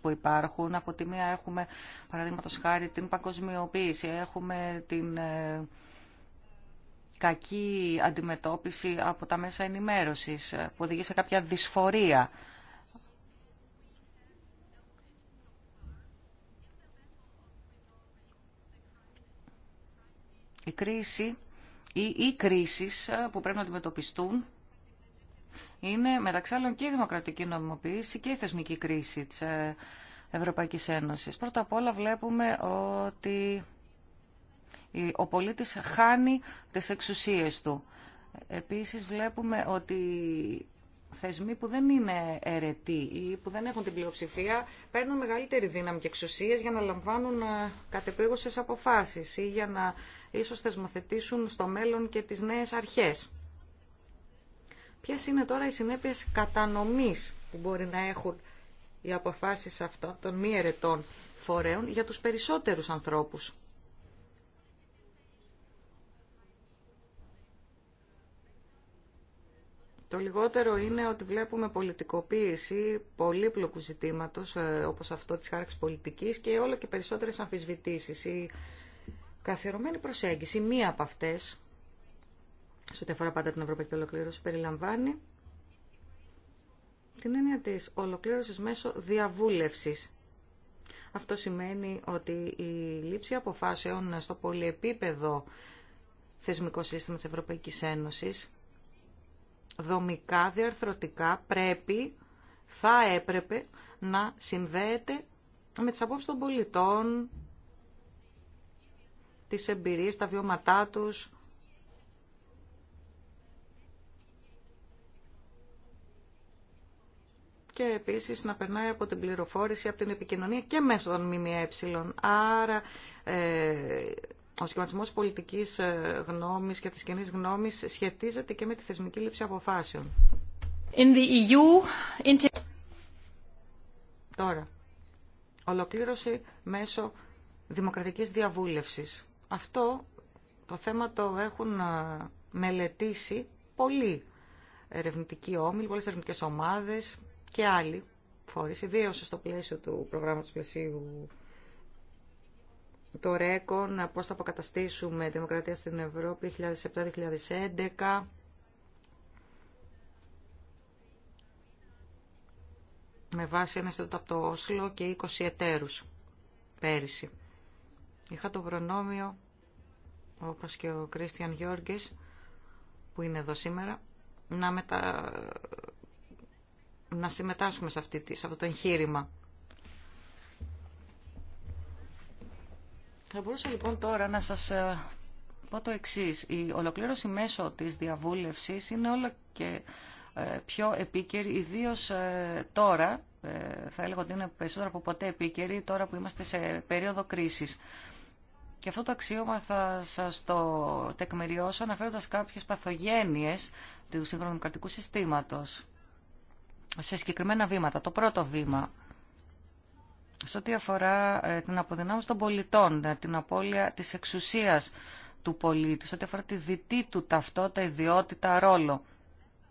που υπάρχουν. Από τη μία έχουμε, παραδείγματο χάρη, την παγκοσμιοποίηση, έχουμε την ε, κακή αντιμετώπιση από τα μέσα ενημέρωσης ε, που οδηγεί σε κάποια δυσφορία. Η κρίση ή οι κρίσεις ε, που πρέπει να αντιμετωπιστούν είναι μεταξύ άλλων και η δημοκρατική νομιμοποίηση και η θεσμική κρίση της ε, Ευρωπαϊκής Ένωσης. Πρώτα απ' όλα βλέπουμε ότι ο πολίτης χάνει τις εξουσίες του. Επίσης βλέπουμε ότι θεσμοί που δεν είναι αιρετοί ή που δεν έχουν την πλειοψηφία παίρνουν μεγαλύτερη δύναμη και εξουσίες για να λαμβάνουν ε, κατεπίγουσες αποφάσεις ή για να ίσως θεσμοθετήσουν στο μέλλον και τις νέες αρχές. Ποιε είναι τώρα οι συνέπειες κατανομής που μπορεί να έχουν οι αποφάσει αυτών των μη ερετών φορέων για τους περισσότερους ανθρώπους. Το λιγότερο είναι ότι βλέπουμε πολιτικοποίηση πολύπλοκου ζητήματος, ε, όπως αυτό της χάραξης πολιτικής, και όλο και περισσότερες αμφισβητήσεις. Η καθιερωμένη προσέγγιση, μία από αυτές, σε ό,τι αφορά πάντα την ευρωπαϊκή ολοκλήρωση, περιλαμβάνει την έννοια της ολοκλήρωσης μέσω διαβούλευσης. Αυτό σημαίνει ότι η λήψη αποφάσεων στο πολυεπίπεδο θεσμικό σύστημα της Ευρωπαϊκής Ένωσης δομικά, διαρθρωτικά πρέπει, θα έπρεπε να συνδέεται με τις απόψεις των πολιτών, τις εμπειρίες, τα βιώματά τους, και επίσης να περνάει από την πληροφόρηση, από την επικοινωνία και μέσω των ΜΜΕ. Άρα ε, ο σχηματισμός πολιτικής ε, γνώμης και της κοινή γνώμης σχετίζεται και με τη θεσμική λήψη αποφάσεων. In the EU, Τώρα, ολοκλήρωση μέσω δημοκρατικής διαβούλευσης. Αυτό το θέμα το έχουν ε, μελετήσει πολλοί ερευνητικοί όμιλοι, πολλές ερευνητικές ομάδες, και άλλοι φορείς, ιδίω στο πλαίσιο του προγράμματος πλαισίου το ΡΕΚΟΝ, πώς θα αποκαταστήσουμε δημοκρατία στην Ευρώπη 2007-2011. με βάση ένα ιστοτό από το Όσλο και 20 εταίρους πέρυσι. Είχα το προνόμιο, όπως και ο Κρίστιαν Γιώργης, που είναι εδώ σήμερα, να μετα να συμμετάσχουμε σε, αυτή, σε αυτό το εγχείρημα. Θα μπορούσα λοιπόν τώρα να σας ε, πω το εξής. Η ολοκλήρωση μέσω της διαβούλευσης είναι όλο και ε, πιο επίκαιρη, ιδίως ε, τώρα, θα έλεγα ότι είναι περισσότερο από ποτέ επίκαιρη, τώρα που είμαστε σε περίοδο κρίσης. Και αυτό το αξίωμα θα σας το τεκμηριώσω αναφέροντας κάποιες παθογένειες του δημοκρατικού συστήματος σε συγκεκριμένα βήματα. Το πρώτο βήμα, σε ό,τι αφορά ε, την αποδυνάμωση των πολιτών, ε, την απώλεια της εξουσίας του πολίτη, σε ό,τι αφορά τη δυτή του ταυτότητα, ιδιότητα, ρόλο.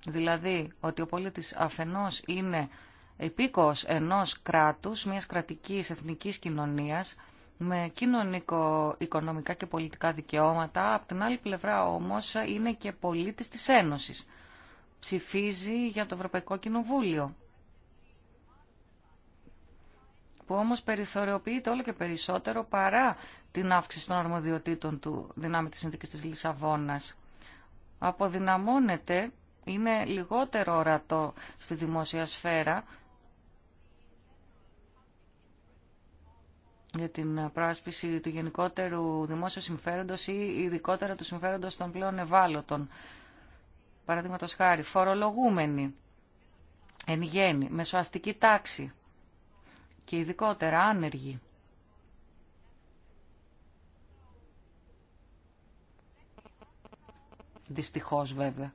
Δηλαδή, ότι ο πολίτης αφενός είναι επίκοος ενός κράτους, μιας κρατικής εθνικής κοινωνίας, με κοινωνικο, οικονομικά και πολιτικά δικαιώματα, από την άλλη πλευρά όμως είναι και πολίτης της Ένωσης ψηφίζει για το Ευρωπαϊκό Κοινοβούλιο που όμως περιθωριοποιείται όλο και περισσότερο παρά την αύξηση των αρμοδιοτήτων του δυνάμει της συνθήκης της Λισαβόνας. Αποδυναμώνεται, είναι λιγότερο ορατό στη δημόσια σφαίρα για την πράσπιση του γενικότερου δημόσιου συμφέροντος ή ειδικότερα του συμφέροντος των πλέον ευάλωτων παραδείγματο χάρη, φορολογούμενοι, εν γέννη, μεσοαστική τάξη και ειδικότερα άνεργοι. Δυστυχώς βέβαια.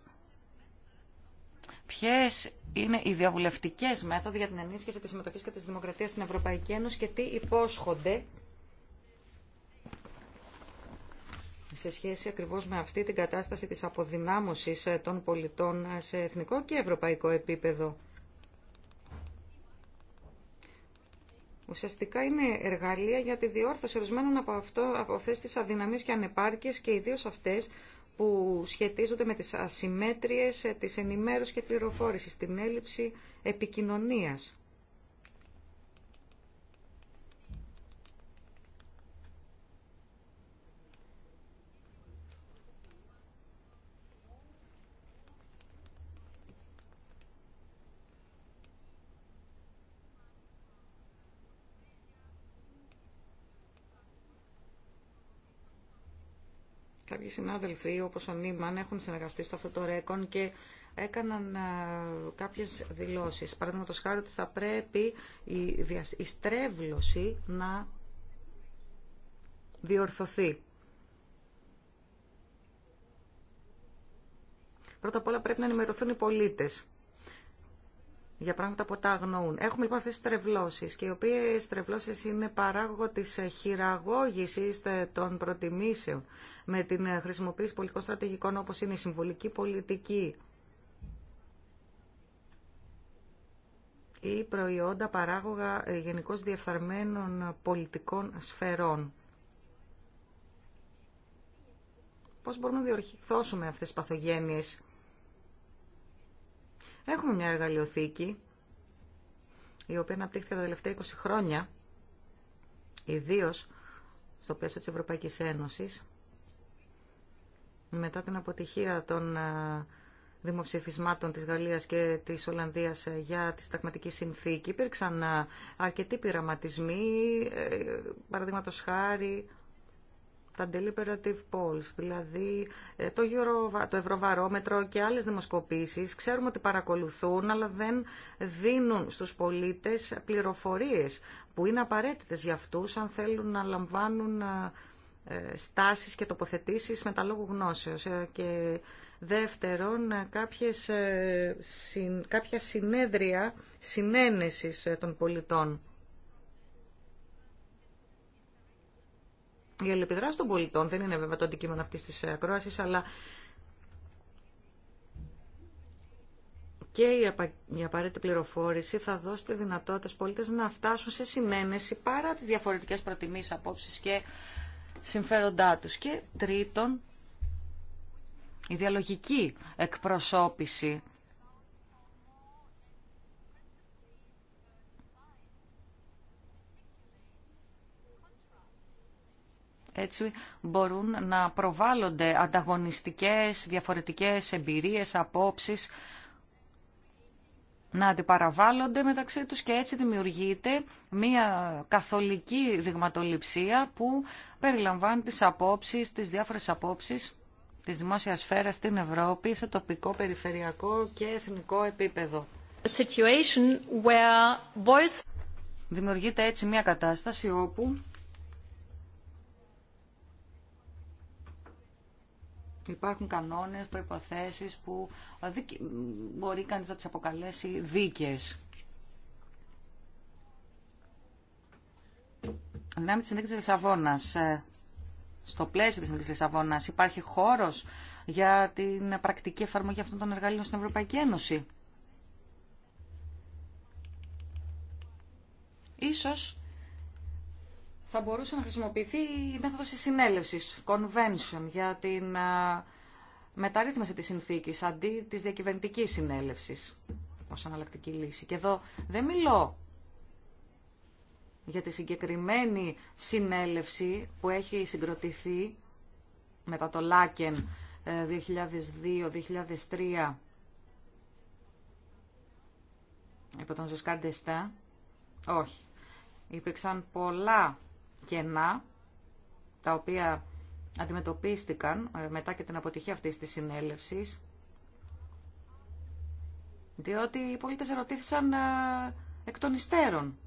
Ποιες είναι οι διαβουλευτικές μέθοδοι για την ενίσχυση της συμμετοχής και της δημοκρατίας στην Ευρωπαϊκή Ένωση και τι υπόσχονται σε σχέση ακριβώς με αυτή την κατάσταση της αποδυνάμωσης ε, των πολιτών ε, σε εθνικό και ευρωπαϊκό επίπεδο. Ουσιαστικά είναι εργαλεία για τη διόρθωση ορισμένων από, αυτό, από αυτές τις αδυναμίες και ανεπάρκειες και ιδίως αυτές που σχετίζονται με τις ασημέτριες ε, της ενημέρωσης και πληροφόρησης, την έλλειψη επικοινωνίας. Οι συνάδελφοι, όπως ο Νίμαν, έχουν συνεργαστεί στο αυτό το ρέκον και έκαναν ε, κάποιες δηλώσεις. Παραδείγματο χάρη ότι θα πρέπει η στρέβλωση να διορθωθεί. Πρώτα απ' όλα πρέπει να ενημερωθούν οι πολίτες για πράγματα που τα αγνοούν. Έχουμε λοιπόν αυτές τις τρευλώσεις και οι οποίες τρευλώσεις είναι παράγωγο της χειραγώγησης των προτιμήσεων με την χρησιμοποίηση πολιτικών στρατηγικών όπως είναι η συμβολική πολιτική ή προϊόντα παράγωγα ε, γενικώ διεφθαρμένων πολιτικών σφαιρών. Πώς μπορούμε να διορθώσουμε αυτές τις παθογένειες Έχουμε μια εργαλειοθήκη η οποία αναπτύχθηκε τα τελευταία 20 χρόνια, ιδίω στο πλαίσιο της Ευρωπαϊκής Ένωσης, μετά την αποτυχία των ε, δημοψηφισμάτων της Γαλλίας και της Ολλανδίας ε, για τη σταγματική συνθήκη. Υπήρξαν ε, αρκετοί πειραματισμοί, παραδείγματο χάρη τα deliberative polls, δηλαδή ε, το, Euro, το ευρωβαρόμετρο και άλλες δημοσκοπήσεις, ξέρουμε ότι παρακολουθούν, αλλά δεν δίνουν στους πολίτες πληροφορίες που είναι απαραίτητες για αυτούς αν θέλουν να λαμβάνουν ε, ε, στάσεις και τοποθετήσεις με τα λόγου γνώσεως. Και δεύτερον, κάποιες, κάποια συνέδρια συνένεσης των πολιτών Η αλληλεπιδράση των πολιτών δεν είναι βέβαια το αντικείμενο αυτής της ε, ακρόασης, αλλά και η απαραίτητη πληροφόρηση θα δώσει τη δυνατότητα στους πολίτες να φτάσουν σε συνένεση παρά τις διαφορετικές προτιμήσεις, απόψεις και συμφέροντά τους. Και τρίτον, η διαλογική εκπροσώπηση Έτσι μπορούν να προβάλλονται ανταγωνιστικές, διαφορετικές εμπειρίες, απόψεις, να αντιπαραβάλλονται μεταξύ τους και έτσι δημιουργείται μια καθολική δειγματοληψία που περιλαμβάνει τις απόψεις, τις διάφορες απόψεις της δημόσιας σφαίρας στην Ευρώπη σε τοπικό, περιφερειακό και εθνικό επίπεδο. Δημιουργείται έτσι μια κατάσταση όπου Υπάρχουν κανόνες, προϋποθέσεις που ε, μπορεί κανείς να τι αποκαλέσει δίκες. Ανάμεσα τη συνθήκη τη Λισαβόνα. Ε, στο πλαίσιο τη συνθήκη τη Λισαβόνα, υπάρχει χώρο για την πρακτική εφαρμογή αυτών των εργαλείων στην Ευρωπαϊκή Ένωση. Ίσως θα μπορούσε να χρησιμοποιηθεί η μέθοδος της συνέλευσης, convention, για την μεταρρύθμιση της συνθήκης αντί της διακυβερνητικής συνέλευσης ως αναλλακτική λύση. Και εδώ δεν μιλώ για τη συγκεκριμένη συνέλευση που έχει συγκροτηθεί μετά το Λάκεν 2002-2003 ε, υπό τον Ζεσκάρντε Όχι. Υπήρξαν πολλά κενά τα οποία αντιμετωπίστηκαν ε, μετά και την αποτυχία αυτής της συνέλευσης διότι οι πολίτες ερωτήθησαν ε, εκ των υστέρων.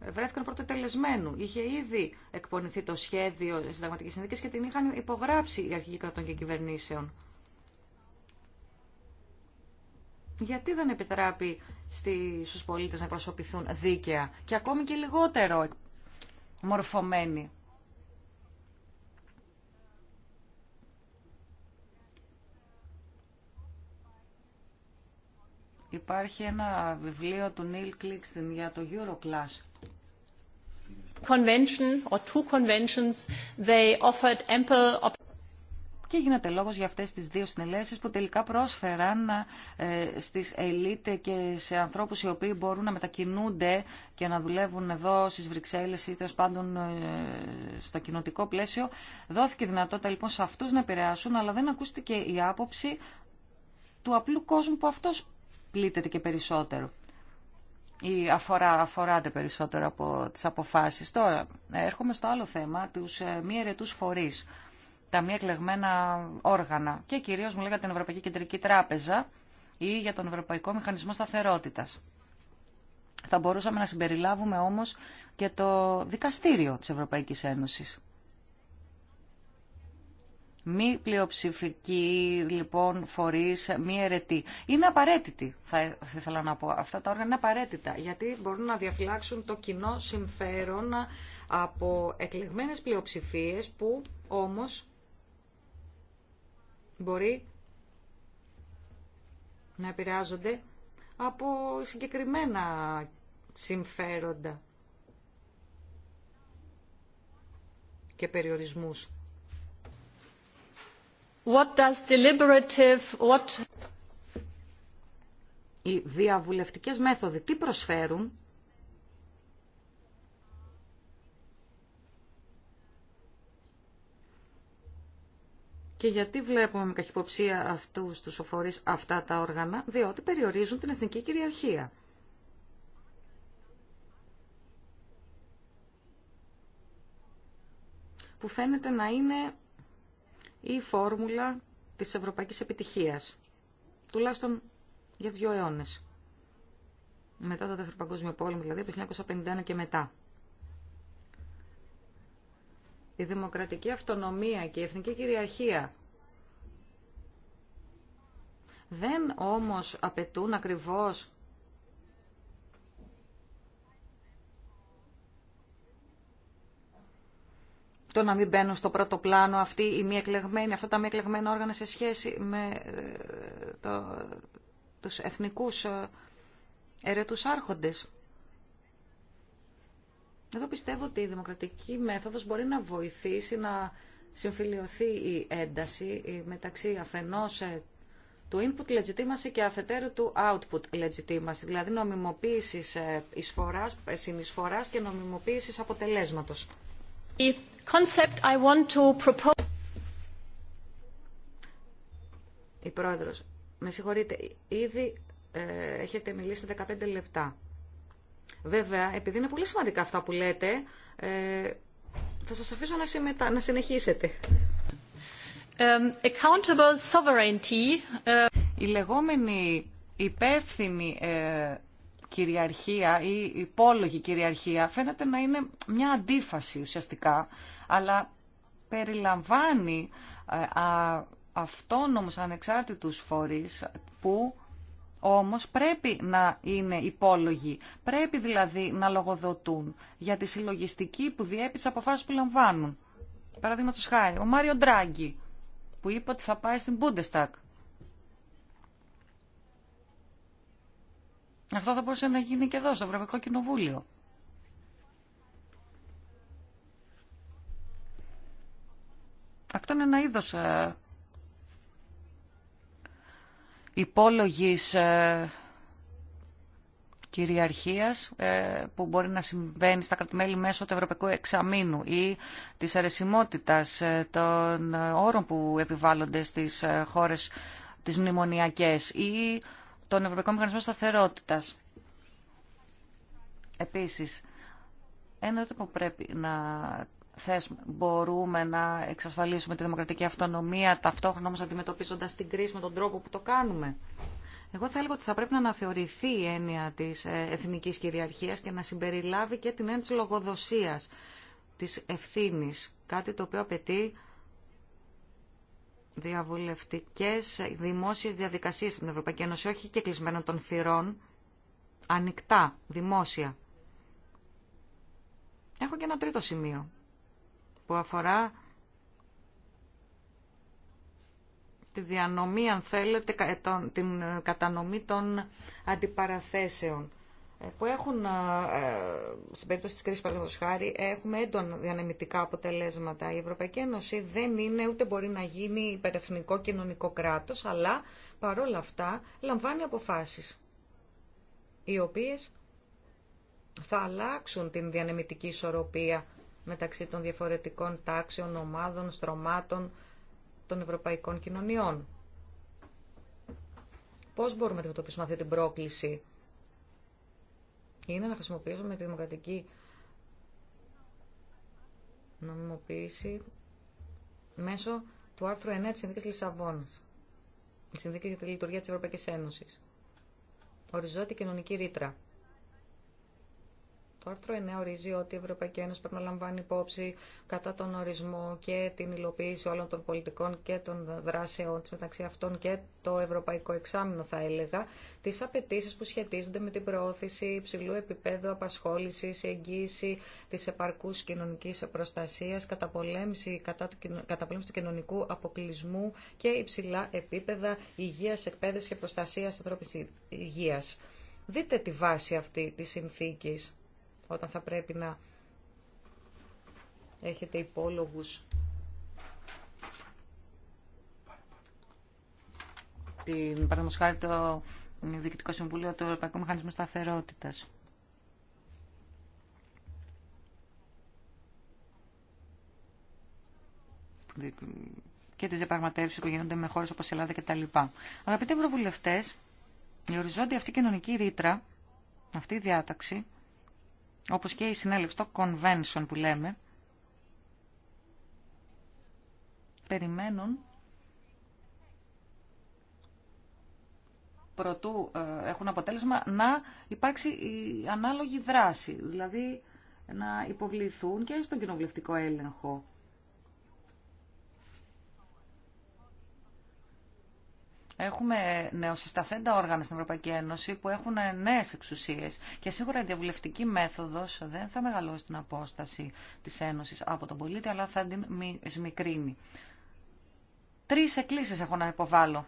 Ε, βρέθηκαν πρωτοτελεσμένου. Είχε ήδη εκπονηθεί το σχέδιο συνταγματική συνδίκης και την είχαν υπογράψει οι αρχηγοί κρατών και κυβερνήσεων. Γιατί δεν επιτράπει στους πολίτες να εκπροσωπηθούν δίκαια και ακόμη και λιγότερο μορφωμένη. Υπάρχει ένα βιβλίο του Νίλ Κλίξτιν για το Euroclass. Convention or two conventions, they offered ample opportunities και γίνεται λόγο για αυτέ τι δύο συνελεύσει που τελικά πρόσφεραν ε, στις ελίτ και σε ανθρώπου οι οποίοι μπορούν να μετακινούνται και να δουλεύουν εδώ στι Βρυξέλλες ή τέλο πάντων ε, στο κοινοτικό πλαίσιο. Δόθηκε δυνατότητα λοιπόν σε αυτούς να επηρεάσουν, αλλά δεν ακούστηκε η άποψη του απλού κόσμου που αυτός πλήττεται και περισσότερο ή αφορά, αφοράται περισσότερο από τις αποφάσεις. Τώρα έρχομαι στο κοινοτικο πλαισιο δοθηκε δυνατοτητα λοιπον σε αυτου να επηρεασουν αλλα δεν ακουστηκε η αποψη του απλου κοσμου που αυτο πληττεται και περισσοτερο η αφορα αφοραται περισσοτερο απο τις αποφασεις τωρα ερχομαι στο αλλο θεμα τους ε, μη αιρετούς φορείς τα μη εκλεγμένα όργανα και κυρίως μου για την Ευρωπαϊκή Κεντρική Τράπεζα ή για τον Ευρωπαϊκό Μηχανισμό Σταθερότητας. Θα μπορούσαμε να συμπεριλάβουμε όμως και το δικαστήριο της Ευρωπαϊκής Ένωσης. Μη πλειοψηφική λοιπόν φορείς, μη ερετή. Είναι απαραίτητη, θα ήθελα να πω. Αυτά τα όργανα είναι απαραίτητα, γιατί μπορούν να διαφυλάξουν το κοινό συμφέρον από εκλεγμένες πλειοψηφίε που όμως μπορεί να επηρεάζονται από συγκεκριμένα συμφέροντα και περιορισμούς. What does deliberative, what... Οι διαβουλευτικές μέθοδοι τι προσφέρουν Και γιατί βλέπουμε με καχυποψία αυτούς τους οφορείς αυτά τα όργανα, διότι περιορίζουν την εθνική κυριαρχία. Που φαίνεται να είναι η φόρμουλα της ευρωπαϊκής επιτυχίας, τουλάχιστον για δύο αιώνες. Μετά το Δεύτερο Παγκόσμιο Πόλεμο, δηλαδή από το 1951 και μετά η δημοκρατική αυτονομία και η εθνική κυριαρχία δεν όμως απαιτούν ακριβώς το να μην μπαίνουν στο πρώτο πλάνο αυτοί οι μη αυτά τα μη εκλεγμένα όργανα σε σχέση με ε, το, τους εθνικούς ερετούς άρχοντες. Εδώ πιστεύω ότι η δημοκρατική μέθοδος μπορεί να βοηθήσει να συμφιλειωθεί η ένταση μεταξύ αφενός ε, του input legitimacy και αφετέρου του output legitimacy, δηλαδή νομιμοποίησης ε, εισφοράς, ε, συνεισφοράς και νομιμοποίησης αποτελέσματος. The concept I want to propose... Η Πρόεδρος, με συγχωρείτε, ήδη έχετε μιλήσει 15 λεπτά. Βέβαια, επειδή είναι πολύ σημαντικά αυτά που λέτε, ε, θα σας αφήσω να, συμμετα... να συνεχίσετε. accountable sovereignty. Ε, Η λεγόμενη υπεύθυνη ε, κυριαρχία ή υπόλογη κυριαρχία φαίνεται να είναι μια αντίφαση ουσιαστικά, αλλά περιλαμβάνει ε, α, αυτόνομους ανεξάρτητους φορείς που όμως πρέπει να είναι υπόλογοι. Πρέπει δηλαδή να λογοδοτούν για τη συλλογιστική που διέπει τι αποφάσεις που λαμβάνουν. Παραδείγματο χάρη, ο Μάριο Ντράγκη που είπε ότι θα πάει στην Bundestag. Αυτό θα μπορούσε να γίνει και εδώ, στο Ευρωπαϊκό Κοινοβούλιο. Αυτό είναι ένα είδος ε, υπόλογης ε, κυριαρχίας ε, που μπορεί να συμβαίνει στα κρατημέλη μέσω του Ευρωπαϊκού Εξαμήνου ή της αρεσιμότητας ε, των όρων που επιβάλλονται στις χώρες τις μνημονιακές ή τον Ευρωπαϊκό Μηχανισμών Σταθερότητας. Επίσης, ένα που πρέπει να μπορούμε να εξασφαλίσουμε τη δημοκρατική αυτονομία, ταυτόχρονα όμως αντιμετωπίζοντας την κρίση με τον τρόπο που το κάνουμε. Εγώ θα έλεγα ότι θα πρέπει να αναθεωρηθεί η έννοια της ε, εθνικής κυριαρχίας και να συμπεριλάβει και την έννοια της λογοδοσίας, της ευθύνης, κάτι το οποίο απαιτεί διαβουλευτικές δημόσιες διαδικασίες στην Ευρωπαϊκή Ένωση, όχι και κλεισμένων των θυρών, ανοιχτά, δημόσια. Έχω και ένα τρίτο σημείο που αφορά τη διανομή, αν θέλετε, ε, την ε, κατανομή των αντιπαραθέσεων ε, που έχουν, στην περίπτωση της κρίσης παραδείγματος χάρη, έχουμε έντονα διανεμητικά αποτελέσματα. Η Ευρωπαϊκή Ένωση δεν είναι, ούτε μπορεί να γίνει υπερεθνικό κοινωνικό κράτος, αλλά παρόλα αυτά λαμβάνει αποφάσεις, οι οποίες θα αλλάξουν την διανεμητική ισορροπία μεταξύ των διαφορετικών τάξεων, ομάδων, στρωμάτων των ευρωπαϊκών κοινωνιών. Πώς μπορούμε να αντιμετωπίσουμε αυτή την πρόκληση. Είναι να χρησιμοποιήσουμε τη δημοκρατική νομιμοποίηση μέσω του άρθρου 9 της Συνδίκης Λισαβόνας, της Συνδίκη για τη Λειτουργία της Ευρωπαϊκής Ένωσης. Οριζόντια κοινωνική ρήτρα. Το άρθρο 9 ορίζει ότι η Ευρωπαϊκή Ένωση πρέπει να λαμβάνει υπόψη κατά τον ορισμό και την υλοποίηση όλων των πολιτικών και των δράσεών τη, μεταξύ αυτών και το Ευρωπαϊκό Εξάμεινο, θα έλεγα, τι απαιτήσει που σχετίζονται με την προώθηση υψηλού επίπεδου απασχόληση, εγγύηση τη επαρκού κοινωνική προστασία, καταπολέμηση, κατά του, καταπολέμηση του κοινωνικού αποκλεισμού και υψηλά επίπεδα υγεία, εκπαίδευση και προστασία ανθρώπινη υγεία. Δείτε τη βάση αυτή της συνθήκης όταν θα πρέπει να έχετε υπόλογους την παραδείγματος το Διοικητικό Συμβούλιο του Ευρωπαϊκού Μηχανισμού Σταθερότητας. και τις διαπραγματεύσει που γίνονται με χώρες όπως η Ελλάδα κτλ. Αγαπητοί ευρωβουλευτές, η οριζόντια αυτή κοινωνική ρήτρα, αυτή η διάταξη, όπως και η συνέλευση, το convention που λέμε, περιμένουν προτού ε, έχουν αποτέλεσμα να υπάρξει η ανάλογη δράση, δηλαδή να υποβληθούν και στον κοινοβουλευτικό έλεγχο. Έχουμε νεοσυσταθέντα όργανα στην Ευρωπαϊκή Ένωση που έχουν νέε εξουσίες και σίγουρα η διαβουλευτική μέθοδος δεν θα μεγαλώσει την απόσταση της Ένωσης από τον πολίτη, αλλά θα την σμικρύνει. Τρεις εκκλήσει έχω να υποβάλω.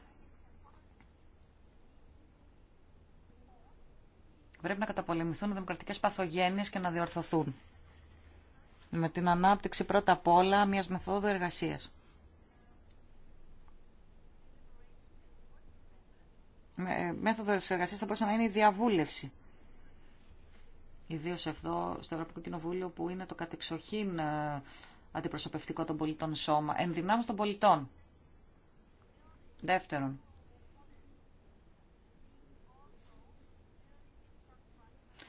Πρέπει να καταπολεμηθούν οι δημοκρατικές παθογένειες και να διορθωθούν. Με την ανάπτυξη πρώτα απ' όλα μια μεθόδου εργασίας μέθοδο εργασία θα μπορούσε να είναι η διαβούλευση. Ιδίω εδώ, στο Ευρωπαϊκό Κοινοβούλιο, που είναι το κατεξοχήν ε, αντιπροσωπευτικό των πολιτών σώμα, ενδυνάμωση των πολιτών. Δεύτερον,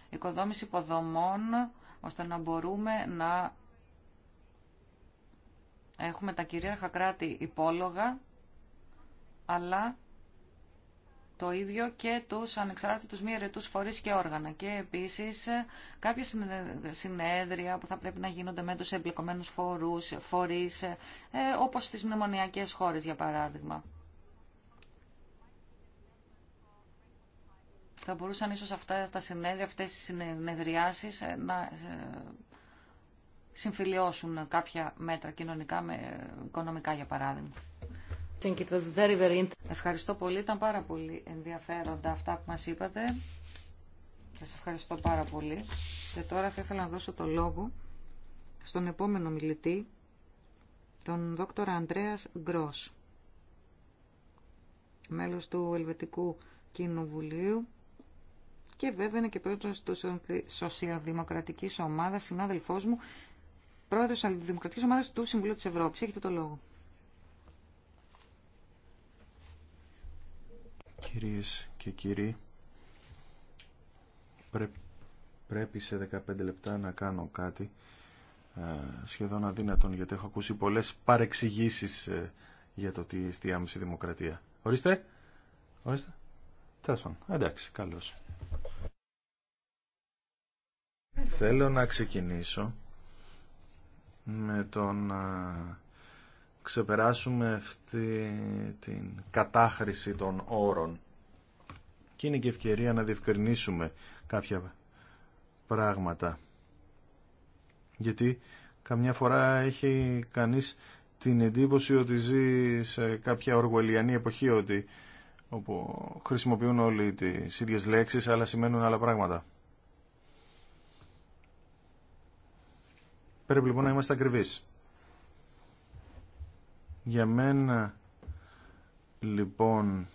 οικοδόμηση υποδομών, ώστε να μπορούμε να έχουμε τα κυρίαρχα κράτη υπόλογα, αλλά το ίδιο και τους ανεξάρτητους μη ερετούς φορείς και όργανα. Και επίσης κάποια συνέδρια που θα πρέπει να γίνονται με τους εμπλεκομένους φορούς, φορείς, ε, όπως στις μνημονιακές χώρες για παράδειγμα. Θα μπορούσαν ίσως αυτά τα συνέδρια, αυτές οι συνεδριάσεις ε, να ε, συμφιλιώσουν κάποια μέτρα κοινωνικά με οικονομικά για παράδειγμα ευχαριστώ πολύ. Ήταν πάρα πολύ ενδιαφέροντα αυτά που μας είπατε. Σας ευχαριστώ πάρα πολύ. Και τώρα θα ήθελα να δώσω το λόγο στον επόμενο μιλητή, τον δόκτωρα Ανδρέας Γκρός, μέλος του Ελβετικού Κοινοβουλίου και βέβαια είναι και πρόεδρος του Σοσιαδημοκρατικής Ομάδας, συνάδελφός μου, πρόεδρος της Δημοκρατικής Ομάδας του Συμβουλίου της Ευρώπης. Έχετε το λόγο. Κυρίες και κύριοι, πρέπει σε 15 λεπτά να κάνω κάτι ε, σχεδόν αδύνατον γιατί έχω ακούσει πολλές παρεξηγήσεις ε, για το τι στη άμεση δημοκρατία. Ορίστε, ορίστε, εντάξει, καλώς. Θέλω να ξεκινήσω με τον... Ε, ξεπεράσουμε αυτή την κατάχρηση των όρων. Και είναι και ευκαιρία να διευκρινίσουμε κάποια πράγματα. Γιατί καμιά φορά έχει κανείς την εντύπωση ότι ζει σε κάποια οργολιανή εποχή ότι όπου χρησιμοποιούν όλοι τις ίδιες λέξεις αλλά σημαίνουν άλλα πράγματα. Πρέπει λοιπόν να είμαστε ακριβείς. Για μένα λοιπόν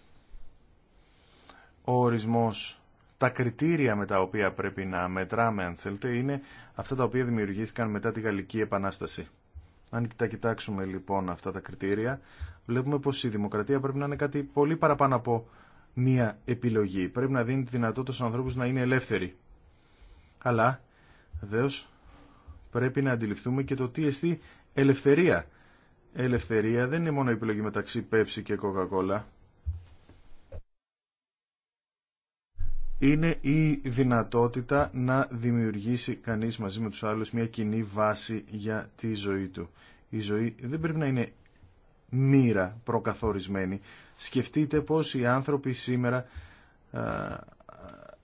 ο ορισμός, τα κριτήρια με τα οποία πρέπει να μετράμε αν θέλετε είναι αυτά τα οποία δημιουργήθηκαν μετά τη Γαλλική Επανάσταση. Αν τα κοιτάξουμε λοιπόν αυτά τα κριτήρια, βλέπουμε πως η δημοκρατία πρέπει να είναι κάτι πολύ παραπάνω από μία επιλογή. Πρέπει να δίνει τη δυνατότητα στους ανθρώπους να είναι ελεύθεροι. Αλλά, βεβαίω πρέπει να αντιληφθούμε και το τι εστί ελευθερία ελευθερία δεν είναι μόνο η επιλογή μεταξύ πέψη και coca Είναι η δυνατότητα να δημιουργήσει κανείς μαζί με τους άλλους μια κοινή βάση για τη ζωή του. Η ζωή δεν πρέπει να είναι μοίρα προκαθορισμένη. Σκεφτείτε πως οι άνθρωποι σήμερα α,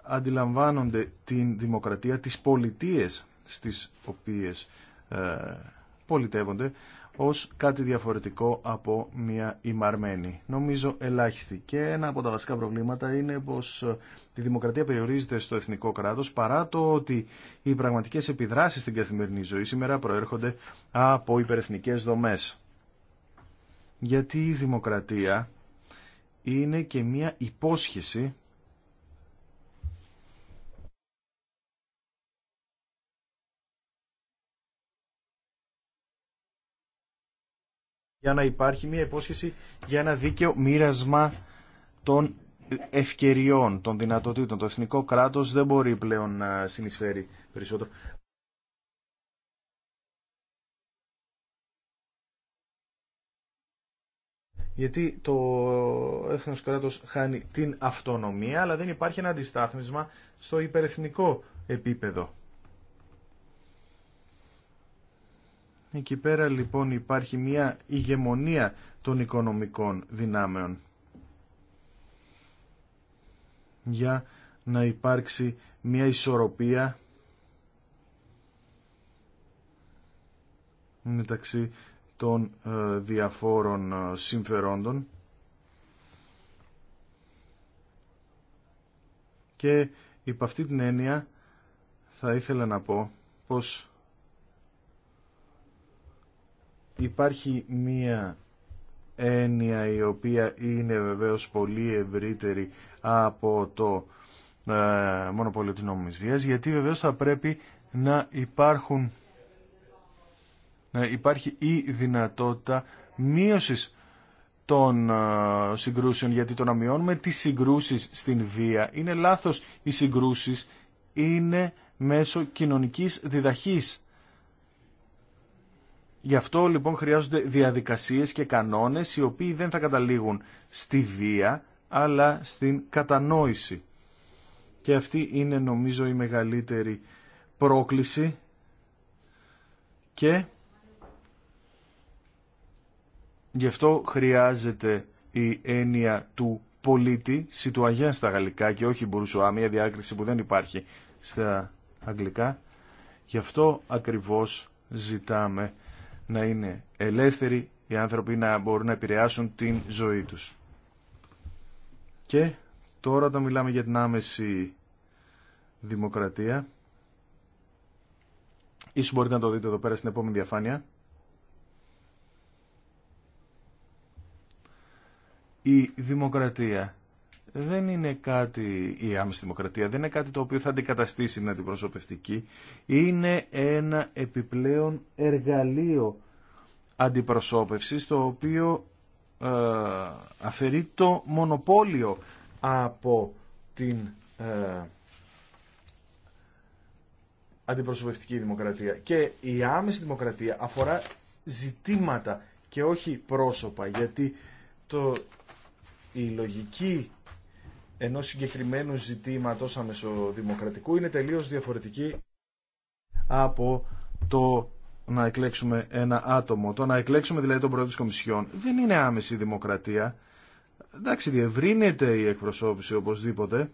αντιλαμβάνονται την δημοκρατία, τις πολιτείες στις οποίες α, πολιτεύονται ως κάτι διαφορετικό από μια ημαρμένη. Νομίζω ελάχιστη. Και ένα από τα βασικά προβλήματα είναι πως ε, η δημοκρατία περιορίζεται στο εθνικό κράτος παρά το ότι οι πραγματικές επιδράσεις στην καθημερινή ζωή σήμερα προέρχονται από υπερεθνικές δομές. Γιατί η δημοκρατία είναι και μια υπόσχεση για να υπάρχει μια υπόσχεση για ένα δίκαιο μοίρασμα των ευκαιριών, των δυνατοτήτων. Το εθνικό κράτος δεν μπορεί πλέον να συνεισφέρει περισσότερο. Γιατί το έθνος κράτος χάνει την αυτονομία, αλλά δεν υπάρχει ένα αντιστάθμισμα στο υπερεθνικό επίπεδο. Εκεί πέρα λοιπόν υπάρχει μια ηγεμονία των οικονομικών δυνάμεων για να υπάρξει μια ισορροπία μεταξύ των ε, διαφόρων ε, συμφερόντων και υπ' αυτή την έννοια θα ήθελα να πω πως υπάρχει μία έννοια η οποία είναι βεβαίως πολύ ευρύτερη από το ε, μονοπόλιο της νόμιμης βίας, γιατί βεβαίως θα πρέπει να υπάρχουν να υπάρχει η δυνατότητα μείωσης των ε, συγκρούσεων, γιατί το να μειώνουμε τις συγκρούσεις στην βία είναι λάθος. Οι συγκρούσεις είναι μέσω κοινωνικής διδαχής Γι' αυτό λοιπόν χρειάζονται διαδικασίες και κανόνες οι οποίοι δεν θα καταλήγουν στη βία αλλά στην κατανόηση. Και αυτή είναι νομίζω η μεγαλύτερη πρόκληση και γι' αυτό χρειάζεται η έννοια του πολίτη, σιτουαγέν στα γαλλικά και όχι μπουρουσουά μια διάκριση που δεν υπάρχει στα αγγλικά. Γι' αυτό ακριβώς ζητάμε να είναι ελεύθεροι οι άνθρωποι να μπορούν να επηρεάσουν την ζωή τους. Και τώρα όταν μιλάμε για την άμεση δημοκρατία, ίσως μπορείτε να το δείτε εδώ πέρα στην επόμενη διαφάνεια, η δημοκρατία δεν είναι κάτι, η άμεση δημοκρατία δεν είναι κάτι το οποίο θα αντικαταστήσει την αντιπροσωπευτική. Είναι ένα επιπλέον εργαλείο αντιπροσώπευσης το οποίο ε, αφαιρεί το μονοπόλιο από την ε, αντιπροσωπευτική δημοκρατία. Και η άμεση δημοκρατία αφορά ζητήματα και όχι πρόσωπα γιατί το, η λογική ενός συγκεκριμένου ζητήματος αμεσοδημοκρατικού είναι τελείως διαφορετική από το να εκλέξουμε ένα άτομο. Το να εκλέξουμε δηλαδή τον πρόεδρο της Κομισιόν δεν είναι άμεση δημοκρατία. Εντάξει, διευρύνεται η εκπροσώπηση οπωσδήποτε,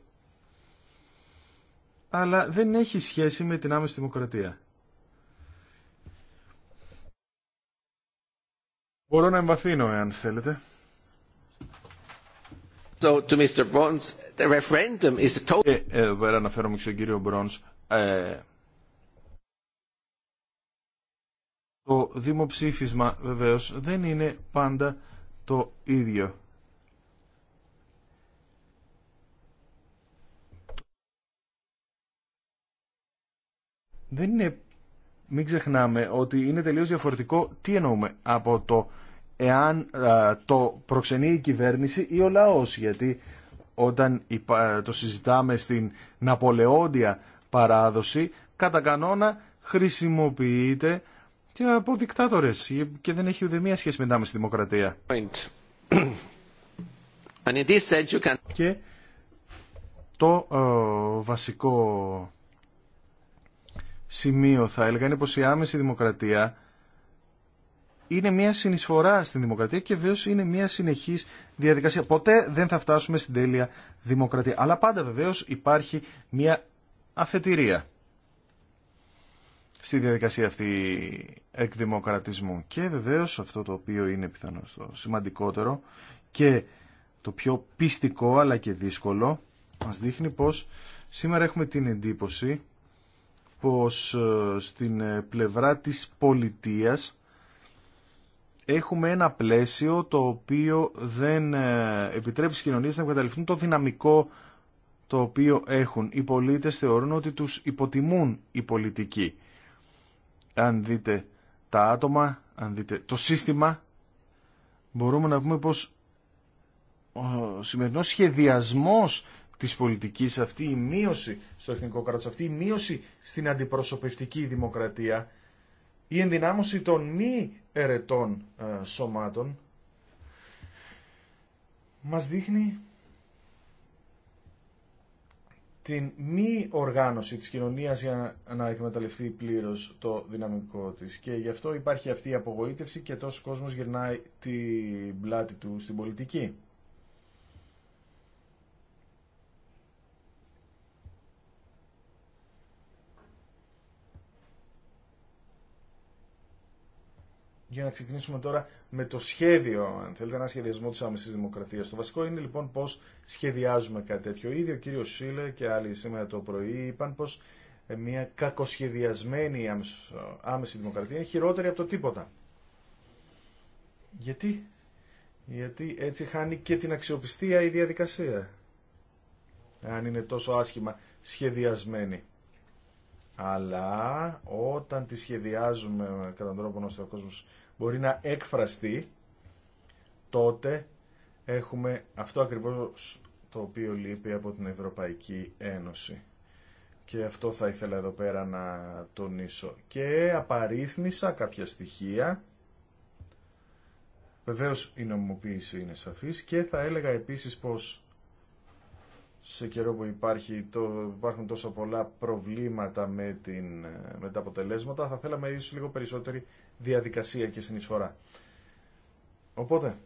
αλλά δεν έχει σχέση με την άμεση δημοκρατία. Μπορώ να εμβαθύνω εάν θέλετε αναφέρομαι κύριο το δημοψήφισμα βεβαίως δεν είναι πάντα το ίδιο. Δεν είναι, μην ξεχνάμε ότι είναι τελείως διαφορετικό τι εννοούμε από το εάν το προξενεί η κυβέρνηση ή ο λαός. Γιατί όταν το συζητάμε στην Ναπολεόντια παράδοση, κατά κανόνα χρησιμοποιείται και από δικτάτορες και δεν έχει ούτε μία σχέση μετά με τη δημοκρατία. Και το ε, βασικό σημείο θα έλεγα είναι πως η άμεση δημοκρατία είναι μια συνεισφορά στην δημοκρατία και βεβαίω είναι μια συνεχή διαδικασία. Ποτέ δεν θα φτάσουμε στην τέλεια δημοκρατία. Αλλά πάντα βεβαίω υπάρχει μια αφετηρία στη διαδικασία αυτή εκδημοκρατισμού. Και βεβαίω αυτό το οποίο είναι πιθανό το σημαντικότερο και το πιο πιστικό αλλά και δύσκολο μας δείχνει πως σήμερα έχουμε την εντύπωση πως ε, στην ε, πλευρά της πολιτείας έχουμε ένα πλαίσιο το οποίο δεν ε, επιτρέπει στις κοινωνίες να εγκαταλειφθούν το δυναμικό το οποίο έχουν. Οι πολίτες θεωρούν ότι τους υποτιμούν οι πολιτικοί. Αν δείτε τα άτομα, αν δείτε το σύστημα, μπορούμε να πούμε πως ο σημερινός σχεδιασμός της πολιτικής αυτή η μείωση στο εθνικό κράτος, αυτή η μείωση στην αντιπροσωπευτική δημοκρατία η ενδυνάμωση των μη ερετών ε, σωμάτων μας δείχνει την μη οργάνωση της κοινωνίας για να εκμεταλλευτεί πλήρως το δυναμικό της. Και γι' αυτό υπάρχει αυτή η απογοήτευση και τόσο κόσμος γυρνάει την πλάτη του στην πολιτική. Για να ξεκινήσουμε τώρα με το σχέδιο, αν θέλετε, ένα σχεδιασμό τη άμεση δημοκρατία. Το βασικό είναι λοιπόν πώ σχεδιάζουμε κάτι τέτοιο. Ήδη ο κύριο Σίλε και άλλοι σήμερα το πρωί είπαν πω ε, μια κακοσχεδιασμένη άμεση δημοκρατία είναι χειρότερη από το τίποτα. Γιατί? Γιατί έτσι χάνει και την αξιοπιστία η διαδικασία. Αν είναι τόσο άσχημα σχεδιασμένη. Αλλά όταν τη σχεδιάζουμε κατά τον τρόπο ώστε ο κόσμος μπορεί να εκφραστεί, τότε έχουμε αυτό ακριβώς το οποίο λείπει από την Ευρωπαϊκή Ένωση. Και αυτό θα ήθελα εδώ πέρα να τονίσω. Και απαρίθμησα κάποια στοιχεία. Βεβαίως η νομιμοποίηση είναι σαφής και θα έλεγα επίσης πως σε καιρό που υπάρχει, το, υπάρχουν τόσο πολλά προβλήματα με, την, με τα αποτελέσματα, θα θέλαμε ίσως λίγο περισσότερη διαδικασία και συνεισφορά. Οπότε,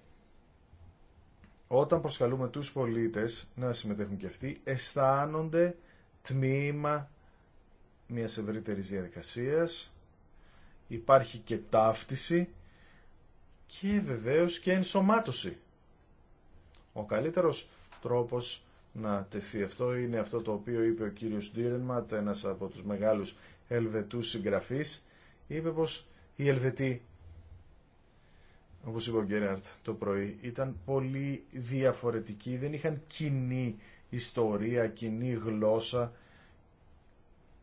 όταν προσκαλούμε τους πολίτες να συμμετέχουν και αυτοί, αισθάνονται τμήμα μιας ευρύτερης διαδικασίας, υπάρχει και ταύτιση και βεβαίως και ενσωμάτωση. Ο καλύτερος τρόπος να τεθεί αυτό είναι αυτό το οποίο είπε ο κύριος Ντίρενματ, ένας από τους μεγάλους Ελβετούς συγγραφείς. Είπε πως οι Ελβετοί, όπως είπε ο Γκέραρτ το πρωί, ήταν πολύ διαφορετικοί, δεν είχαν κοινή ιστορία, κοινή γλώσσα,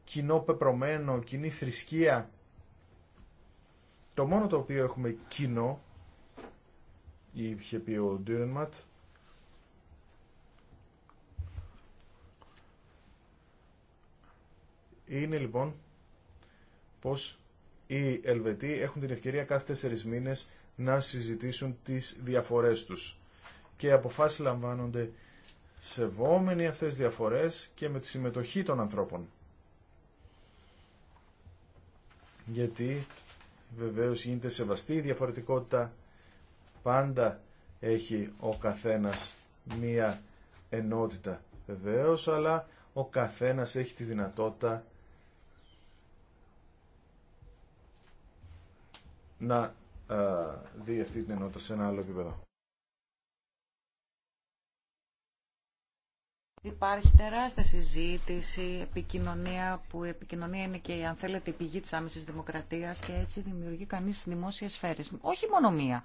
κοινό πεπρωμένο, κοινή θρησκεία. Το μόνο το οποίο έχουμε κοινό, είχε πει ο Ντίρενματ, είναι λοιπόν πως οι Ελβετοί έχουν την ευκαιρία κάθε τέσσερις μήνες να συζητήσουν τις διαφορές τους και οι αποφάσεις λαμβάνονται σεβόμενοι αυτές τις διαφορές και με τη συμμετοχή των ανθρώπων. Γιατί βεβαίως γίνεται σεβαστή η διαφορετικότητα, πάντα έχει ο καθένας μία ενότητα βεβαίως, αλλά ο καθένας έχει τη δυνατότητα να ε, δει αυτή την ενότητα σε ένα άλλο επίπεδο. Υπάρχει τεράστια συζήτηση, επικοινωνία, που η επικοινωνία είναι και αν θέλετε η πηγή της άμεσης δημοκρατίας και έτσι δημιουργεί κανείς δημόσιες σφαίρες. Όχι μόνο μία,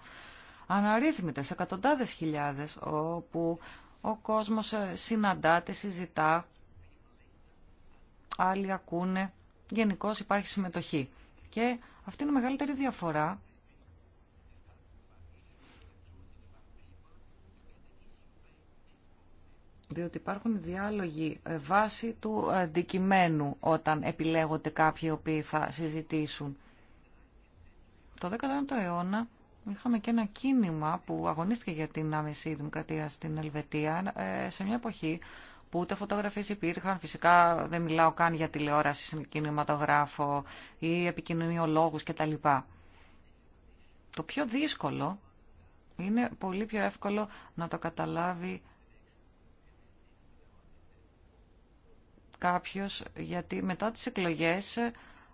αναρρύθμιτες, εκατοντάδες χιλιάδες, όπου ο κόσμος ε, συναντάται, συζητά, άλλοι ακούνε, γενικώ υπάρχει συμμετοχή. Και αυτή είναι η μεγαλύτερη διαφορά. Διότι υπάρχουν διάλογοι ε, βάση του αντικειμένου όταν επιλέγονται κάποιοι οι οποίοι θα συζητήσουν. Το 19ο αιώνα είχαμε και ένα κίνημα που αγωνίστηκε για την άμεση δημοκρατία στην Ελβετία ε, σε μια εποχή που ούτε φωτογραφίες υπήρχαν. Φυσικά δεν μιλάω καν για τηλεόραση, κινηματογράφο ή επικοινωνιολόγους κτλ. Το πιο δύσκολο είναι πολύ πιο εύκολο να το καταλάβει κάποιος γιατί μετά τις εκλογές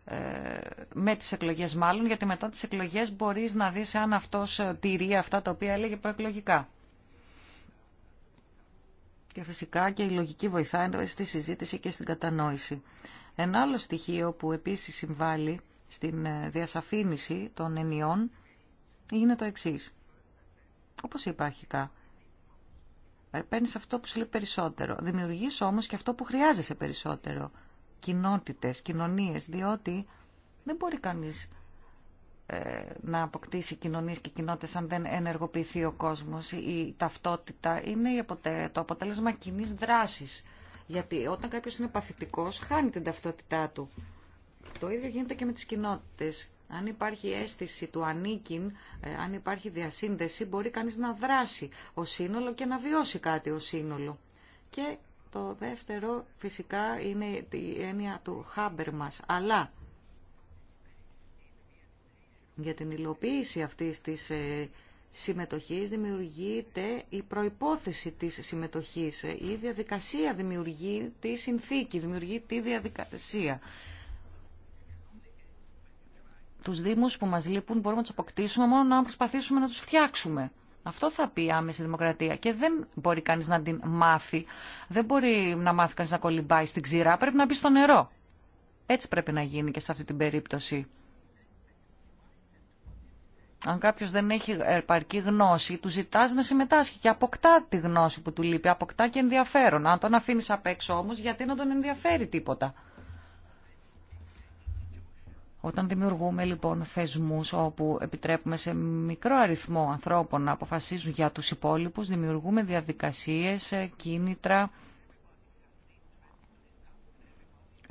ε, με τις εκλογές μάλλον, γιατί μετά τις εκλογές μπορείς να δεις αν αυτός ε, τηρεί αυτά τα οποία έλεγε προεκλογικά. Και φυσικά και η λογική βοηθάει στη συζήτηση και στην κατανόηση. Ένα άλλο στοιχείο που επίσης συμβάλλει στην ε, διασαφήνιση των ενιών είναι το εξής. Όπως είπα αρχικά, ε, παίρνει αυτό που σου λέει περισσότερο. Δημιουργείς όμως και αυτό που χρειάζεσαι περισσότερο. Κοινότητες, κοινωνίες, διότι δεν μπορεί κανείς ε, να αποκτήσει κοινωνίες και κοινότητες αν δεν ενεργοποιηθεί ο κόσμος. Η ταυτότητα είναι το αποτέλεσμα κοινή δράσης. Γιατί όταν κάποιος είναι παθητικός, χάνει την ταυτότητά του. Το ίδιο γίνεται και με τις κοινότητες. Αν υπάρχει αίσθηση του ανήκειν, ε, αν υπάρχει διασύνδεση, μπορεί κανείς να δράσει ο σύνολο και να βιώσει κάτι ο σύνολο. Και το δεύτερο φυσικά είναι η έννοια του χάμπερ μας. Αλλά για την υλοποίηση αυτής της ε, συμμετοχής δημιουργείται η προϋπόθεση της συμμετοχής. Ε, η διαδικασία δημιουργεί τη συνθήκη, δημιουργεί τη διαδικασία. Τους Δήμους που μας λείπουν μπορούμε να τους αποκτήσουμε μόνο να προσπαθήσουμε να τους φτιάξουμε. Αυτό θα πει η άμεση δημοκρατία και δεν μπορεί κανείς να την μάθει. Δεν μπορεί να μάθει κανείς να κολυμπάει στην ξηρά, πρέπει να μπει στο νερό. Έτσι πρέπει να γίνει και σε αυτή την περίπτωση. Αν κάποιος δεν έχει επαρκή γνώση, του ζητάς να συμμετάσχει και αποκτά τη γνώση που του λείπει, αποκτά και ενδιαφέρον. Αν τον αφήνεις απ' έξω όμως, γιατί να τον ενδιαφέρει τίποτα. Όταν δημιουργούμε λοιπόν θεσμούς όπου επιτρέπουμε σε μικρό αριθμό ανθρώπων να αποφασίζουν για τους υπόλοιπους, δημιουργούμε διαδικασίες, ε, κίνητρα.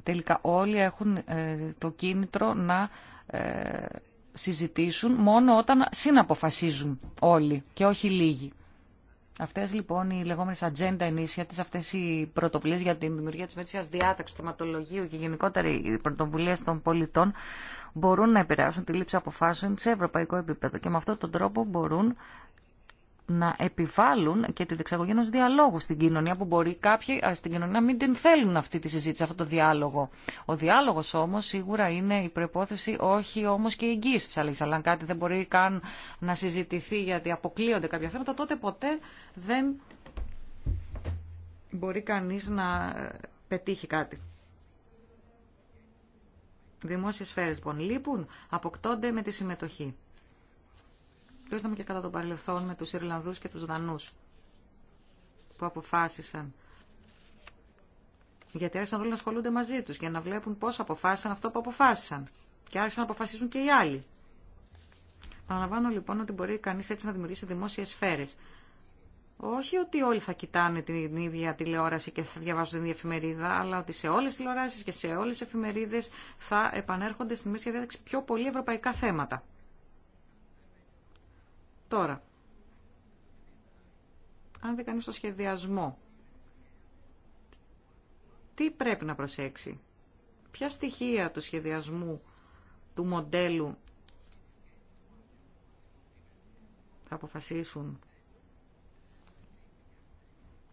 Τελικά όλοι έχουν ε, το κίνητρο να ε, συζητήσουν μόνο όταν συναποφασίζουν όλοι και όχι λίγοι. Αυτέ λοιπόν οι λεγόμενε agenda initiatives, αυτέ οι πρωτοβουλίε για τη δημιουργία τη μέτσια διάταξη, του θεματολογίου και γενικότερα οι πρωτοβουλίε των πολιτών μπορούν να επηρεάσουν τη λήψη αποφάσεων σε ευρωπαϊκό επίπεδο και με αυτόν τον τρόπο μπορούν να επιβάλλουν και τη δεξαγωγή ενό διαλόγου στην κοινωνία που μπορεί κάποιοι στην κοινωνία να μην την θέλουν αυτή τη συζήτηση, αυτό το διάλογο. Ο διάλογο όμω σίγουρα είναι η προπόθεση, όχι όμω και η εγγύηση τη αλλαγή. Αλλά αν κάτι δεν μπορεί καν να συζητηθεί γιατί αποκλείονται κάποια θέματα, τότε ποτέ δεν μπορεί κανεί να ε, πετύχει κάτι. Δημόσιε σφαίρες, λοιπόν, λείπουν, αποκτώνται με τη συμμετοχή. Το είδαμε και κατά τον παρελθόν με τους Ιρλανδούς και τους Δανούς που αποφάσισαν. Γιατί άρχισαν όλοι να ασχολούνται μαζί τους για να βλέπουν πώς αποφάσισαν αυτό που αποφάσισαν. Και άρχισαν να αποφασίζουν και οι άλλοι. Παραλαμβάνω λοιπόν ότι μπορεί κανείς έτσι να δημιουργήσει δημόσιες σφαίρες. Όχι ότι όλοι θα κοιτάνε την ίδια τηλεόραση και θα διαβάζουν την ίδια εφημερίδα, αλλά ότι σε όλες τις τηλεοράσεις και σε όλες τις εφημερίδες θα επανέρχονται στην μέση διάταξη πιο πολύ ευρωπαϊκά θέματα. Τώρα, αν δεν κάνει το σχεδιασμό, τι πρέπει να προσέξει. Ποια στοιχεία του σχεδιασμού του μοντέλου θα αποφασίσουν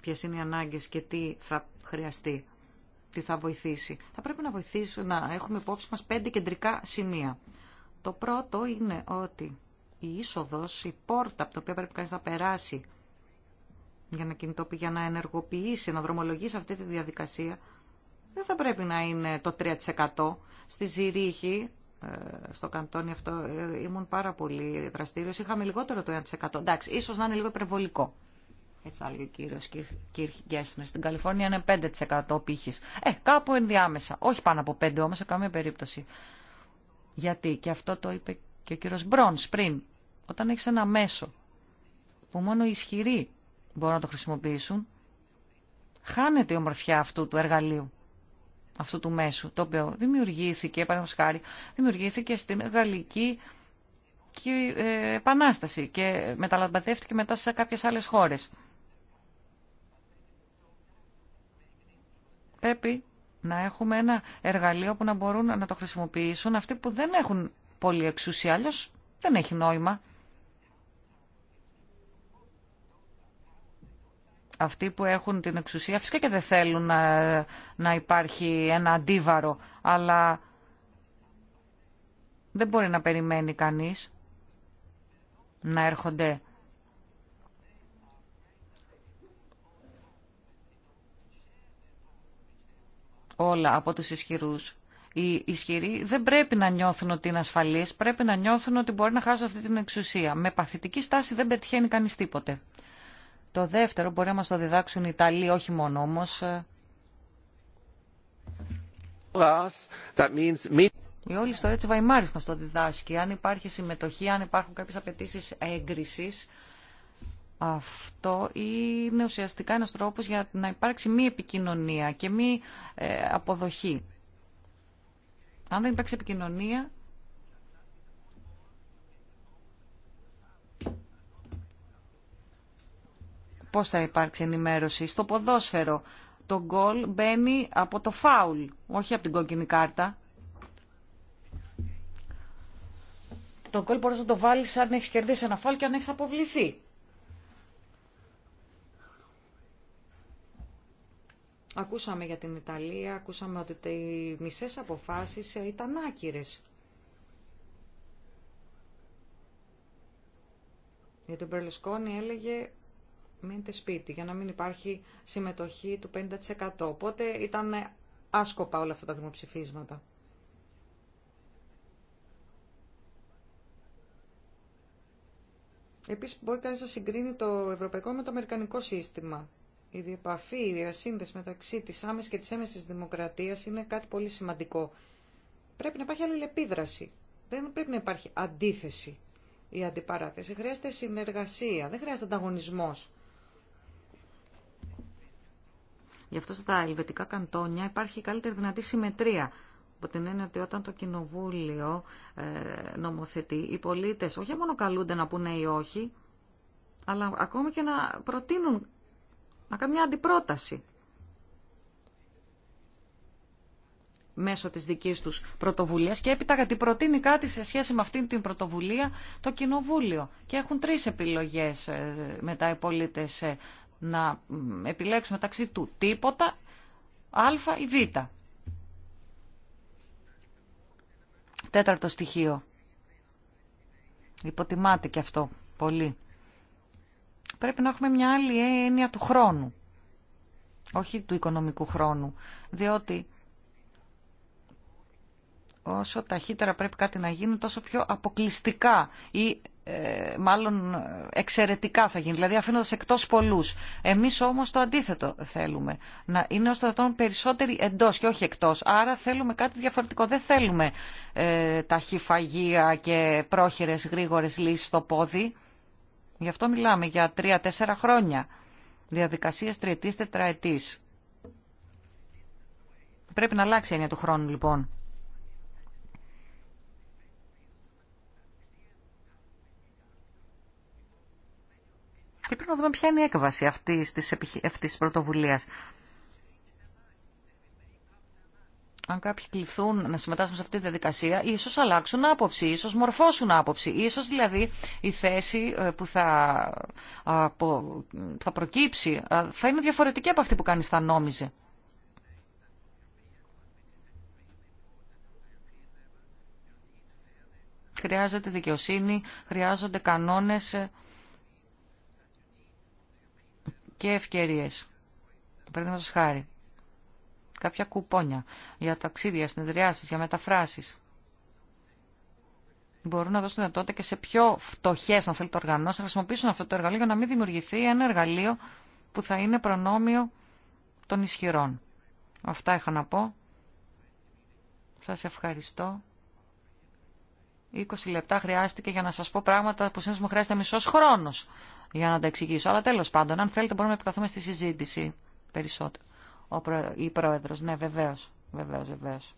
ποιες είναι οι ανάγκες και τι θα χρειαστεί, τι θα βοηθήσει. Θα πρέπει να βοηθήσουν να έχουμε υπόψη μας πέντε κεντρικά σημεία. Το πρώτο είναι ότι η είσοδος, η πόρτα από την οποία πρέπει κανείς να περάσει για να κινητοποιήσει, για να ενεργοποιήσει, να δρομολογήσει αυτή τη διαδικασία, δεν θα πρέπει να είναι το 3%. Στη Ζηρίχη, ε, στο καντόνι αυτό, ε, ήμουν πάρα πολύ δραστήριος, είχαμε λιγότερο το 1%. Εντάξει, ίσως να είναι λίγο υπερβολικό. Έτσι θα έλεγε ο κύριο Γκέσνερ. Στην Καλιφόρνια είναι 5% πύχη. Ε, κάπου ενδιάμεσα. Όχι πάνω από 5 όμω, σε καμία περίπτωση. Γιατί, και αυτό το είπε και ο κύριο Μπρόν πριν. Όταν έχεις ένα μέσο που μόνο οι ισχυροί μπορούν να το χρησιμοποιήσουν, χάνεται η ομορφιά αυτού του εργαλείου, αυτού του μέσου, το οποίο δημιουργήθηκε, χάρη, δημιουργήθηκε στην γαλλική και ε, επανάσταση και μεταλαμπατεύτηκε μετά σε κάποιες άλλες χώρες. Πρέπει να έχουμε ένα εργαλείο που να μπορούν να το χρησιμοποιήσουν αυτοί που δεν έχουν πολύ εξουσία, αλλιώς δεν έχει νόημα. αυτοί που έχουν την εξουσία φυσικά και δεν θέλουν να, υπάρχει ένα αντίβαρο, αλλά δεν μπορεί να περιμένει κανείς να έρχονται όλα από τους ισχυρούς. Οι ισχυροί δεν πρέπει να νιώθουν ότι είναι ασφαλείς, πρέπει να νιώθουν ότι μπορεί να χάσουν αυτή την εξουσία. Με παθητική στάση δεν πετυχαίνει κανείς τίποτε. Το δεύτερο μπορεί να μας το διδάξουν οι Ιταλοί, όχι μόνο όμως. Η όλη ιστορία της Βαϊμάρης μας το διδάσκει. Αν υπάρχει συμμετοχή, αν υπάρχουν κάποιες απαιτήσει έγκρισης, αυτό είναι ουσιαστικά ένας τρόπος για να υπάρξει μη επικοινωνία και μη ε, αποδοχή. Αν δεν υπάρξει επικοινωνία, πώς θα υπάρξει ενημέρωση. Στο ποδόσφαιρο το γκολ μπαίνει από το φάουλ, όχι από την κόκκινη κάρτα. Το γκολ μπορείς να το βάλεις αν έχεις κερδίσει ένα φάουλ και αν έχεις αποβληθεί. Ακούσαμε για την Ιταλία, ακούσαμε ότι οι μισές αποφάσεις ε, ήταν άκυρες. Για τον Περλουσκόνη έλεγε μείνετε σπίτι για να μην υπάρχει συμμετοχή του 50%. Οπότε ήταν άσκοπα όλα αυτά τα δημοψηφίσματα. Επίσης μπορεί κανείς να συγκρίνει το ευρωπαϊκό με το αμερικανικό σύστημα. Η διαπαφή, η διασύνδεση μεταξύ της άμεσης και της έμεσης δημοκρατίας είναι κάτι πολύ σημαντικό. Πρέπει να υπάρχει αλληλεπίδραση. Δεν πρέπει να υπάρχει αντίθεση η αντιπαράθεση. Χρειάζεται συνεργασία, δεν χρειάζεται ανταγωνισμός. Γι' αυτό στα ελβετικά καντόνια υπάρχει η καλύτερη δυνατή συμμετρία. Από την έννοια ότι όταν το κοινοβούλιο ε, νομοθετεί, οι πολίτε όχι μόνο καλούνται να πούνε ή όχι, αλλά ακόμη και να προτείνουν, να κάνουν μια αντιπρόταση. μέσω της δικής τους πρωτοβουλίας και έπειτα γιατί προτείνει κάτι σε σχέση με αυτήν την πρωτοβουλία το Κοινοβούλιο. Και έχουν τρεις επιλογές ε, μετά οι πολίτες ε, να επιλέξουμε μεταξύ του τίποτα, α ή β. Τέταρτο στοιχείο. Υποτιμάται και αυτό πολύ. Πρέπει να έχουμε μια άλλη έννοια του χρόνου. Όχι του οικονομικού χρόνου. Διότι όσο ταχύτερα πρέπει κάτι να γίνει, τόσο πιο αποκλειστικά ή ε, μάλλον εξαιρετικά θα γίνει, δηλαδή αφήνοντα εκτό πολλού. Εμείς όμως το αντίθετο θέλουμε, να είναι ω το δυνατόν περισσότεροι εντός και όχι εκτός. Άρα θέλουμε κάτι διαφορετικό. Δεν θέλουμε ε, ταχυφαγία και πρόχειρε γρήγορε λύσει στο πόδι. Γι' αυτό μιλάμε για τρία-τέσσερα χρόνια. Διαδικασίε τριετή, τετραετή. Πρέπει να αλλάξει η έννοια του χρόνου λοιπόν. Και πρέπει να δούμε ποια είναι η έκβαση αυτή της, αυτής της πρωτοβουλίας. Αν κάποιοι κληθούν να συμμετάσχουν σε αυτή τη διαδικασία, ίσως αλλάξουν άποψη, ίσω μορφώσουν άποψη, ίσως δηλαδή η θέση ε, που θα, θα προκύψει θα είναι διαφορετική από αυτή που κανεί θα νόμιζε. Χρειάζεται δικαιοσύνη, χρειάζονται κανόνες ε, και ευκαιρίες. Παραδείγματο χάρη. Κάποια κουπόνια για ταξίδια, συνεδριάσεις, για μεταφράσεις. Μπορούν να δώσουν δυνατότητα και σε πιο φτωχέ, αν θέλετε, οργανώσει να χρησιμοποιήσουν αυτό το εργαλείο για να μην δημιουργηθεί ένα εργαλείο που θα είναι προνόμιο των ισχυρών. Αυτά είχα να πω. Σας ευχαριστώ. 20 λεπτά χρειάστηκε για να σας πω πράγματα που συνήθως μου χρειάζεται μισός χρόνος για να τα εξηγήσω. Αλλά τέλος πάντων, αν θέλετε μπορούμε να επεκταθούμε στη συζήτηση περισσότερο. Ο προ... Η πρόεδρος, ναι βεβαίως, βεβαίως, βεβαίως.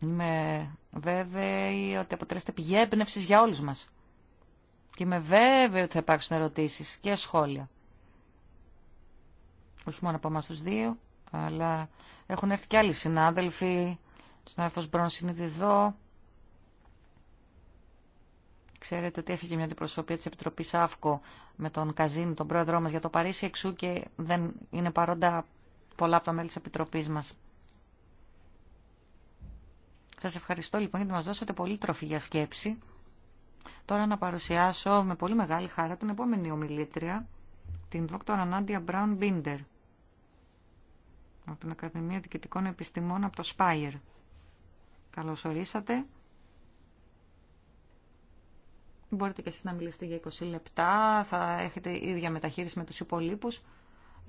Είμαι βέβαιη ότι αποτελέσετε πηγή έμπνευση για όλους μας. Και είμαι βέβαιη ότι θα υπάρξουν ερωτήσεις και σχόλια. Όχι μόνο από εμάς τους δύο, αλλά έχουν έρθει και άλλοι συνάδελφοι. Συνάδελφος Μπρόνς είναι εδώ. Ξέρετε ότι έφυγε μια αντιπροσωπεία τη Επιτροπή ΑΦΚΟ με τον Καζίνη, τον πρόεδρό μα, για το Παρίσι εξού και δεν είναι παρόντα πολλά από τα μέλη τη Επιτροπή μα. Σα ευχαριστώ λοιπόν γιατί μα δώσατε πολύ τροφή για σκέψη. Τώρα να παρουσιάσω με πολύ μεγάλη χαρά την επόμενη ομιλήτρια, την δόκτωρα Νάντια Μπράουν Μπίντερ από την Ακαδημία Διοικητικών Επιστημών από το Σπάιερ. Καλώς ορίσατε. Μπορείτε και εσείς να μιλήσετε για 20 λεπτά, θα έχετε ίδια μεταχείριση με τους υπολείπους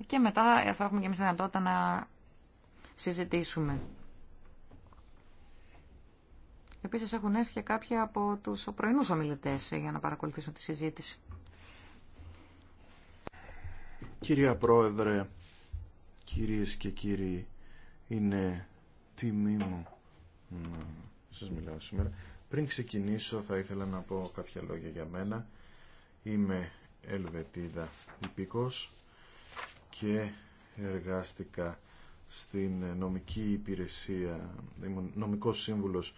και μετά θα έχουμε και εμείς δυνατότητα να συζητήσουμε. Επίσης έχουν έρθει και κάποιοι από τους πρωινούς ομιλητές για να παρακολουθήσουν τη συζήτηση. Κυρία Πρόεδρε, κυρίες και κύριοι, είναι τιμή μου να σας μιλάω σήμερα. Πριν ξεκινήσω θα ήθελα να πω κάποια λόγια για μένα. Είμαι Ελβετίδα υπήκος και εργάστηκα στην νομική υπηρεσία, ήμουν νομικός σύμβουλος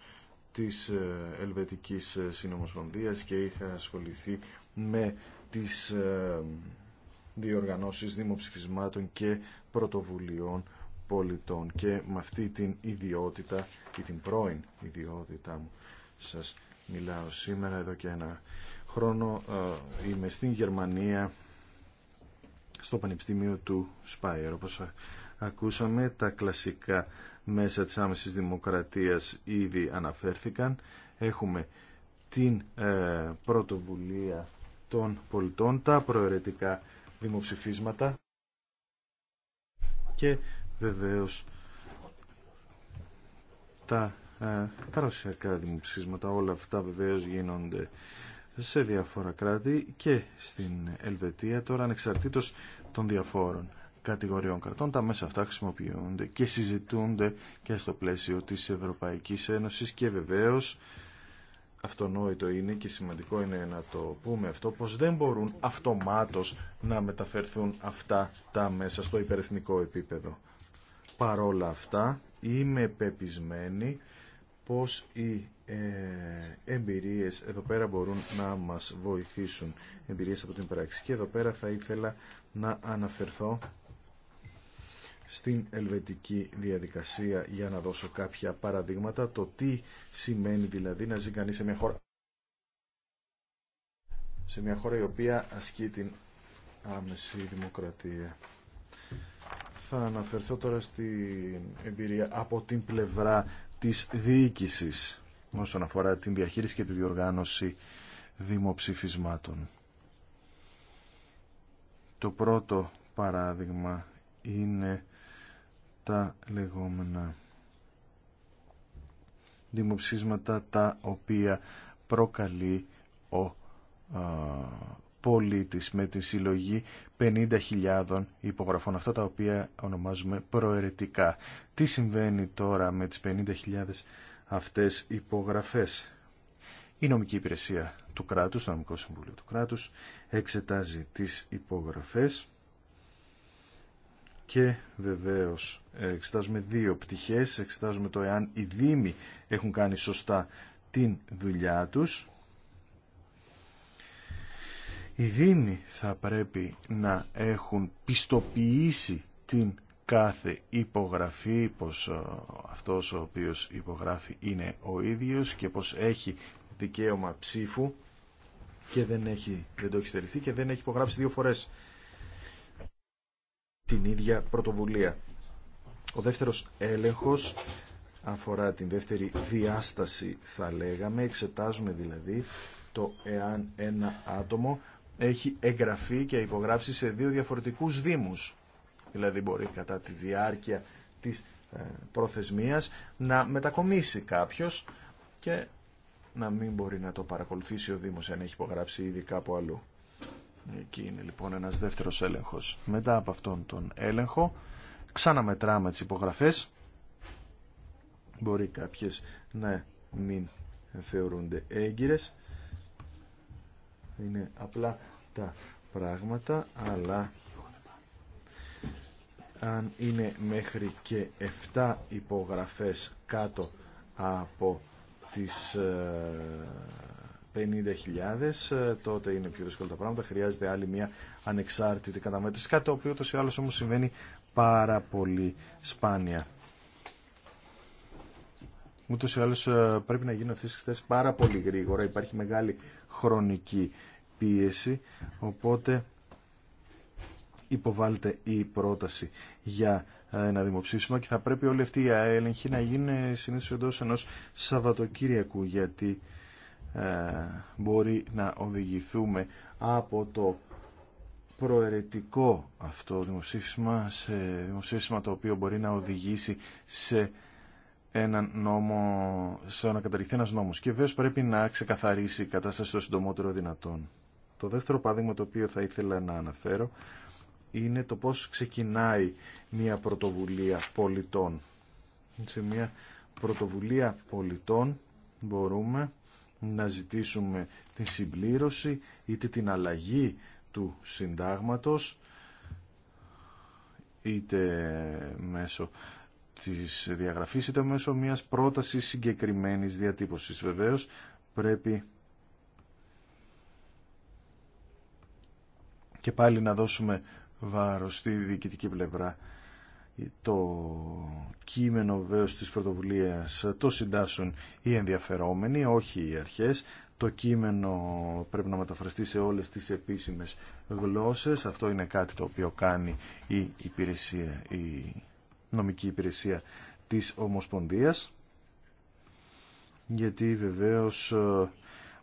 της ε, Ελβετικής ε, Συνομοσπονδίας και είχα ασχοληθεί με τις ε, διοργανώσεις δημοψηφισμάτων και πρωτοβουλειών πολιτών και με αυτή την ιδιότητα ή την πρώην ιδιότητά μου σας μιλάω σήμερα εδώ και ένα χρόνο ε, είμαι στην Γερμανία στο Πανεπιστήμιο του Σπάιερ όπως ακούσαμε τα κλασικά μέσα της άμεσης δημοκρατίας ήδη αναφέρθηκαν έχουμε την ε, πρωτοβουλία των πολιτών τα προαιρετικά δημοψηφίσματα και βεβαίως τα ε, παραδοσιακά δημοψήφισματα. Όλα αυτά βεβαίως γίνονται σε διάφορα κράτη και στην Ελβετία τώρα ανεξαρτήτως των διαφόρων κατηγοριών κρατών. Τα μέσα αυτά χρησιμοποιούνται και συζητούνται και στο πλαίσιο της Ευρωπαϊκής Ένωσης και βεβαίως αυτονόητο είναι και σημαντικό είναι να το πούμε αυτό πως δεν μπορούν αυτομάτως να μεταφερθούν αυτά τα μέσα στο υπερεθνικό επίπεδο. Παρόλα αυτά είμαι πεπισμένη πώς οι ε, εμπειρίες εδώ πέρα μπορούν να μας βοηθήσουν. Εμπειρίες από την πράξη. Και εδώ πέρα θα ήθελα να αναφερθώ στην ελβετική διαδικασία για να δώσω κάποια παραδείγματα το τι σημαίνει δηλαδή να ζει κανείς σε μια χώρα σε μια χώρα η οποία ασκεί την άμεση δημοκρατία. Θα αναφερθώ τώρα στην εμπειρία από την πλευρά της διοίκησης όσον αφορά την διαχείριση και τη διοργάνωση δημοψηφισμάτων. Το πρώτο παράδειγμα είναι τα λεγόμενα δημοψίσματα τα οποία προκαλεί ο πολίτης με τη συλλογή 50.000 υπογραφών, αυτά τα οποία ονομάζουμε προαιρετικά. Τι συμβαίνει τώρα με τις 50.000 αυτές υπογραφές. Η νομική υπηρεσία του κράτους, το νομικό συμβούλιο του κράτους, εξετάζει τις υπογραφές και βεβαίως εξετάζουμε δύο πτυχές, εξετάζουμε το εάν οι Δήμοι έχουν κάνει σωστά την δουλειά τους οι Δήμοι θα πρέπει να έχουν πιστοποιήσει την κάθε υπογραφή, πως ε, αυτός ο οποίος υπογράφει είναι ο ίδιος και πως έχει δικαίωμα ψήφου και δεν, έχει, δεν το έχει στερηθεί και δεν έχει υπογράψει δύο φορές την ίδια πρωτοβουλία. Ο δεύτερος έλεγχος αφορά την δεύτερη διάσταση θα λέγαμε, εξετάζουμε δηλαδή το εάν ένα άτομο έχει εγγραφεί και υπογράψει σε δύο διαφορετικούς δήμους. Δηλαδή μπορεί κατά τη διάρκεια της ε, προθεσμίας να μετακομίσει κάποιος και να μην μπορεί να το παρακολουθήσει ο Δήμος αν έχει υπογράψει ήδη κάπου αλλού. Εκεί είναι λοιπόν ένας δεύτερος έλεγχος. Μετά από αυτόν τον έλεγχο ξαναμετράμε τις υπογραφές. Μπορεί κάποιες να μην θεωρούνται έγκυρες είναι απλά τα πράγματα, αλλά αν είναι μέχρι και 7 υπογραφές κάτω από τις 50.000 ε, ε, τότε είναι πιο δύσκολα τα πράγματα χρειάζεται άλλη μια ανεξάρτητη καταμέτρηση κάτι το οποίο ούτως ή άλλως όμως συμβαίνει πάρα πολύ σπάνια ούτως ή άλλως ε, πρέπει να γίνουν αυτές τις χθες πάρα πολύ γρήγορα υπάρχει μεγάλη χρονική πίεση, οπότε υποβάλλεται η πρόταση για ε, ένα δημοψήφισμα και θα πρέπει όλη αυτή η έλεγχη να γίνει συνήθως εντό ενός Σαββατοκύριακου γιατί ε, μπορεί να οδηγηθούμε από το προαιρετικό αυτό δημοψήφισμα σε δημοψήφισμα το οποίο μπορεί να οδηγήσει σε έναν νόμο, σε να καταληφθεί ένα νόμο. Και βέβαια πρέπει να ξεκαθαρίσει η κατάσταση το συντομότερο δυνατόν. Το δεύτερο παράδειγμα το οποίο θα ήθελα να αναφέρω είναι το πώς ξεκινάει μια πρωτοβουλία πολιτών. Σε μια πρωτοβουλία πολιτών μπορούμε να ζητήσουμε την συμπλήρωση είτε την αλλαγή του συντάγματος είτε μέσω της διαγραφής είτε μέσω μιας πρότασης συγκεκριμένης διατύπωσης. Βεβαίως πρέπει και πάλι να δώσουμε βάρος στη διοικητική πλευρά το κείμενο βεβαίως της πρωτοβουλίας το συντάσσουν οι ενδιαφερόμενοι, όχι οι αρχές. Το κείμενο πρέπει να μεταφραστεί σε όλες τις επίσημες γλώσσες. Αυτό είναι κάτι το οποίο κάνει η υπηρεσία, η νομική υπηρεσία της Ομοσπονδίας γιατί βεβαίως ε,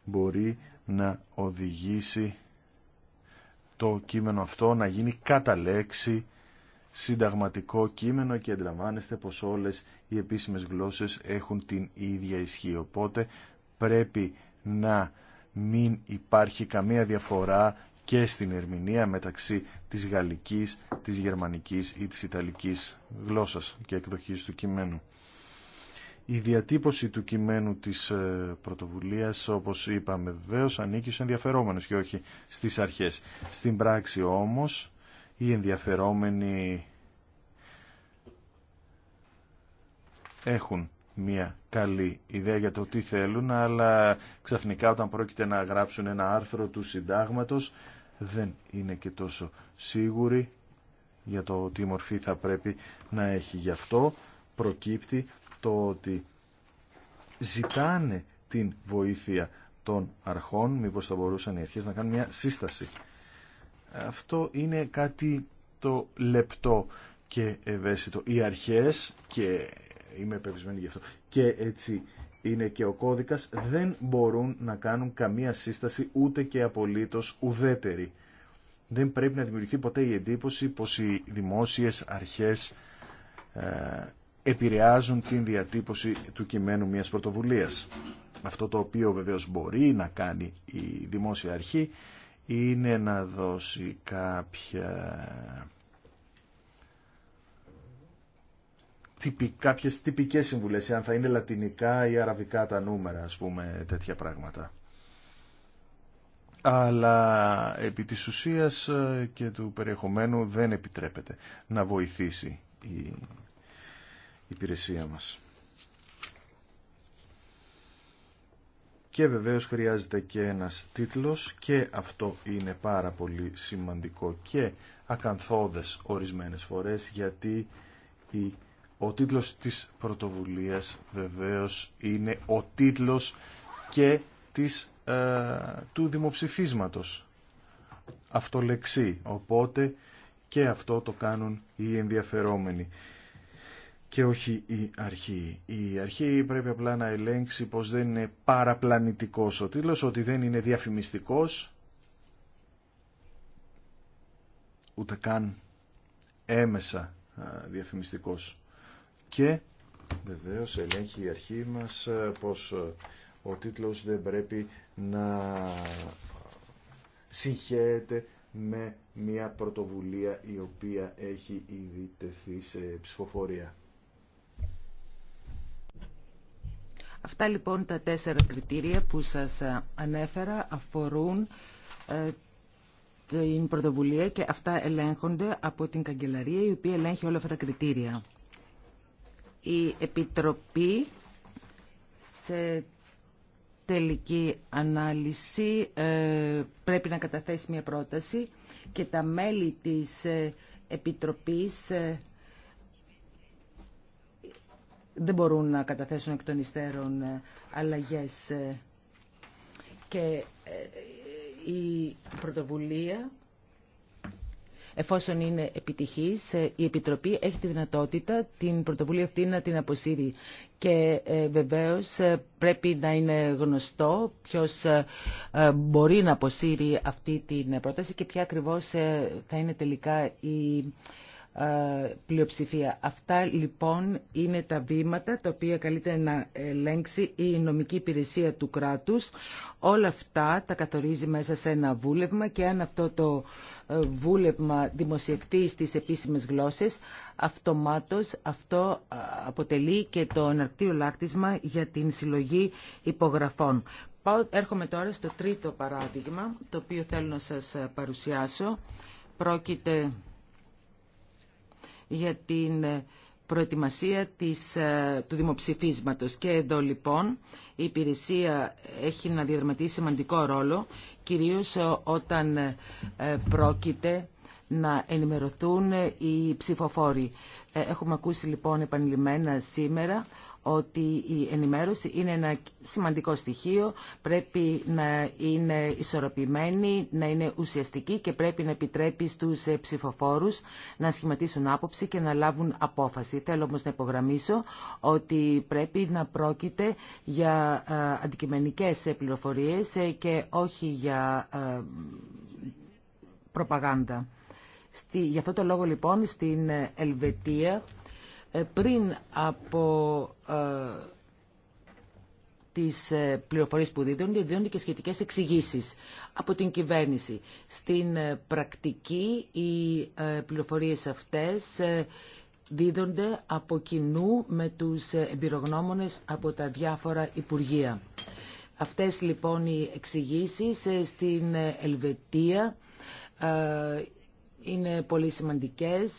μπορεί να οδηγήσει το κείμενο αυτό να γίνει κατά λέξη συνταγματικό κείμενο και αντιλαμβάνεστε πως όλες οι επίσημες γλώσσες έχουν την ίδια ισχύ. Οπότε πρέπει να μην υπάρχει καμία διαφορά και στην ερμηνεία μεταξύ της γαλλικής, της γερμανικής ή της ιταλικής γλώσσας και εκδοχής του κειμένου. Η διατύπωση του κειμένου της ε, πρωτοβουλίας, όπως είπαμε βεβαίω, ανήκει στους ενδιαφερόμενους και όχι στις αρχές. Στην πράξη όμως, οι ενδιαφερόμενοι έχουν μια καλή ιδέα για το τι θέλουν, αλλά ξαφνικά όταν πρόκειται να γράψουν ένα άρθρο του συντάγματος δεν είναι και τόσο σίγουροι για το τι μορφή θα πρέπει να έχει. Γι' αυτό προκύπτει το ότι ζητάνε την βοήθεια των αρχών, μήπως θα μπορούσαν οι αρχές να κάνουν μια σύσταση. Αυτό είναι κάτι το λεπτό και ευαίσθητο. Οι αρχές και είμαι επευσμένη γι' αυτό. Και έτσι είναι και ο κώδικας, δεν μπορούν να κάνουν καμία σύσταση ούτε και απολύτως ουδέτερη. Δεν πρέπει να δημιουργηθεί ποτέ η εντύπωση πως οι δημόσιες αρχές ε, επηρεάζουν την διατύπωση του κειμένου μιας πρωτοβουλίας. Αυτό το οποίο βεβαίως μπορεί να κάνει η δημόσια αρχή είναι να δώσει κάποια τυπικά κάποιες τυπικές συμβουλές, αν θα είναι λατινικά ή αραβικά τα νούμερα, ας πούμε, τέτοια πράγματα. Αλλά επί της ουσίας ε, και του περιεχομένου δεν επιτρέπεται να βοηθήσει η υπηρεσία μας. Και βεβαίως χρειάζεται και ένας τίτλος και αυτό είναι πάρα πολύ σημαντικό και ακαθόδες ορισμένες φορές γιατί η ο τίτλος της πρωτοβουλίας βεβαίως είναι ο τίτλος και της, ε, του δημοψηφίσματος. Αυτολεξή. Οπότε και αυτό το κάνουν οι ενδιαφερόμενοι και όχι η αρχή. Η αρχή πρέπει απλά να ελέγξει πως δεν είναι παραπλανητικός ο τίτλος, ότι δεν είναι διαφημιστικός, ούτε καν έμεσα ε, διαφημιστικός και βεβαίως ελέγχει η αρχή μας ε, πως ε, ο τίτλος δεν πρέπει να συγχαίεται με μια πρωτοβουλία η οποία έχει ήδη τεθεί σε ψηφοφορία. Αυτά λοιπόν τα τέσσερα κριτήρια που σας ε, ανέφερα αφορούν την πρωτοβουλία και αυτά ελέγχονται από την καγκελαρία η οποία ελέγχει όλα αυτά τα κριτήρια η Επιτροπή σε τελική ανάλυση ε, πρέπει να καταθέσει μια πρόταση και τα μέλη της ε, Επιτροπής ε, δεν μπορούν να καταθέσουν εκ των υστέρων αλλαγές και η πρωτοβουλία Εφόσον είναι επιτυχής, ε, η Επιτροπή έχει τη δυνατότητα την πρωτοβουλία αυτή να την αποσύρει. Και ε, βεβαίως ε, πρέπει να είναι γνωστό ποιος μπορεί να αποσύρει αυτή την πρόταση και ποια ακριβώς θα είναι τελικά η ε, πλειοψηφία. Αυτά λοιπόν είναι τα βήματα τα οποία καλείται να ελέγξει η νομική υπηρεσία του κράτους. Όλα αυτά τα καθορίζει μέσα σε ένα βούλευμα και αν αυτό το ε, βούλευμα δημοσιευτεί στις επίσημες γλώσσες, αυτομάτως αυτό ε, αποτελεί και το εναρκτήριο λάκτισμα για την συλλογή υπογραφών. Έρχομαι τώρα στο τρίτο παράδειγμα, το οποίο θέλω να σας παρουσιάσω. Πρόκειται για την ε, προετοιμασία της, ε, του δημοψηφίσματος. Και εδώ λοιπόν η υπηρεσία έχει να διαδραματίσει σημαντικό ρόλο, κυρίως ε, όταν πρόκειται να ενημερωθούν οι ψηφοφόροι. Έχουμε ακούσει λοιπόν επανειλημμένα σήμερα ότι η ενημέρωση είναι ένα σημαντικό στοιχείο, πρέπει να είναι ισορροπημένη, να είναι ουσιαστική και πρέπει να επιτρέπει στους ε, ψηφοφόρους να σχηματίσουν άποψη και να λάβουν απόφαση. Θέλω όμως να υπογραμμίσω ότι πρέπει να πρόκειται για ε, αντικειμενικές ε, πληροφορίες και όχι για προπαγάνδα. Γι' αυτό το λόγο λοιπόν στην Ελβετία ε, πριν από ε, τις ε, πληροφορίες που δίδονται, δίνονται και σχετικές εξηγήσεις από την κυβέρνηση. Στην πρακτική οι πληροφορίες αυτές δίδονται από κοινού με τους εμπειρογνώμονες από τα διάφορα Υπουργεία. Αυτές λοιπόν οι εξηγήσει στην Ελβετία είναι πολύ σημαντικές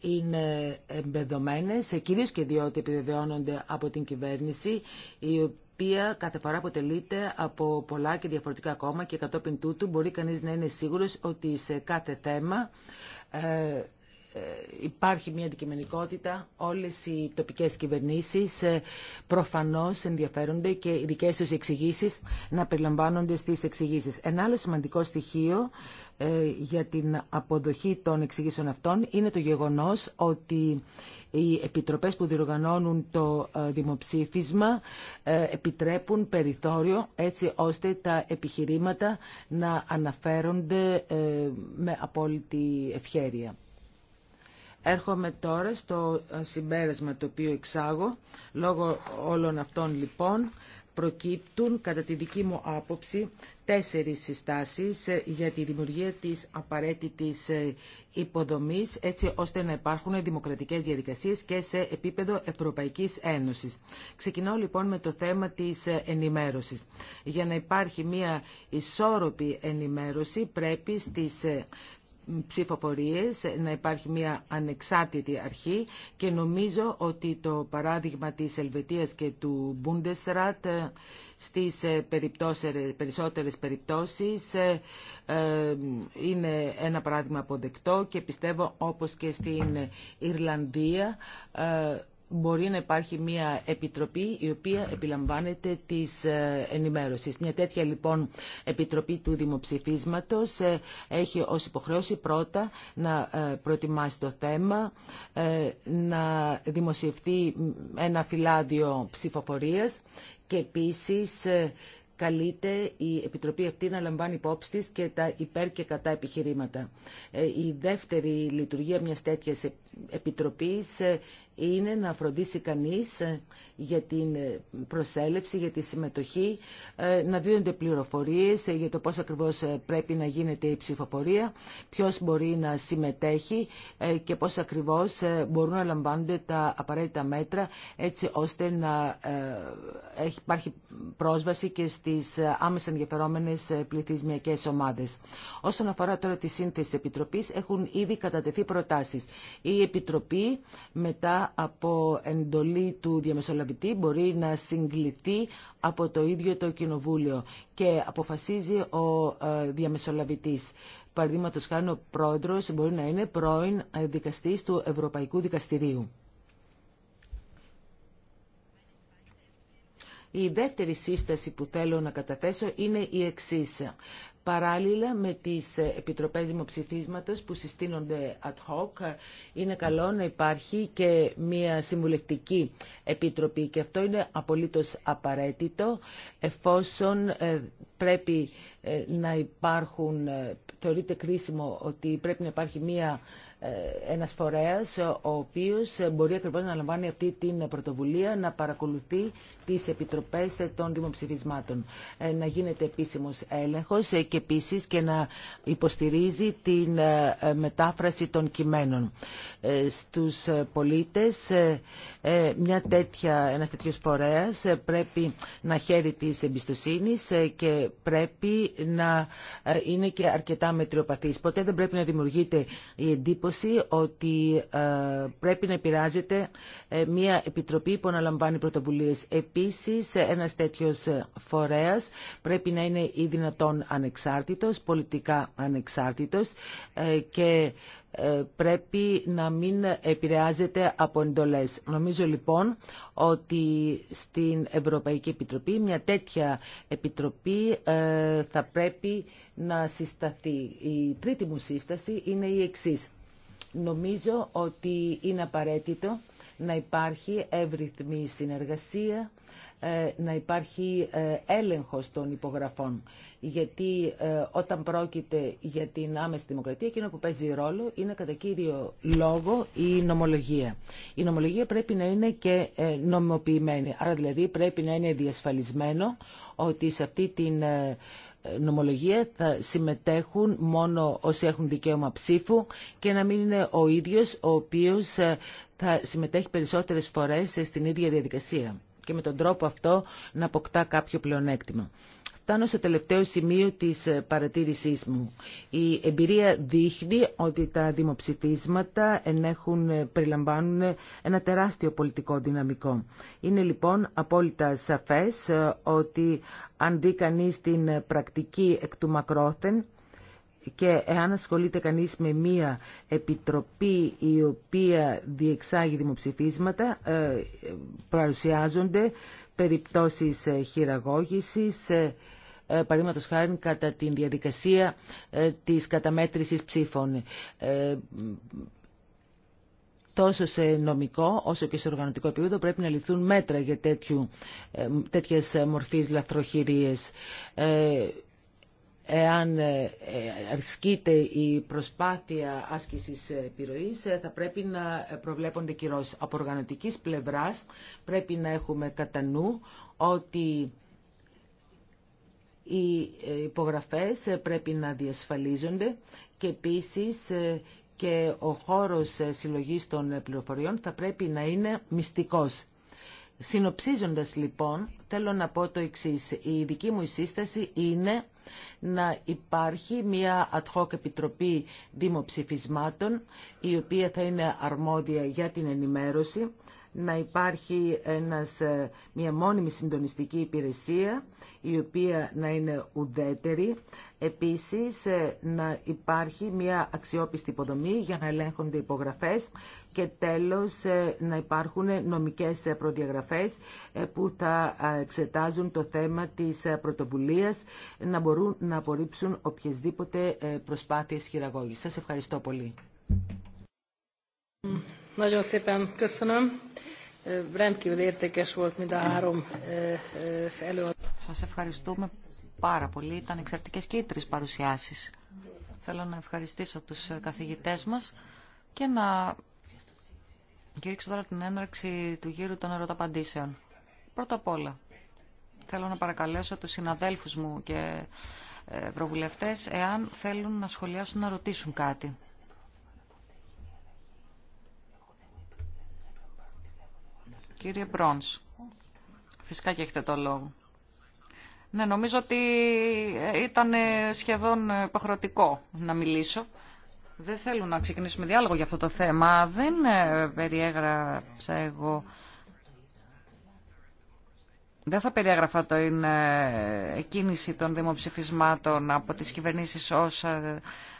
είναι εμπεδομένες, κυρίως και διότι επιβεβαιώνονται από την κυβέρνηση, η οποία κάθε φορά αποτελείται από πολλά και διαφορετικά κόμματα και κατόπιν τούτου μπορεί κανείς να είναι σίγουρος ότι σε κάθε θέμα ε, ε υπάρχει μια αντικειμενικότητα, όλες οι τοπικές κυβερνήσεις ε, προφανώς ενδιαφέρονται και οι δικές τους εξηγήσεις να περιλαμβάνονται στις εξηγήσεις. Ένα άλλο σημαντικό στοιχείο ε, για την αποδοχή των εξηγήσεων αυτών είναι το γεγονός ότι οι επιτροπές που διοργανώνουν το ε, δημοψήφισμα ε, επιτρέπουν περιθώριο έτσι ώστε τα επιχειρήματα να αναφέρονται με απόλυτη ευχέρεια. Έρχομαι τώρα στο συμπέρασμα το οποίο εξάγω. Λόγω όλων αυτών λοιπόν προκύπτουν κατά τη δική μου άποψη τέσσερις συστάσεις ε, για τη δημιουργία της απαραίτητης ε, υποδομής έτσι ώστε να υπάρχουν δημοκρατικές διαδικασίες και σε επίπεδο Ευρωπαϊκής Ένωσης. Ξεκινάω λοιπόν με το θέμα της ε, ενημέρωσης. Για να υπάρχει μια ισόρροπη ενημέρωση πρέπει στις ψηφοφορίες, να υπάρχει μια ανεξάρτητη αρχή και νομίζω ότι το παράδειγμα της Ελβετίας και του Bundesrat ε, στις ε, περισσότερες περιπτώσεις ε, είναι ένα παράδειγμα αποδεκτό και πιστεύω όπως και στην Ιρλανδία μπορεί να υπάρχει μια επιτροπή η οποία επιλαμβάνεται της ε, ενημέρωσης. Μια τέτοια λοιπόν επιτροπή του δημοψηφίσματος ε, έχει ως υποχρέωση πρώτα να ε, προετοιμάσει το θέμα, να δημοσιευτεί ένα φυλάδιο ψηφοφορίας και επίσης καλείται η Επιτροπή αυτή να λαμβάνει υπόψη της και τα υπέρ και κατά επιχειρήματα. Η δεύτερη λειτουργία μιας τέτοιας Επιτροπής είναι να φροντίσει κανείς ε, για την ε, προσέλευση, για τη συμμετοχή, ε, να δίνονται πληροφορίες για το πώς ακριβώς πρέπει να γίνεται η ψηφοφορία, ποιος μπορεί να συμμετέχει και πώς ακριβώς μπορούν να λαμβάνονται τα απαραίτητα μέτρα έτσι ώστε να υπάρχει πρόσβαση και στις άμεσα ενδιαφερόμενες πληθυσμιακές ομάδες. Όσον αφορά τώρα τη σύνθεση της Επιτροπής, έχουν ήδη κατατεθεί προτάσεις. Η Επιτροπή μετά από εντολή του διαμεσολαβητή μπορεί να συγκληθεί από το ίδιο το Κοινοβούλιο και αποφασίζει ο ε, διαμεσολαβητής. Παραδείγματος χάρη ο πρόεδρος μπορεί να είναι πρώην ε, δικαστής του Ευρωπαϊκού Δικαστηρίου. Η δεύτερη σύσταση που θέλω να καταθέσω είναι η εξής παράλληλα με τις ε, επιτροπές δημοψηφίσματος που συστήνονται ad hoc, είναι καλό να υπάρχει και μια συμβουλευτική επιτροπή και αυτό είναι απολύτως απαραίτητο εφόσον ε, πρέπει ε, να υπάρχουν, θεωρείται κρίσιμο ότι πρέπει να υπάρχει μια ένας φορέας ο οποίος μπορεί ακριβώς να λαμβάνει αυτή την πρωτοβουλία να παρακολουθεί τις επιτροπές των δημοψηφισμάτων. Ε, να γίνεται επίσημος έλεγχος ε, και επίσης και να υποστηρίζει την ε, μετάφραση των κειμένων. Στους πολίτες μια τέτοια, ένας τέτοιος φορέας πρέπει να χαίρει της εμπιστοσύνης και πρέπει να είναι και αρκετά μετριοπαθής. Ποτέ δεν πρέπει να δημιουργείται η εντύπωση ότι πρέπει να επηρεάζεται μια επιτροπή που αναλαμβάνει πρωτοβουλίες. Επίσης, ένας τέτοιος φορέας πρέπει να είναι ή δυνατόν ανεξάρτητος, πολιτικά ανεξάρτητος ε, και ε, πρέπει να μην επηρεάζεται από εντολές. Νομίζω λοιπόν ότι στην Ευρωπαϊκή Επιτροπή μια τέτοια επιτροπή ε, θα πρέπει να συσταθεί. Η τρίτη μου σύσταση είναι η εξής. Νομίζω ότι είναι απαραίτητο να υπάρχει εύρυθμη συνεργασία, ε, να υπάρχει ε, έλεγχος των υπογραφών. Γιατί ε, όταν πρόκειται για την άμεση δημοκρατία, εκείνο που παίζει ρόλο είναι κατά κύριο λόγο η νομολογία. Η νομολογία πρέπει να είναι και νομιμοποιημένη. Άρα δηλαδή πρέπει να είναι διασφαλισμένο ότι σε αυτή την νομολογία θα συμμετέχουν μόνο όσοι έχουν δικαίωμα ψήφου και να μην είναι ο ίδιος ο οποίος ε, θα συμμετέχει περισσότερες φορές στην ίδια διαδικασία και με τον τρόπο αυτό να αποκτά κάποιο πλεονέκτημα. Φτάνω στο τελευταίο σημείο της ε, παρατήρησής μου. Η εμπειρία δείχνει ότι τα δημοψηφίσματα ενέχουν, ε, περιλαμβάνουν ε, ένα τεράστιο πολιτικό δυναμικό. Είναι λοιπόν απόλυτα σαφές ότι αν δει κανεί την πρακτική εκ του μακρόθεν, και εάν ασχολείται κανείς με μία επιτροπή η οποία διεξάγει δημοψηφίσματα, παρουσιάζονται περιπτώσεις χειραγώγησης, ε, παραδείγματος χάρη κατά τη διαδικασία ε, της καταμέτρησης ψήφων ε, τόσο σε νομικό όσο και σε οργανωτικό επίπεδο πρέπει να ληφθούν μέτρα για τέτοιου, τέτοιες μορφής λαθροχειρίες. Εάν ασκείται η προσπάθεια άσκησης επιρροής, θα πρέπει να προβλέπονται κυρώσεις. Από οργανωτικής πλευράς πρέπει να έχουμε κατά νου ότι οι ε, υπογραφές ε, πρέπει να διασφαλίζονται και επίσης ε, και ο χώρος συλλογής των πληροφοριών θα πρέπει να είναι μυστικός. Συνοψίζοντας λοιπόν, θέλω να πω το εξής. Η δική μου σύσταση είναι να υπάρχει μια ad hoc επιτροπή δημοψηφισμάτων, η οποία θα είναι αρμόδια για την ενημέρωση να υπάρχει ένας, ε, μια μόνιμη συντονιστική υπηρεσία η οποία να είναι ουδέτερη. Επίσης ε, να υπάρχει μια αξιόπιστη υποδομή για να ελέγχονται υπογραφές και τέλος ε, να υπάρχουν νομικές προδιαγραφές που θα εξετάζουν το θέμα της πρωτοβουλίας να μπορούν να απορρίψουν οποιασδήποτε προσπάθειες χειραγώγησης. Σας ευχαριστώ πολύ. Nagyon szépen köszönöm. Rendkívül értékes volt mind három Σας ευχαριστούμε πάρα πολύ. Ήταν εξαιρετικές και οι παρουσιάσεις. Θέλω να ευχαριστήσω τους ε, καθηγητές μας και να κηρύξω τώρα την έναρξη του γύρου των ερωταπαντήσεων. Πρώτα απ' όλα, θέλω να παρακαλέσω τους συναδέλφους μου και ευρωβουλευτές εάν θέλουν να σχολιάσουν να ρωτήσουν κάτι. Κύριε Μπρόνς, φυσικά και έχετε το λόγο. Ναι, νομίζω ότι ε, ήταν ε, σχεδόν υποχρεωτικό να μιλήσω. Δεν θέλω να ξεκινήσουμε διάλογο για αυτό το θέμα. Δεν ε, περιέγραψα εγώ... Δεν θα περιέγραφα την κίνηση των δημοψηφισμάτων από τις κυβερνήσεις ως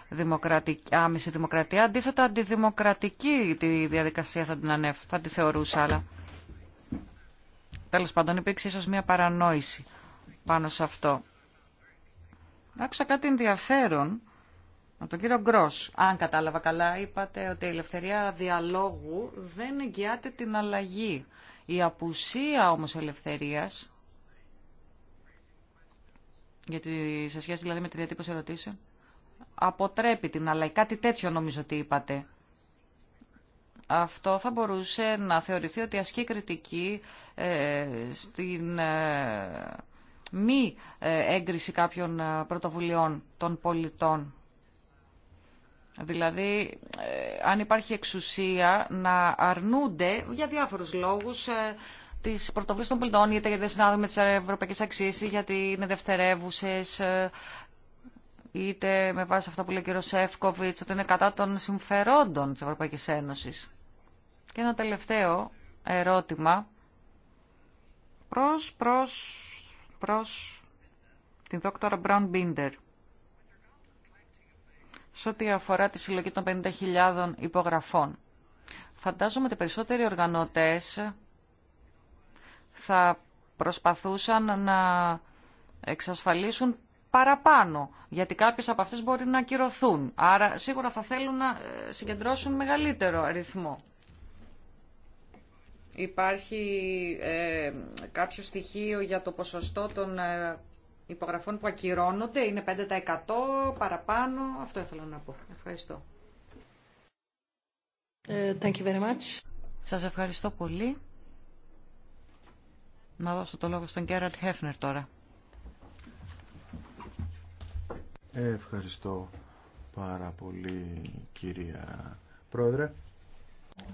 δημοκρατική, άμεση δημοκρατία. Αντίθετα, αντιδημοκρατική τη διαδικασία θα την, θα τη θεωρούσα, Τέλος πάντων, υπήρξε ίσω μια παρανόηση πάνω σε αυτό. Άκουσα κάτι ενδιαφέρον από τον κύριο Γκρό. Αν κατάλαβα καλά, είπατε ότι η ελευθερία διαλόγου δεν εγγυάται την αλλαγή. Η απουσία όμως ελευθερίας, γιατί σε σχέση δηλαδή με τη διατύπωση ερωτήσεων, αποτρέπει την αλλαγή. Κάτι τέτοιο νομίζω ότι είπατε αυτό θα μπορούσε να θεωρηθεί ότι ασκεί κριτική ε, στην ε, μη ε, έγκριση κάποιων πρωτοβουλειών των πολιτών. Δηλαδή, αν υπάρχει εξουσία να αρνούνται για διάφορους λόγους τις πρωτοβουλίες των πολιτών, είτε γιατί δεν συνάδουν με τις ευρωπαϊκές αξίε, γιατί είναι δευτερεύουσε, είτε με βάση αυτά που λέει ο κ. Σεύκοβιτς, ότι είναι κατά των συμφερόντων της Ευρωπαϊκής Ένωσης. Και ένα τελευταίο ερώτημα προς, προς, προς την δόκτωρα Μπράουν Μπίντερ. Σε ό,τι αφορά τη συλλογή των 50.000 υπογραφών. Φαντάζομαι ότι περισσότεροι οργανώτες θα προσπαθούσαν να εξασφαλίσουν παραπάνω, γιατί κάποιες από αυτές μπορεί να ακυρωθούν. Άρα σίγουρα θα θέλουν να ε, συγκεντρώσουν μεγαλύτερο αριθμό. Υπάρχει ε, κάποιο στοιχείο για το ποσοστό των ε, υπογραφών που ακυρώνονται. Είναι 5% παραπάνω. Αυτό ήθελα να πω. Ευχαριστώ. Ε, thank you very much. Σας ευχαριστώ πολύ. Να δώσω το λόγο στον Κέραντ Χέφνερ τώρα. Ευχαριστώ πάρα πολύ κυρία Πρόεδρε.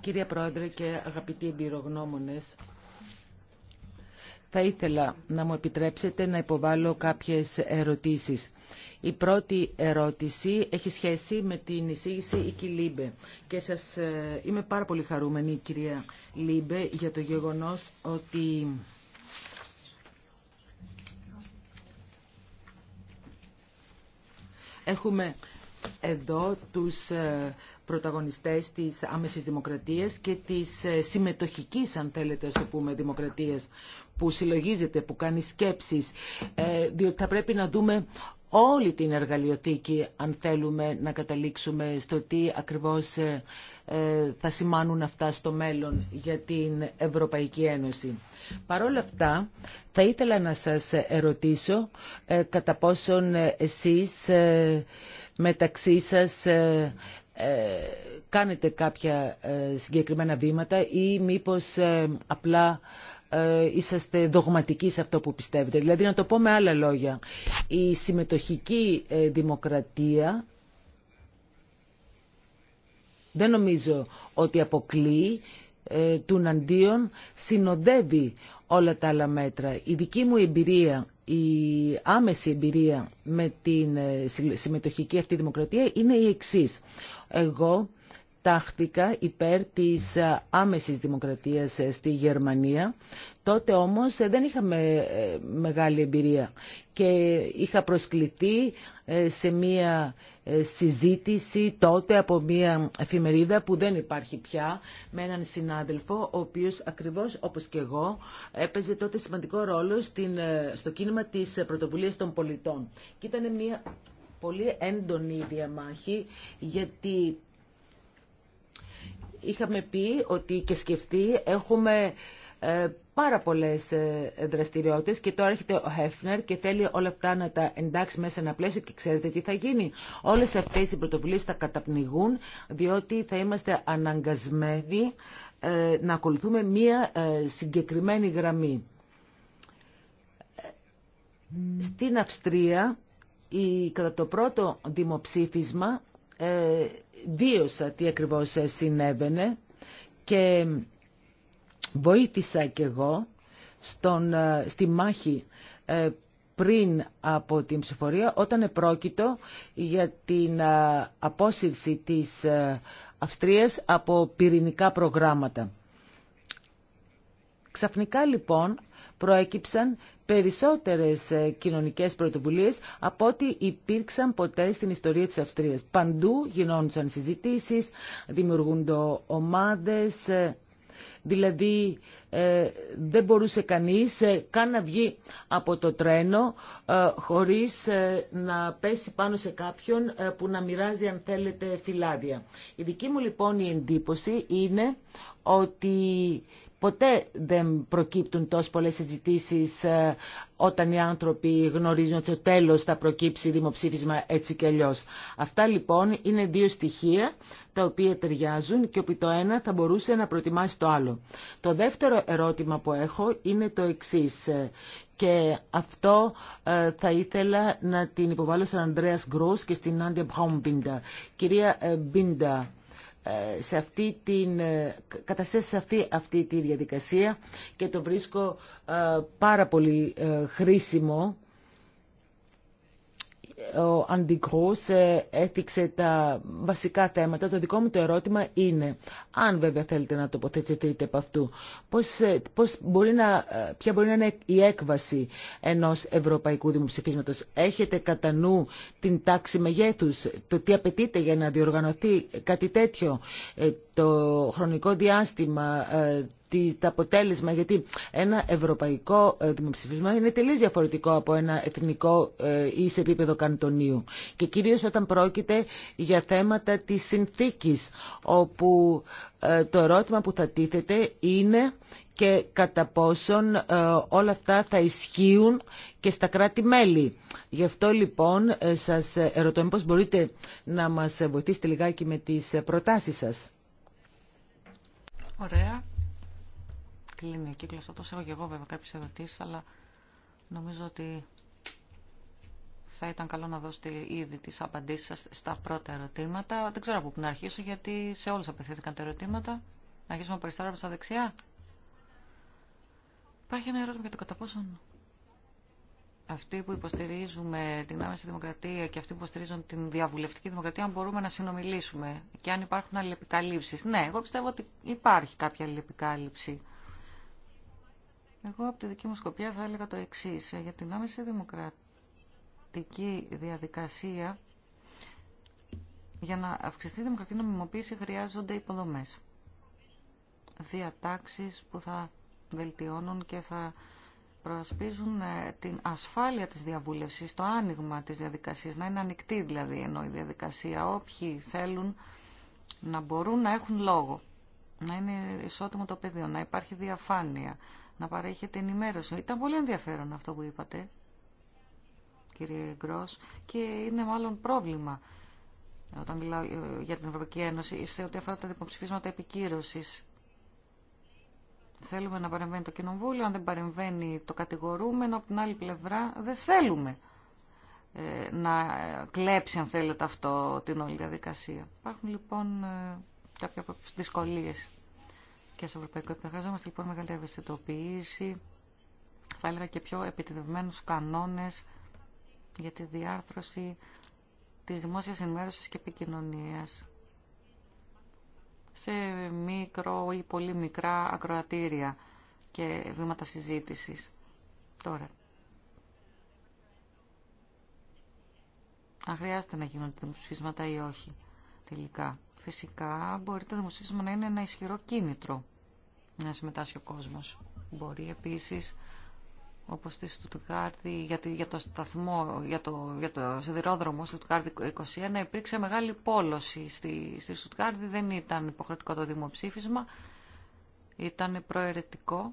Κύριε Πρόεδρε και αγαπητοί εμπειρογνώμονες, θα ήθελα να μου επιτρέψετε να υποβάλω κάποιες ερωτήσεις. Η πρώτη ερώτηση έχει σχέση με την εισήγηση η Και σας ε, είμαι πάρα πολύ χαρούμενη, κυρία Λίμπε, για το γεγονός ότι... Έχουμε εδώ τους ε, πρωταγωνιστές της άμεσης δημοκρατίας και της ε, συμμετοχικής, αν θέλετε, το πούμε, δημοκρατίας που συλλογίζεται, που κάνει σκέψεις, ε, διότι θα πρέπει να δούμε όλη την εργαλειοθήκη αν θέλουμε να καταλήξουμε στο τι ακριβώς ε, θα σημάνουν αυτά στο μέλλον για την Ευρωπαϊκή Ένωση. Παρ' όλα αυτά, θα ήθελα να σας ερωτήσω κατά πόσον εσείς μεταξύ σας ε, κάνετε κάποια ε, συγκεκριμένα βήματα ή μήπως ε, απλά είσαστε δογματικοί σε αυτό που πιστεύετε. Δηλαδή, να το πω με άλλα λόγια, η συμμετοχική δημοκρατία δεν νομίζω ότι αποκλεί του αντίον συνοδεύει όλα τα άλλα μέτρα. Η δική μου εμπειρία, η άμεση εμπειρία με την συμμετοχική αυτή δημοκρατία είναι η εξής. Εγώ ταχθηκα υπέρ της άμεσης δημοκρατίας στη Γερμανία. Τότε όμως δεν είχαμε ε, μεγάλη εμπειρία και είχα προσκληθεί ε, σε μία ε, συζήτηση τότε από μία εφημερίδα που δεν υπάρχει πια με έναν συνάδελφο ο οποίος ακριβώς όπως και εγώ έπαιζε τότε σημαντικό ρόλο στην, στο κίνημα της πρωτοβουλίας των πολιτών. Και ήταν μία πολύ έντονη διαμάχη γιατί είχαμε πει ότι και σκεφτεί έχουμε ε, πάρα πολλές ε, δραστηριότητες και τώρα έρχεται ο Χέφνερ και θέλει όλα αυτά να τα εντάξει μέσα σε ένα πλαίσιο και ξέρετε τι θα γίνει. Όλες αυτές οι πρωτοβουλίες θα καταπνιγούν διότι θα είμαστε αναγκασμένοι ε, να ακολουθούμε μία συγκεκριμένη γραμμή. Στην Αυστρία η, κατά το πρώτο δημοψήφισμα ε, τι ακριβώς ε, συνέβαινε και βοήθησα κι εγώ στον, ε, στη μάχη ε, πριν από την ψηφορία όταν επρόκειτο για την απόσυρση της Αυστρίας από πυρηνικά προγράμματα. Ξαφνικά λοιπόν προέκυψαν περισσότερες ε, κοινωνικές πρωτοβουλίες από ό,τι υπήρξαν ποτέ στην ιστορία της Αυστρίας. Παντού γινόντουσαν συζητήσεις, δημιουργούνται ομάδες, ε, δηλαδή ε, δεν μπορούσε κανείς ε, καν να βγει από το τρένο ε, χωρίς να πέσει πάνω σε κάποιον που να μοιράζει αν θέλετε φυλάδια. Η δική μου λοιπόν η εντύπωση είναι ότι Ποτέ δεν προκύπτουν τόσο πολλές συζητήσει ε, όταν οι άνθρωποι γνωρίζουν ότι το τέλος θα προκύψει δημοψήφισμα έτσι και αλλιώ. Αυτά λοιπόν είναι δύο στοιχεία τα οποία ταιριάζουν και όπου το ένα θα μπορούσε να προετοιμάσει το άλλο. Το δεύτερο ερώτημα που έχω είναι το εξής ε, και αυτό ε, θα ήθελα να την υποβάλω στον Ανδρέας Γκρός και στην Άντια Μπχόμπιντα. Κυρία Μπίντα, ε, σε αυτή την, ε, σε σαφή αυτή τη διαδικασία και το βρίσκω ε, πάρα πολύ χρήσιμο ο αντικρό ε, έθιξε τα βασικά θέματα. Το δικό μου το ερώτημα είναι, αν βέβαια θέλετε να τοποθετηθείτε από αυτού, πώς, ε, πώς μπορεί να, ε, ποια μπορεί να είναι η έκβαση ενός ευρωπαϊκού δημοψηφίσματος. Έχετε κατά νου την τάξη μεγέθους, το τι απαιτείται για να διοργανωθεί κάτι τέτοιο, το χρονικό διάστημα, ε, τα αποτέλεσμα, γιατί ένα ευρωπαϊκό ε, δημοψηφισμό είναι τελείως διαφορετικό από ένα εθνικό ε, ή σε επίπεδο καντονίου. Και κυρίως όταν πρόκειται για θέματα της συνθήκης, όπου το ερώτημα που θα τίθεται είναι και κατά πόσον όλα αυτά θα ισχύουν και στα κράτη-μέλη. Γι' αυτό λοιπόν σας ερωτώ, μήπως μπορείτε να μας βοηθήσετε λιγάκι με τις προτάσεις σας. Ωραία. Κλείνει ο κύκλο αυτό. Έχω και εγώ βέβαια κάποιε ερωτήσει, αλλά νομίζω ότι θα ήταν καλό να δώσετε ήδη τις απαντήσεις σα στα πρώτα ερωτήματα. Δεν ξέρω από πού να αρχίσω, γιατί σε όλους απευθύνθηκαν τα ερωτήματα. Να αρχίσουμε από αριστερά προ τα δεξιά. Υπάρχει ένα ερώτημα για το κατά πόσον αυτοί που υποστηρίζουμε την άμεση δημοκρατία και αυτοί που υποστηρίζουν την διαβουλευτική δημοκρατία, αν μπορούμε να συνομιλήσουμε και αν υπάρχουν αλληλεπικαλύψεις. Ναι, εγώ πιστεύω ότι υπάρχει κάποια αλληλεπικάλυψη. Εγώ από τη δική μου σκοπιά θα έλεγα το εξή για την άμεση δημοκρατική διαδικασία. Για να αυξηθεί η δημοκρατική νομιμοποίηση χρειάζονται υποδομές. Διατάξεις που θα βελτιώνουν και θα προασπίζουν ε, την ασφάλεια της διαβούλευσης, το άνοιγμα της διαδικασίας, να είναι ανοιχτή δηλαδή ενώ η διαδικασία. Όποιοι θέλουν να μπορούν να έχουν λόγο, να είναι ισότιμο το πεδίο, να υπάρχει διαφάνεια, να παρέχεται ενημέρωση. Ήταν πολύ ενδιαφέρον αυτό που είπατε, κύριε Γκρός, και είναι μάλλον πρόβλημα όταν μιλάω ε, για την Ευρωπαϊκή Ένωση, σε ό,τι αφορά τα δημοψηφίσματα επικύρωσης Θέλουμε να παρεμβαίνει το κοινοβούλιο, αν δεν παρεμβαίνει το κατηγορούμενο, από την άλλη πλευρά δεν θέλουμε ε, να κλέψει, αν θέλετε, αυτό την όλη διαδικασία. Υπάρχουν λοιπόν ε, κάποια δυσκολίε και σε ευρωπαϊκό επίπεδο. Χρειαζόμαστε λοιπόν μεγαλύτερη ευαισθητοποίηση, θα έλεγα και πιο επιτεδευμένους κανόνε για τη διάρθρωση τη δημόσια ενημέρωση και επικοινωνία σε μικρό ή πολύ μικρά ακροατήρια και βήματα συζήτησης. Τώρα, αν χρειάζεται να γίνονται δημοσίσματα ή όχι τελικά. Φυσικά μπορεί το δημοσίσμα να είναι ένα ισχυρό κίνητρο να συμμετάσχει ο κόσμος. Μπορεί επίσης όπως στη Στουτουκάρδη για, για το σταθμό, για το, για το σιδηρόδρομο Στουτουκάρδη 21, υπήρξε μεγάλη πόλωση στη, στη δεν ήταν υποχρεωτικό το δημοψήφισμα, ήταν προαιρετικό.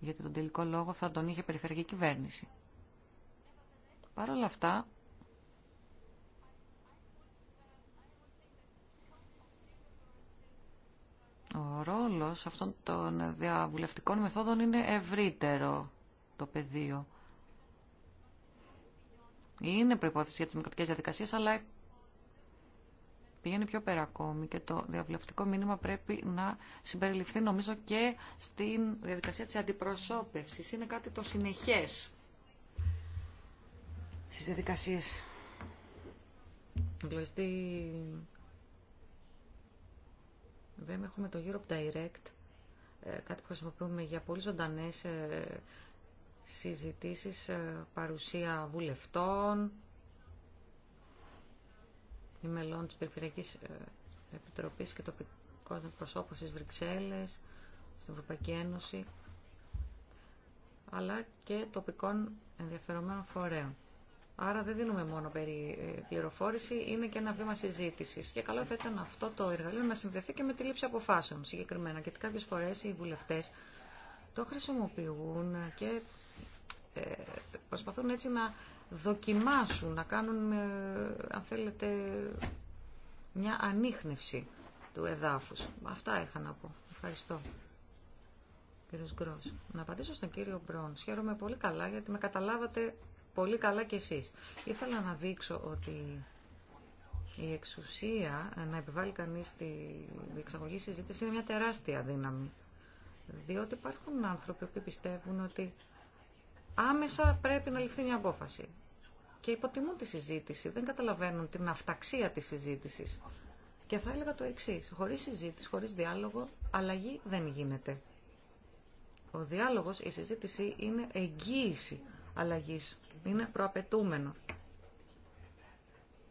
Γιατί τον τελικό λόγο θα τον είχε περιφερειακή κυβέρνηση. Παρ' όλα αυτά, Ο ρόλος αυτών των διαβουλευτικών μεθόδων είναι ευρύτερο το πεδίο. Είναι προϋπόθεση για τις δημοκρατικές διαδικασίες, αλλά πηγαίνει πιο πέρα ακόμη και το διαβουλευτικό μήνυμα πρέπει να συμπεριληφθεί νομίζω και στη διαδικασία της αντιπροσώπευσης. Είναι κάτι το συνεχές στις διαδικασίες. Δηλαδή, Βέβαια έχουμε το Europe Direct, ε, κάτι που χρησιμοποιούμε για πολύ ζωντανέ ε, συζητήσεις, ε, παρουσία βουλευτών ήμελών μελών της Περιφερειακής Επιτροπής και τοπικών προσώπων στις Βρυξέλλες, στην Ευρωπαϊκή Ένωση, αλλά και τοπικών ενδιαφερομένων φορέων. Άρα δεν δίνουμε μόνο περί ε, πληροφόρηση, είναι και ένα βήμα συζήτηση. Και καλό θα ήταν αυτό το εργαλείο να συνδεθεί και με τη λήψη αποφάσεων συγκεκριμένα. Γιατί κάποιε φορέ οι βουλευτέ το χρησιμοποιούν και ε, προσπαθούν έτσι να δοκιμάσουν, να κάνουν, ε, αν θέλετε, μια ανείχνευση του εδάφους. Αυτά είχα να πω. Ευχαριστώ. Κύριος Γκρός. Να απαντήσω στον κύριο Μπρόν. Χαίρομαι πολύ καλά γιατί με καταλάβατε πολύ καλά κι εσείς. Ήθελα να δείξω ότι η εξουσία να επιβάλλει κανείς τη διεξαγωγή συζήτηση είναι μια τεράστια δύναμη. Διότι υπάρχουν άνθρωποι που πιστεύουν ότι άμεσα πρέπει να ληφθεί μια απόφαση. Και υποτιμούν τη συζήτηση, δεν καταλαβαίνουν την αυταξία της συζήτησης. Και θα έλεγα το εξή. Χωρί συζήτηση, χωρί διάλογο, αλλαγή δεν γίνεται. Ο διάλογο, η συζήτηση είναι εγγύηση αλλαγής. Είναι προαπαιτούμενο.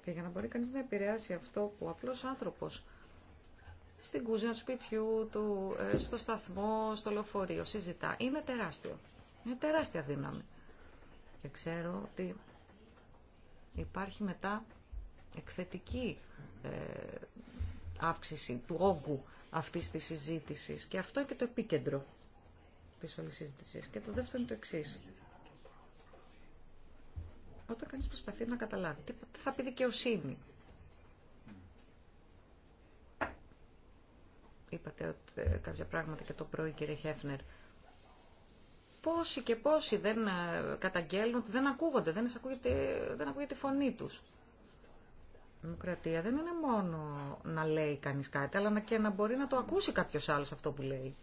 Και για να μπορεί κανείς να επηρεάσει αυτό που ο απλός άνθρωπος στην κουζίνα του σπιτιού του, ε, στο σταθμό, στο λεωφορείο συζητά, είναι τεράστιο. Είναι τεράστια δύναμη. Και ξέρω ότι υπάρχει μετά εκθετική ε, αύξηση του όγκου αυτής της συζήτησης. Και αυτό είναι και το επίκεντρο της όλης συζήτησης. Και το δεύτερο είναι το εξής. Όταν κανείς προσπαθεί να καταλάβει τι θα πει δικαιοσύνη. Είπατε ότι ε, κάποια πράγματα και το πρωί, κύριε Χέφνερ. Πόσοι και πόσοι δεν ε, καταγγέλνουν, δεν ακούγονται, δεν ακούγεται, δεν ακούγεται η φωνή τους. Η δημοκρατία δεν είναι μόνο να λέει κανείς κάτι, αλλά και να μπορεί να το ακούσει κάποιος άλλος αυτό που λέει.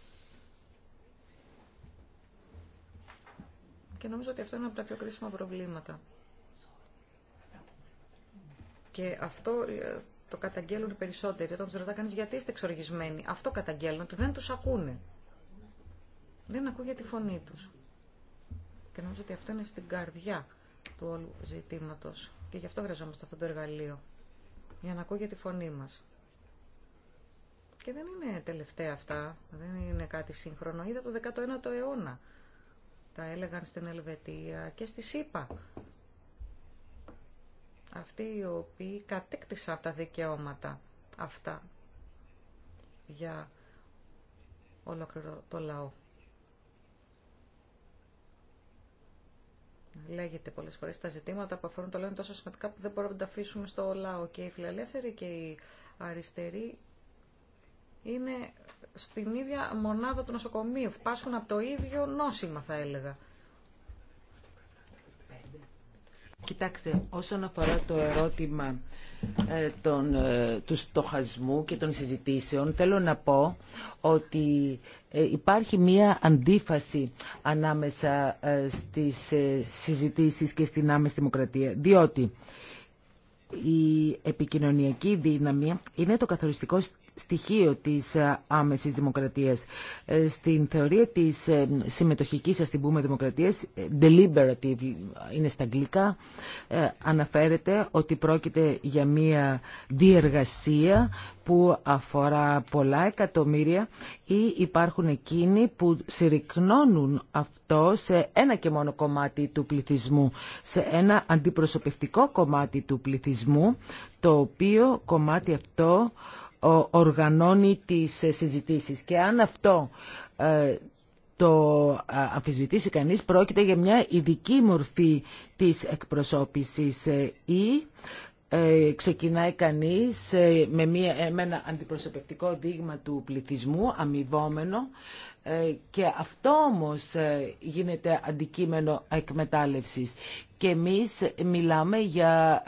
Και νομίζω ότι αυτό είναι από τα πιο κρίσιμα προβλήματα. Και αυτό ε, το καταγγέλνουν οι περισσότεροι. Όταν του ρωτά κανεί γιατί είστε εξοργισμένοι, αυτό καταγγέλνουν, ότι δεν του ακούνε. Δεν ακούγεται τη φωνή του. Και νομίζω ότι αυτό είναι στην καρδιά του όλου ζητήματο. Και γι' αυτό χρειαζόμαστε αυτό το εργαλείο. Για να ακούγεται τη φωνή μα. Και δεν είναι τελευταία αυτά. Δεν είναι κάτι σύγχρονο. Είδα το 19ο αιώνα. Τα έλεγαν στην Ελβετία και στη ΣΥΠΑ αυτοί οι οποίοι κατέκτησαν τα δικαιώματα αυτά για ολόκληρο το λαό. Λέγεται πολλέ φορέ τα ζητήματα που αφορούν το λαό είναι τόσο σημαντικά που δεν μπορούμε να τα αφήσουμε στο λαό. Και οι φιλελεύθεροι και οι αριστεροί είναι στην ίδια μονάδα του νοσοκομείου. Πάσχουν από το ίδιο νόσημα, θα έλεγα. Κοιτάξτε, όσον αφορά το ερώτημα ε, των, ε, του στοχασμού και των συζητήσεων, θέλω να πω ότι ε, υπάρχει μία αντίφαση ανάμεσα στις συζητήσεις και στην άμεση δημοκρατία, διότι η επικοινωνιακή δύναμη είναι το καθοριστικό στοιχείο της ε, άμεσης δημοκρατίας. Ε, στην θεωρία της ε, συμμετοχικής, ας την πούμε, δημοκρατίας, deliberative είναι στα αγγλικά, αναφέρεται ότι πρόκειται για μία διεργασία που αφορά πολλά εκατομμύρια ή υπάρχουν εκείνοι που συρρυκνώνουν αυτό σε ένα και μόνο κομμάτι του πληθυσμού, σε ένα αντιπροσωπευτικό κομμάτι του πληθυσμού, το οποίο κομμάτι αυτό οργανώνει τις ε, συζητήσεις. Και αν αυτό ε, το αμφισβητήσει κανείς, πρόκειται για μια ειδική μορφή της εκπροσώπησης ε, ή ξεκινάει κανείς με, μια, ένα αντιπροσωπευτικό δείγμα του πληθυσμού, αμοιβόμενο, και αυτό όμως γίνεται αντικείμενο εκμετάλλευσης. Και εμείς μιλάμε για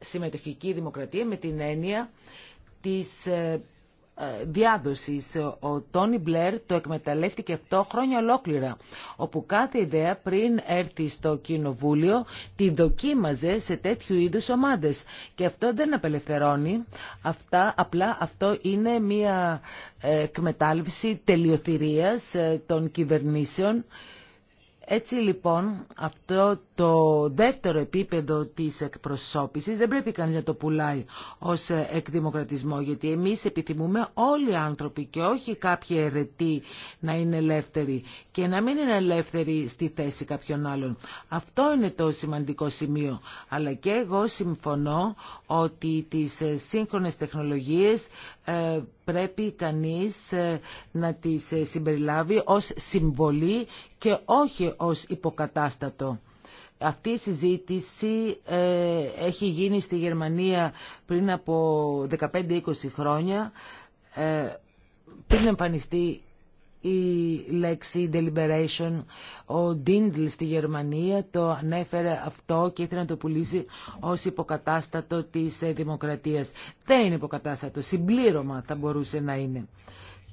συμμετοχική δημοκρατία με την έννοια της ε, ε, διάδοσης. Ο Τόνι Μπλερ το εκμεταλλεύτηκε αυτό χρόνια ολόκληρα, όπου κάθε ιδέα πριν έρθει στο κοινοβούλιο τη δοκίμαζε σε τέτοιου είδους ομάδες. Και αυτό δεν απελευθερώνει, Αυτά, απλά αυτό είναι μια ε, εκμετάλλευση τελειοθυρίας των κυβερνήσεων. Έτσι λοιπόν αυτό το δεύτερο επίπεδο της εκπροσώπησης δεν πρέπει κανείς να το πουλάει ως εκδημοκρατισμό γιατί εμείς επιθυμούμε όλοι οι άνθρωποι και όχι κάποιοι αιρετοί να είναι ελεύθεροι και να μην είναι ελεύθεροι στη θέση κάποιων άλλων. Αυτό είναι το σημαντικό σημείο. Αλλά και εγώ συμφωνώ ότι τις σύγχρονες τεχνολογίες ε, πρέπει κανείς ε, να τις συμπεριλάβει ως συμβολή και όχι ως υποκατάστατο. Αυτή η συζήτηση ε, έχει γίνει στη Γερμανία πριν από 15-20 χρόνια, ε, πριν εμφανιστεί η λέξη deliberation. Ο Ντίντλ στη Γερμανία το ανέφερε αυτό και ήθελε να το πουλήσει ως υποκατάστατο της ε, δημοκρατίας. Δεν είναι υποκατάστατο, συμπλήρωμα θα μπορούσε να είναι.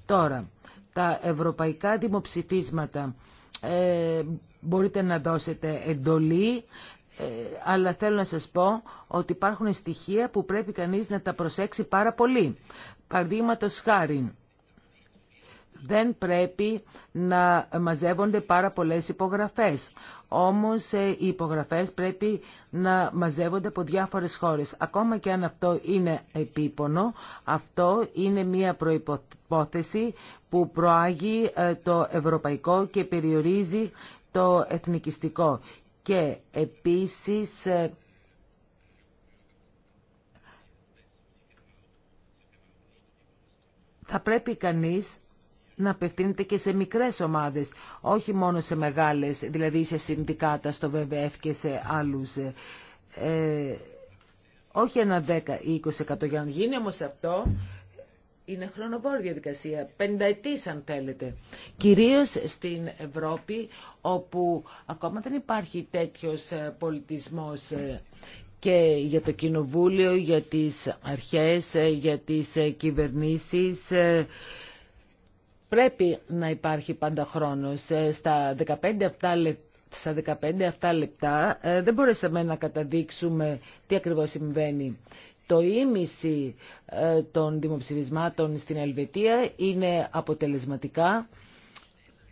Τώρα, τα ευρωπαϊκά δημοψηφίσματα ε, μπορείτε να δώσετε εντολή, ε, αλλά θέλω να σας πω ότι υπάρχουν στοιχεία που πρέπει κανείς να τα προσέξει πάρα πολύ. Παραδείγματο χάρη, δεν πρέπει να μαζεύονται πάρα πολλές υπογραφές. Όμως ε, οι υπογραφές πρέπει να μαζεύονται από διάφορες χώρες. Ακόμα και αν αυτό είναι επίπονο, αυτό είναι μια προϋπόθεση που προάγει ε, το ευρωπαϊκό και περιορίζει το εθνικιστικό και επίσης ε, θα πρέπει κανείς να απευθύνεται και σε μικρές ομάδες, όχι μόνο σε μεγάλες, δηλαδή σε συνδικάτα, στο ΒΒΕΦ και σε άλλους. Ε, ε όχι ένα 10 ή 20% για να γίνει όμως αυτό, είναι χρονοβόρη διαδικασία, πενταετής αν θέλετε. Κυρίως στην Ευρώπη όπου ακόμα δεν υπάρχει τέτοιος ε, πολιτισμός ε, και για το Κοινοβούλιο, για τις αρχές, ε, για τις κυβερνήσεις. Πρέπει να υπάρχει πάντα χρόνος. Στα 15 αυτά λεπτά στα 15 αυτά λεπτά δεν μπορέσαμε να καταδείξουμε τι ακριβώς συμβαίνει το ίμιση ε, των δημοψηφισμάτων στην Ελβετία είναι αποτελεσματικά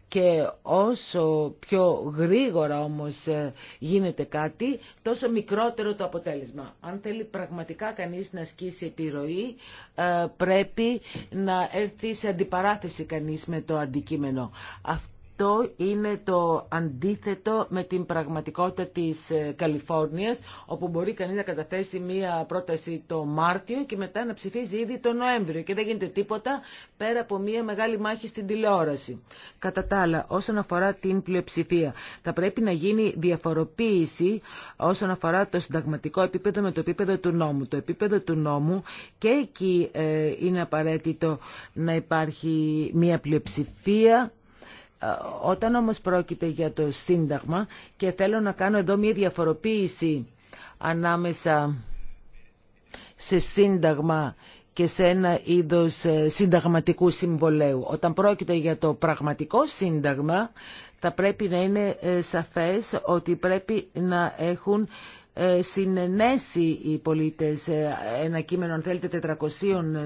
και όσο πιο γρήγορα όμως ε, γίνεται κάτι, τόσο μικρότερο το αποτέλεσμα. Αν θέλει πραγματικά κανείς να ασκήσει επιρροή, ε, πρέπει να έρθει σε αντιπαράθεση κανείς με το αντικείμενο. Αυτό είναι το αντίθετο με την πραγματικότητα της ε, Καλιφόρνιας, όπου μπορεί κανείς να καταθέσει μία πρόταση το Μάρτιο και μετά να ψηφίζει ήδη το Νοέμβριο και δεν γίνεται τίποτα πέρα από μία μεγάλη μάχη στην τηλεόραση. Κατά τα άλλα, όσον αφορά την πλειοψηφία, θα πρέπει να γίνει διαφοροποίηση όσον αφορά το συνταγματικό επίπεδο με το επίπεδο του νόμου. Το επίπεδο του νόμου και εκεί ε, είναι απαραίτητο να υπάρχει μία πλειοψηφία ε, όταν όμως πρόκειται για το Σύνταγμα και θέλω να κάνω εδώ μια διαφοροποίηση ανάμεσα σε Σύνταγμα και σε ένα είδος ε, συνταγματικού συμβολέου. Όταν πρόκειται για το πραγματικό Σύνταγμα θα πρέπει να είναι ε, σαφές ότι πρέπει να έχουν ε, συνενέσει οι πολίτες ε, ένα κείμενο αν θέλετε 400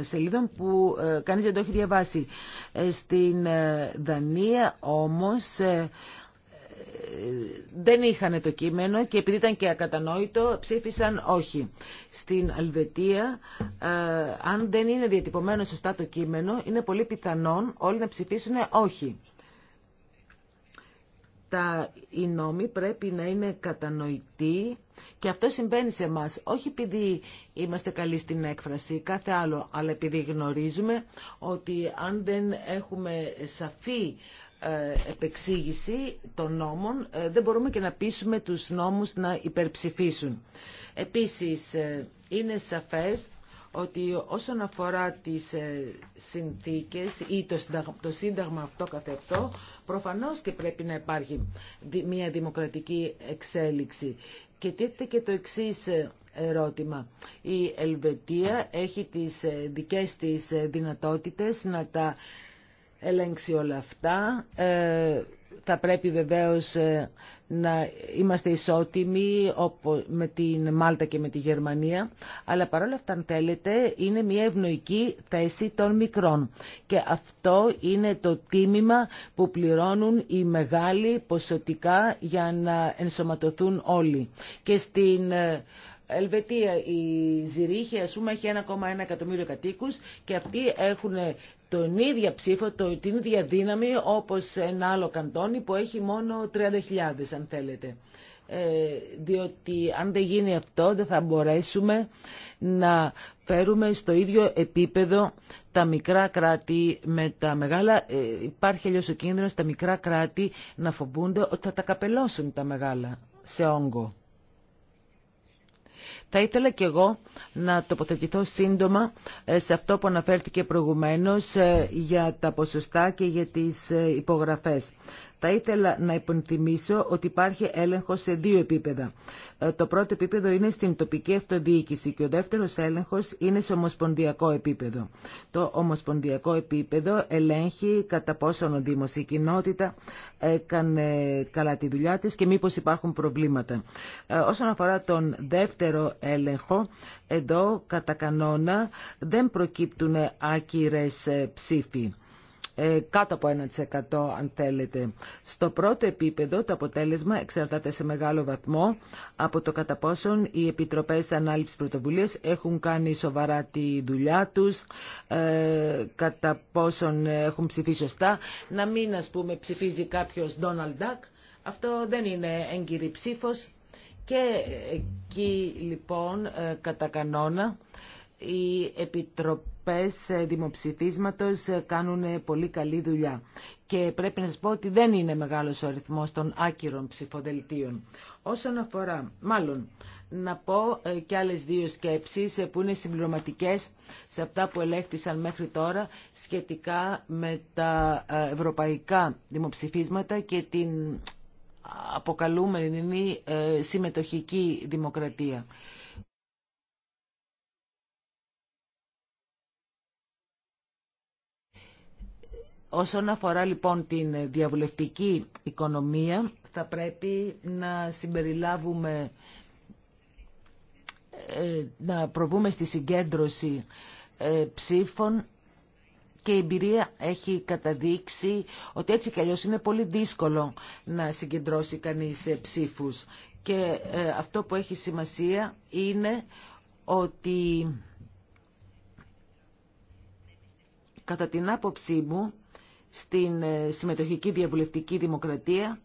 σελίδων που ε, κανείς δεν το έχει διαβάσει. Στην Δανία όμως δεν είχαν το κείμενο και επειδή ήταν και ακατανόητο ψήφισαν όχι. Στην Αλβετία, αν δεν είναι διατυπωμένο σωστά το κείμενο, είναι πολύ πιθανόν όλοι να ψηφίσουν όχι τα, οι νόμοι πρέπει να είναι κατανοητοί και αυτό συμβαίνει σε εμά. Όχι επειδή είμαστε καλοί στην έκφραση, κάθε άλλο, αλλά επειδή γνωρίζουμε ότι αν δεν έχουμε σαφή ε, επεξήγηση των νόμων, ε, δεν μπορούμε και να πείσουμε τους νόμους να υπερψηφίσουν. Επίσης, ε, είναι σαφές ότι όσον αφορά τις ε, συνθήκες ή το σύνταγμα αυτό καθ' αυτό, προφανώς και πρέπει να υπάρχει μια δημοκρατική εξέλιξη. Και τίθεται και το εξής ε, ερώτημα. Η Ελβετία έχει τις ε, δικές της δυνατότητες να τα ελέγξει όλα αυτά. Θα πρέπει βεβαίως να είμαστε ισότιμοι με την Μάλτα και με τη Γερμανία, αλλά παρόλα αυτά αν θέλετε είναι μια ευνοϊκή θέση των μικρών. Και αυτό είναι το τίμημα που πληρώνουν οι μεγάλοι ποσοτικά για να ενσωματωθούν όλοι. Και στην ε, Ελβετία, η Ζηρίχη, ας πούμε, έχει 1,1 εκατομμύριο κατοίκους και αυτοί έχουν τον ίδιο ψήφο, το, την ίδια δύναμη όπως ένα άλλο καντόνι που έχει μόνο 30.000, αν θέλετε. Ε, διότι αν δεν γίνει αυτό δεν θα μπορέσουμε να φέρουμε στο ίδιο επίπεδο τα μικρά κράτη με τα μεγάλα. Ε, υπάρχει αλλιώς ο κίνδυνος τα μικρά κράτη να φοβούνται ότι θα τα καπελώσουν τα μεγάλα σε όγκο. Θα ήθελα και εγώ να τοποθετηθώ σύντομα ε, σε αυτό που αναφέρθηκε προηγουμένως ε, για τα ποσοστά και για τις ε, υπογραφές. Θα ήθελα να υπενθυμίσω ότι υπάρχει έλεγχο σε δύο επίπεδα. Ε, το πρώτο επίπεδο είναι στην τοπική αυτοδιοίκηση και ο δεύτερο έλεγχο είναι σε ομοσπονδιακό επίπεδο. Το ομοσπονδιακό επίπεδο ελέγχει κατά πόσον ο Δήμο η κοινότητα έκανε καλά τη δουλειά τη και μήπω υπάρχουν προβλήματα. Ε, όσον αφορά τον δεύτερο έλεγχο, εδώ κατά κανόνα δεν προκύπτουν άκυρες ε, ψήφοι. Ε, κάτω από 1% αν θέλετε. Στο πρώτο επίπεδο το αποτέλεσμα εξαρτάται σε μεγάλο βαθμό από το κατά πόσον οι επιτροπές ανάληψης πρωτοβουλίας έχουν κάνει σοβαρά τη δουλειά τους, ε, κατά πόσον έχουν ψηφίσει σωστά. Να μην ας πούμε ψηφίζει κάποιος Donald Duck, αυτό δεν είναι έγκυρη ψήφος. Και εκεί λοιπόν ε, κατά κανόνα οι Επιτροπή επιτροπές ε, δημοψηφίσματος ε, κάνουν ε, πολύ καλή δουλειά. Και πρέπει να σας πω ότι δεν είναι μεγάλος ο αριθμός των άκυρων ψηφοδελτίων. Όσον αφορά, μάλλον, να πω και άλλες δύο σκέψεις που είναι συμπληρωματικέ σε αυτά που ελέγχθησαν μέχρι τώρα σχετικά με τα ευρωπαϊκά δημοψηφίσματα και την αποκαλούμενη συμμετοχική δημοκρατία. Όσον αφορά λοιπόν την διαβουλευτική οικονομία, θα πρέπει να συμπεριλάβουμε, ε, να προβούμε στη συγκέντρωση ε, ψήφων και η εμπειρία έχει καταδείξει ότι έτσι κι αλλιώς είναι πολύ δύσκολο να συγκεντρώσει κανείς ε, ψήφους. Και αυτό που έχει σημασία είναι ότι κατά την άποψή μου στην ε, συμμετοχική διαβουλευτική δημοκρατία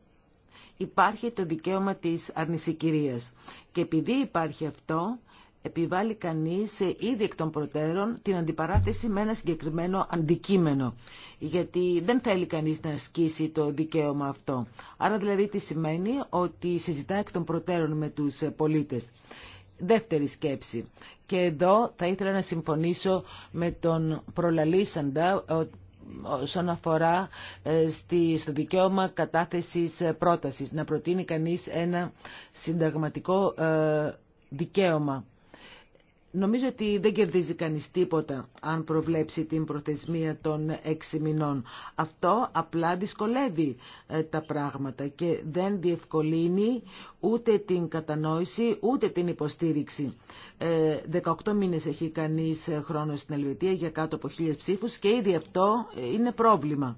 υπάρχει το δικαίωμα της αρνησικυρίας. Και επειδή υπάρχει αυτό, επιβάλλει κανείς ε, ήδη εκ των προτέρων την αντιπαράθεση με ένα συγκεκριμένο αντικείμενο. Γιατί δεν θέλει κανείς να ασκήσει το δικαίωμα αυτό. Άρα δηλαδή τι σημαίνει ότι συζητά εκ των προτέρων με τους ε, πολίτες. Δεύτερη σκέψη. Και εδώ θα ήθελα να συμφωνήσω με τον προλαλήσαντα όσον αφορά ε, στο δικαίωμα κατάθεσης ε, πρότασης, να προτείνει κανείς ένα συνταγματικό ε, δικαίωμα. Νομίζω ότι δεν κερδίζει κανείς τίποτα αν προβλέψει την προθεσμία των έξι μηνών. Αυτό απλά δυσκολεύει ε, τα πράγματα και δεν διευκολύνει ούτε την κατανόηση ούτε την υποστήριξη. 18 ε, μήνες έχει κανείς ε, χρόνο στην Ελβετία για κάτω από χίλιες ψήφους και ήδη αυτό είναι πρόβλημα.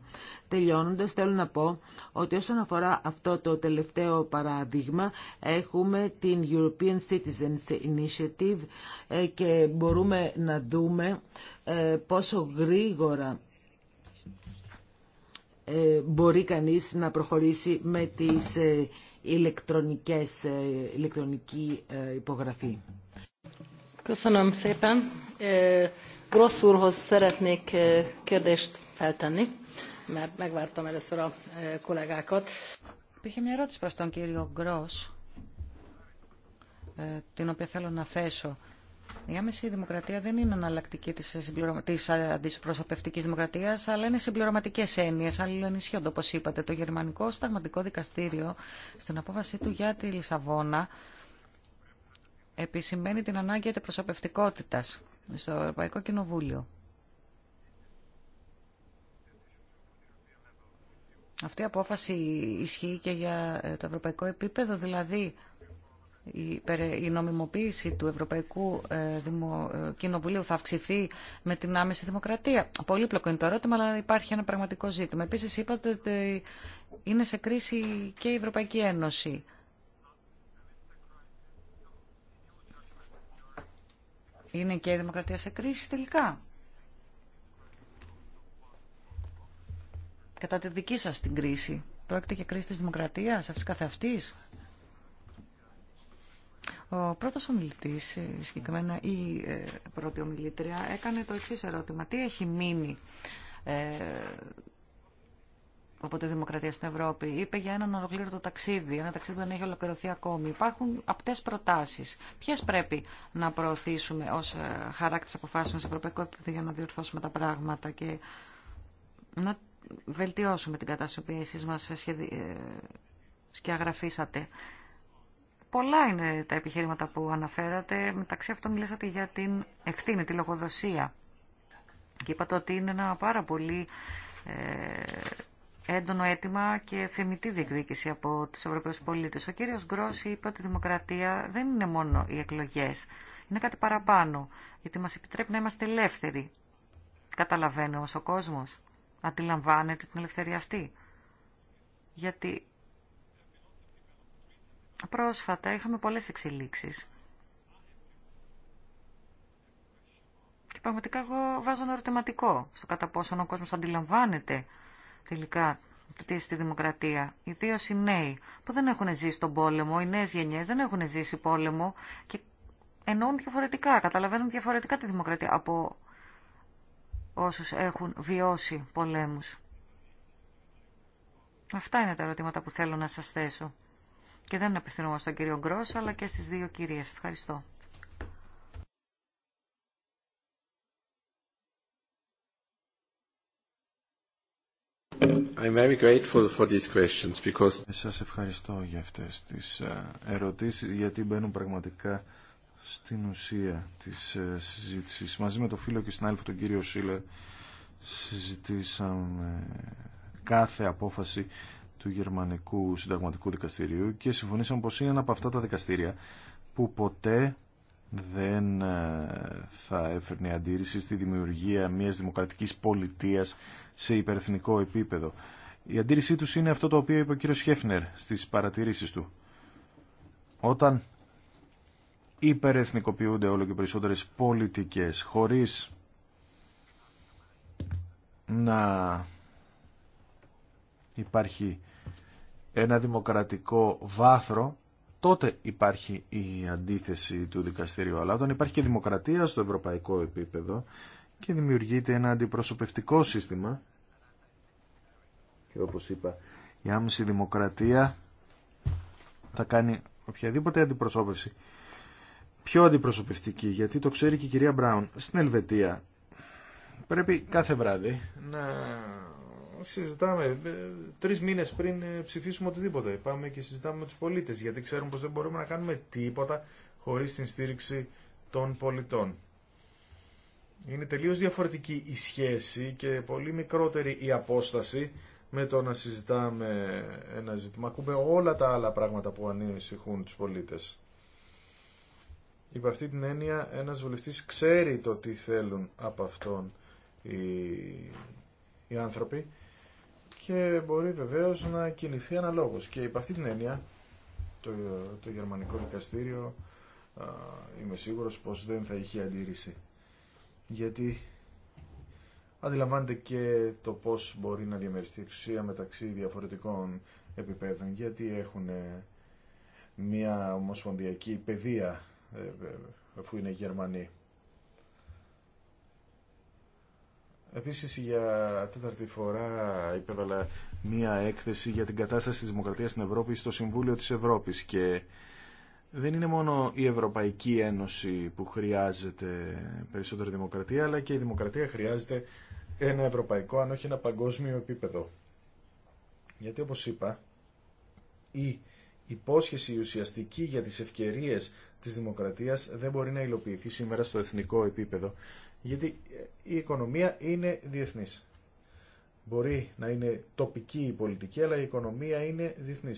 Τελειώνοντας, θέλω να πω ότι όσον αφορά αυτό το τελευταίο παράδειγμα, έχουμε την European Citizens Initiative ε, και μπορούμε να δούμε ε, πόσο γρήγορα ε, μπορεί κανείς να προχωρήσει με τις ηλεκτρονικές, ηλεκτρονική υπογραφή. szeretnék kérdést feltenni. E, Υπήρχε μια ερώτηση προς τον κύριο Γκρός, ε, την οποία θέλω να θέσω. Η άμεση δημοκρατία δεν είναι αναλλακτική της, συμπληρωμα... της δημοκρατίας, αλλά είναι συμπληρωματικές έννοιες, αλληλοενισχύονται όπως είπατε. Το Γερμανικό Σταγματικό Δικαστήριο, στην απόφαση του για τη Λισαβόνα, επισημαίνει την ανάγκη αντιπροσωπευτικότητας στο Ευρωπαϊκό Κοινοβούλιο. Αυτή η απόφαση ισχύει και για ε, το ευρωπαϊκό επίπεδο, δηλαδή η νομιμοποίηση του Ευρωπαϊκού ε, ε, Κοινοβουλίου θα αυξηθεί με την άμεση δημοκρατία. Πολύπλοκο είναι το ερώτημα, αλλά υπάρχει ένα πραγματικό ζήτημα. Επίσης είπατε ότι είναι σε κρίση και η Ευρωπαϊκή Ένωση. Είναι και η δημοκρατία σε κρίση τελικά. κατά τη δική σας την κρίση. Πρόκειται για κρίση της δημοκρατίας, αυτής καθεαυτής. Ο πρώτος ομιλητής, ε, συγκεκριμένα η ε, πρώτη ομιλήτρια, έκανε το εξής ερώτημα. Τι έχει μείνει ε, από τη δημοκρατία στην Ευρώπη. Είπε για έναν ολοκλήρωτο ταξίδι, ένα ταξίδι που δεν έχει ολοκληρωθεί ακόμη. Υπάρχουν απτές προτάσεις. Ποιες πρέπει να προωθήσουμε ως χαράκτης αποφάσεων σε ευρωπαϊκό επίπεδο για να διορθώσουμε τα πράγματα και βελτιώσουμε την κατάσταση που εσείς μας σχεδι... Ε, σκιαγραφίσατε. Πολλά είναι τα επιχείρηματα που αναφέρατε. Μεταξύ αυτών μιλήσατε για την ευθύνη, τη λογοδοσία. Και είπατε ότι είναι ένα πάρα πολύ ε, έντονο αίτημα και θεμητή διεκδίκηση από τους Ευρωπαίους πολίτες. Ο κύριος Γκρόση είπε ότι η δημοκρατία δεν είναι μόνο οι εκλογές. Είναι κάτι παραπάνω, γιατί μας επιτρέπει να είμαστε ελεύθεροι. Καταλαβαίνει όμως ο κόσμος αντιλαμβάνεται την ελευθερία αυτή. Γιατί πρόσφατα είχαμε πολλές εξελίξεις. Και πραγματικά εγώ βάζω ένα ερωτηματικό στο κατά πόσο ο κόσμος αντιλαμβάνεται τελικά το τι είναι στη δημοκρατία. Ιδίω οι νέοι που δεν έχουν ζήσει τον πόλεμο, οι νέε γενιέ δεν έχουν ζήσει πόλεμο και εννοούν διαφορετικά, καταλαβαίνουν διαφορετικά τη δημοκρατία από όσους έχουν βιώσει πολέμους. Αυτά είναι τα ερωτήματα που θέλω να σας θέσω. Και δεν απευθυνόμαστε στον κύριο Γκρός, αλλά και στις δύο κυρίες. Ευχαριστώ. I'm very grateful for these questions because... Σας ευχαριστώ για αυτές τις ε, ερωτήσεις, γιατί μπαίνουν πραγματικά στην ουσία της ε, συζήτησης. Μαζί με τον φίλο και συνάδελφο τον κύριο Σίλε συζητήσαμε κάθε απόφαση του Γερμανικού Συνταγματικού Δικαστηρίου και συμφωνήσαμε πως είναι ένα από αυτά τα δικαστήρια που ποτέ δεν ε, θα έφερνε αντίρρηση στη δημιουργία μιας δημοκρατικής πολιτείας σε υπερεθνικό επίπεδο. Η αντίρρησή τους είναι αυτό το οποίο είπε ο κύριος Χέφνερ στις παρατηρήσεις του. Όταν υπερεθνικοποιούνται όλο και περισσότερες πολιτικές χωρίς να υπάρχει ένα δημοκρατικό βάθρο τότε υπάρχει η αντίθεση του δικαστηρίου αλλά όταν υπάρχει και δημοκρατία στο ευρωπαϊκό επίπεδο και δημιουργείται ένα αντιπροσωπευτικό σύστημα και όπως είπα η άμεση δημοκρατία θα κάνει οποιαδήποτε αντιπροσώπευση πιο αντιπροσωπευτική, γιατί το ξέρει και η κυρία Μπράουν, στην Ελβετία πρέπει κάθε βράδυ να συζητάμε ε, τρεις μήνες πριν ε, ψηφίσουμε οτιδήποτε. Πάμε και συζητάμε με τους πολίτες, γιατί ξέρουν πως δεν μπορούμε να κάνουμε τίποτα χωρίς την στήριξη των πολιτών. Είναι τελείως διαφορετική η σχέση και πολύ μικρότερη η απόσταση με το να συζητάμε ένα ζήτημα. Ακούμε όλα τα άλλα πράγματα που ανησυχούν τους πολίτες. Υπ' αυτή την έννοια ένας βουλευτής ξέρει το τι θέλουν από αυτόν οι, άνθρωποι και μπορεί βεβαίως να κινηθεί αναλόγως. Και υπ' αυτή την έννοια το, το γερμανικό δικαστήριο α, είμαι σίγουρος πως δεν θα είχε αντίρρηση. Γιατί αντιλαμβάνεται και το πώς μπορεί να διαμεριστεί η εξουσία μεταξύ διαφορετικών επίπεδων. Γιατί έχουν μια ομοσπονδιακή παιδεία ε, ε, αφού είναι Γερμανοί. Επίσης για τέταρτη φορά υπέβαλα μία έκθεση για την κατάσταση της δημοκρατίας στην Ευρώπη στο Συμβούλιο της Ευρώπης και δεν είναι μόνο η Ευρωπαϊκή Ένωση που χρειάζεται περισσότερη δημοκρατία αλλά και η δημοκρατία χρειάζεται ένα ευρωπαϊκό αν όχι ένα παγκόσμιο επίπεδο. Γιατί όπως είπα η υπόσχεση ουσιαστική για τις ευκαιρίες Τη δημοκρατία δεν μπορεί να υλοποιηθεί σήμερα στο εθνικό επίπεδο, γιατί η οικονομία είναι διεθνή. Μπορεί να είναι τοπική η πολιτική, αλλά η οικονομία είναι διεθνή.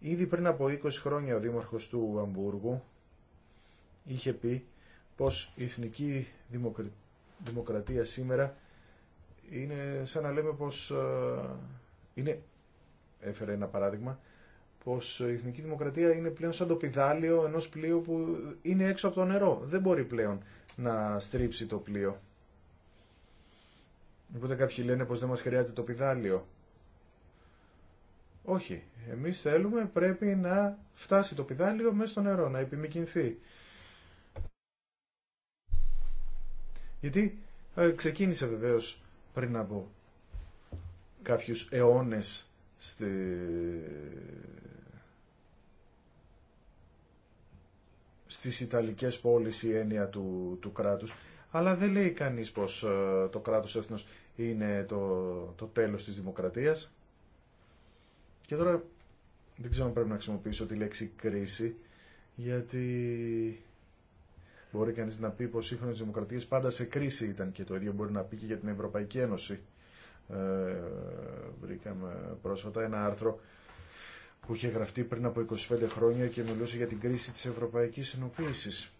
Ήδη πριν από 20 χρόνια ο δήμαρχος του Αμβούργου είχε πει πως η εθνική δημοκρατία σήμερα είναι σαν να λέμε πως ε, είναι, έφερε ένα παράδειγμα, πως η Εθνική Δημοκρατία είναι πλέον σαν το πιδάλιο ενό πλοίου που είναι έξω από το νερό. Δεν μπορεί πλέον να στρίψει το πλοίο. Οπότε κάποιοι λένε πως δεν μας χρειάζεται το πιδάλιο. Όχι. Εμείς θέλουμε πρέπει να φτάσει το πιδάλιο μέσα στο νερό, να επιμηκυνθεί. Γιατί ε, ξεκίνησε βεβαίως πριν από κάποιους αιώνες στη... στις Ιταλικές πόλεις η έννοια του, του κράτους, αλλά δεν λέει κανείς πως ε, το κράτος έθνος είναι το, το τέλος της δημοκρατίας. Και τώρα δεν ξέρω αν πρέπει να χρησιμοποιήσω τη λέξη κρίση, γιατί μπορεί κανείς να πει πως σύγχρονες δημοκρατίες πάντα σε κρίση ήταν και το ίδιο μπορεί να πει και για την Ευρωπαϊκή Ένωση. Ε, βρήκαμε πρόσφατα ένα άρθρο που είχε γραφτεί πριν από 25 χρόνια και μιλούσε για την κρίση της ευρωπαϊκής ενοποίησης.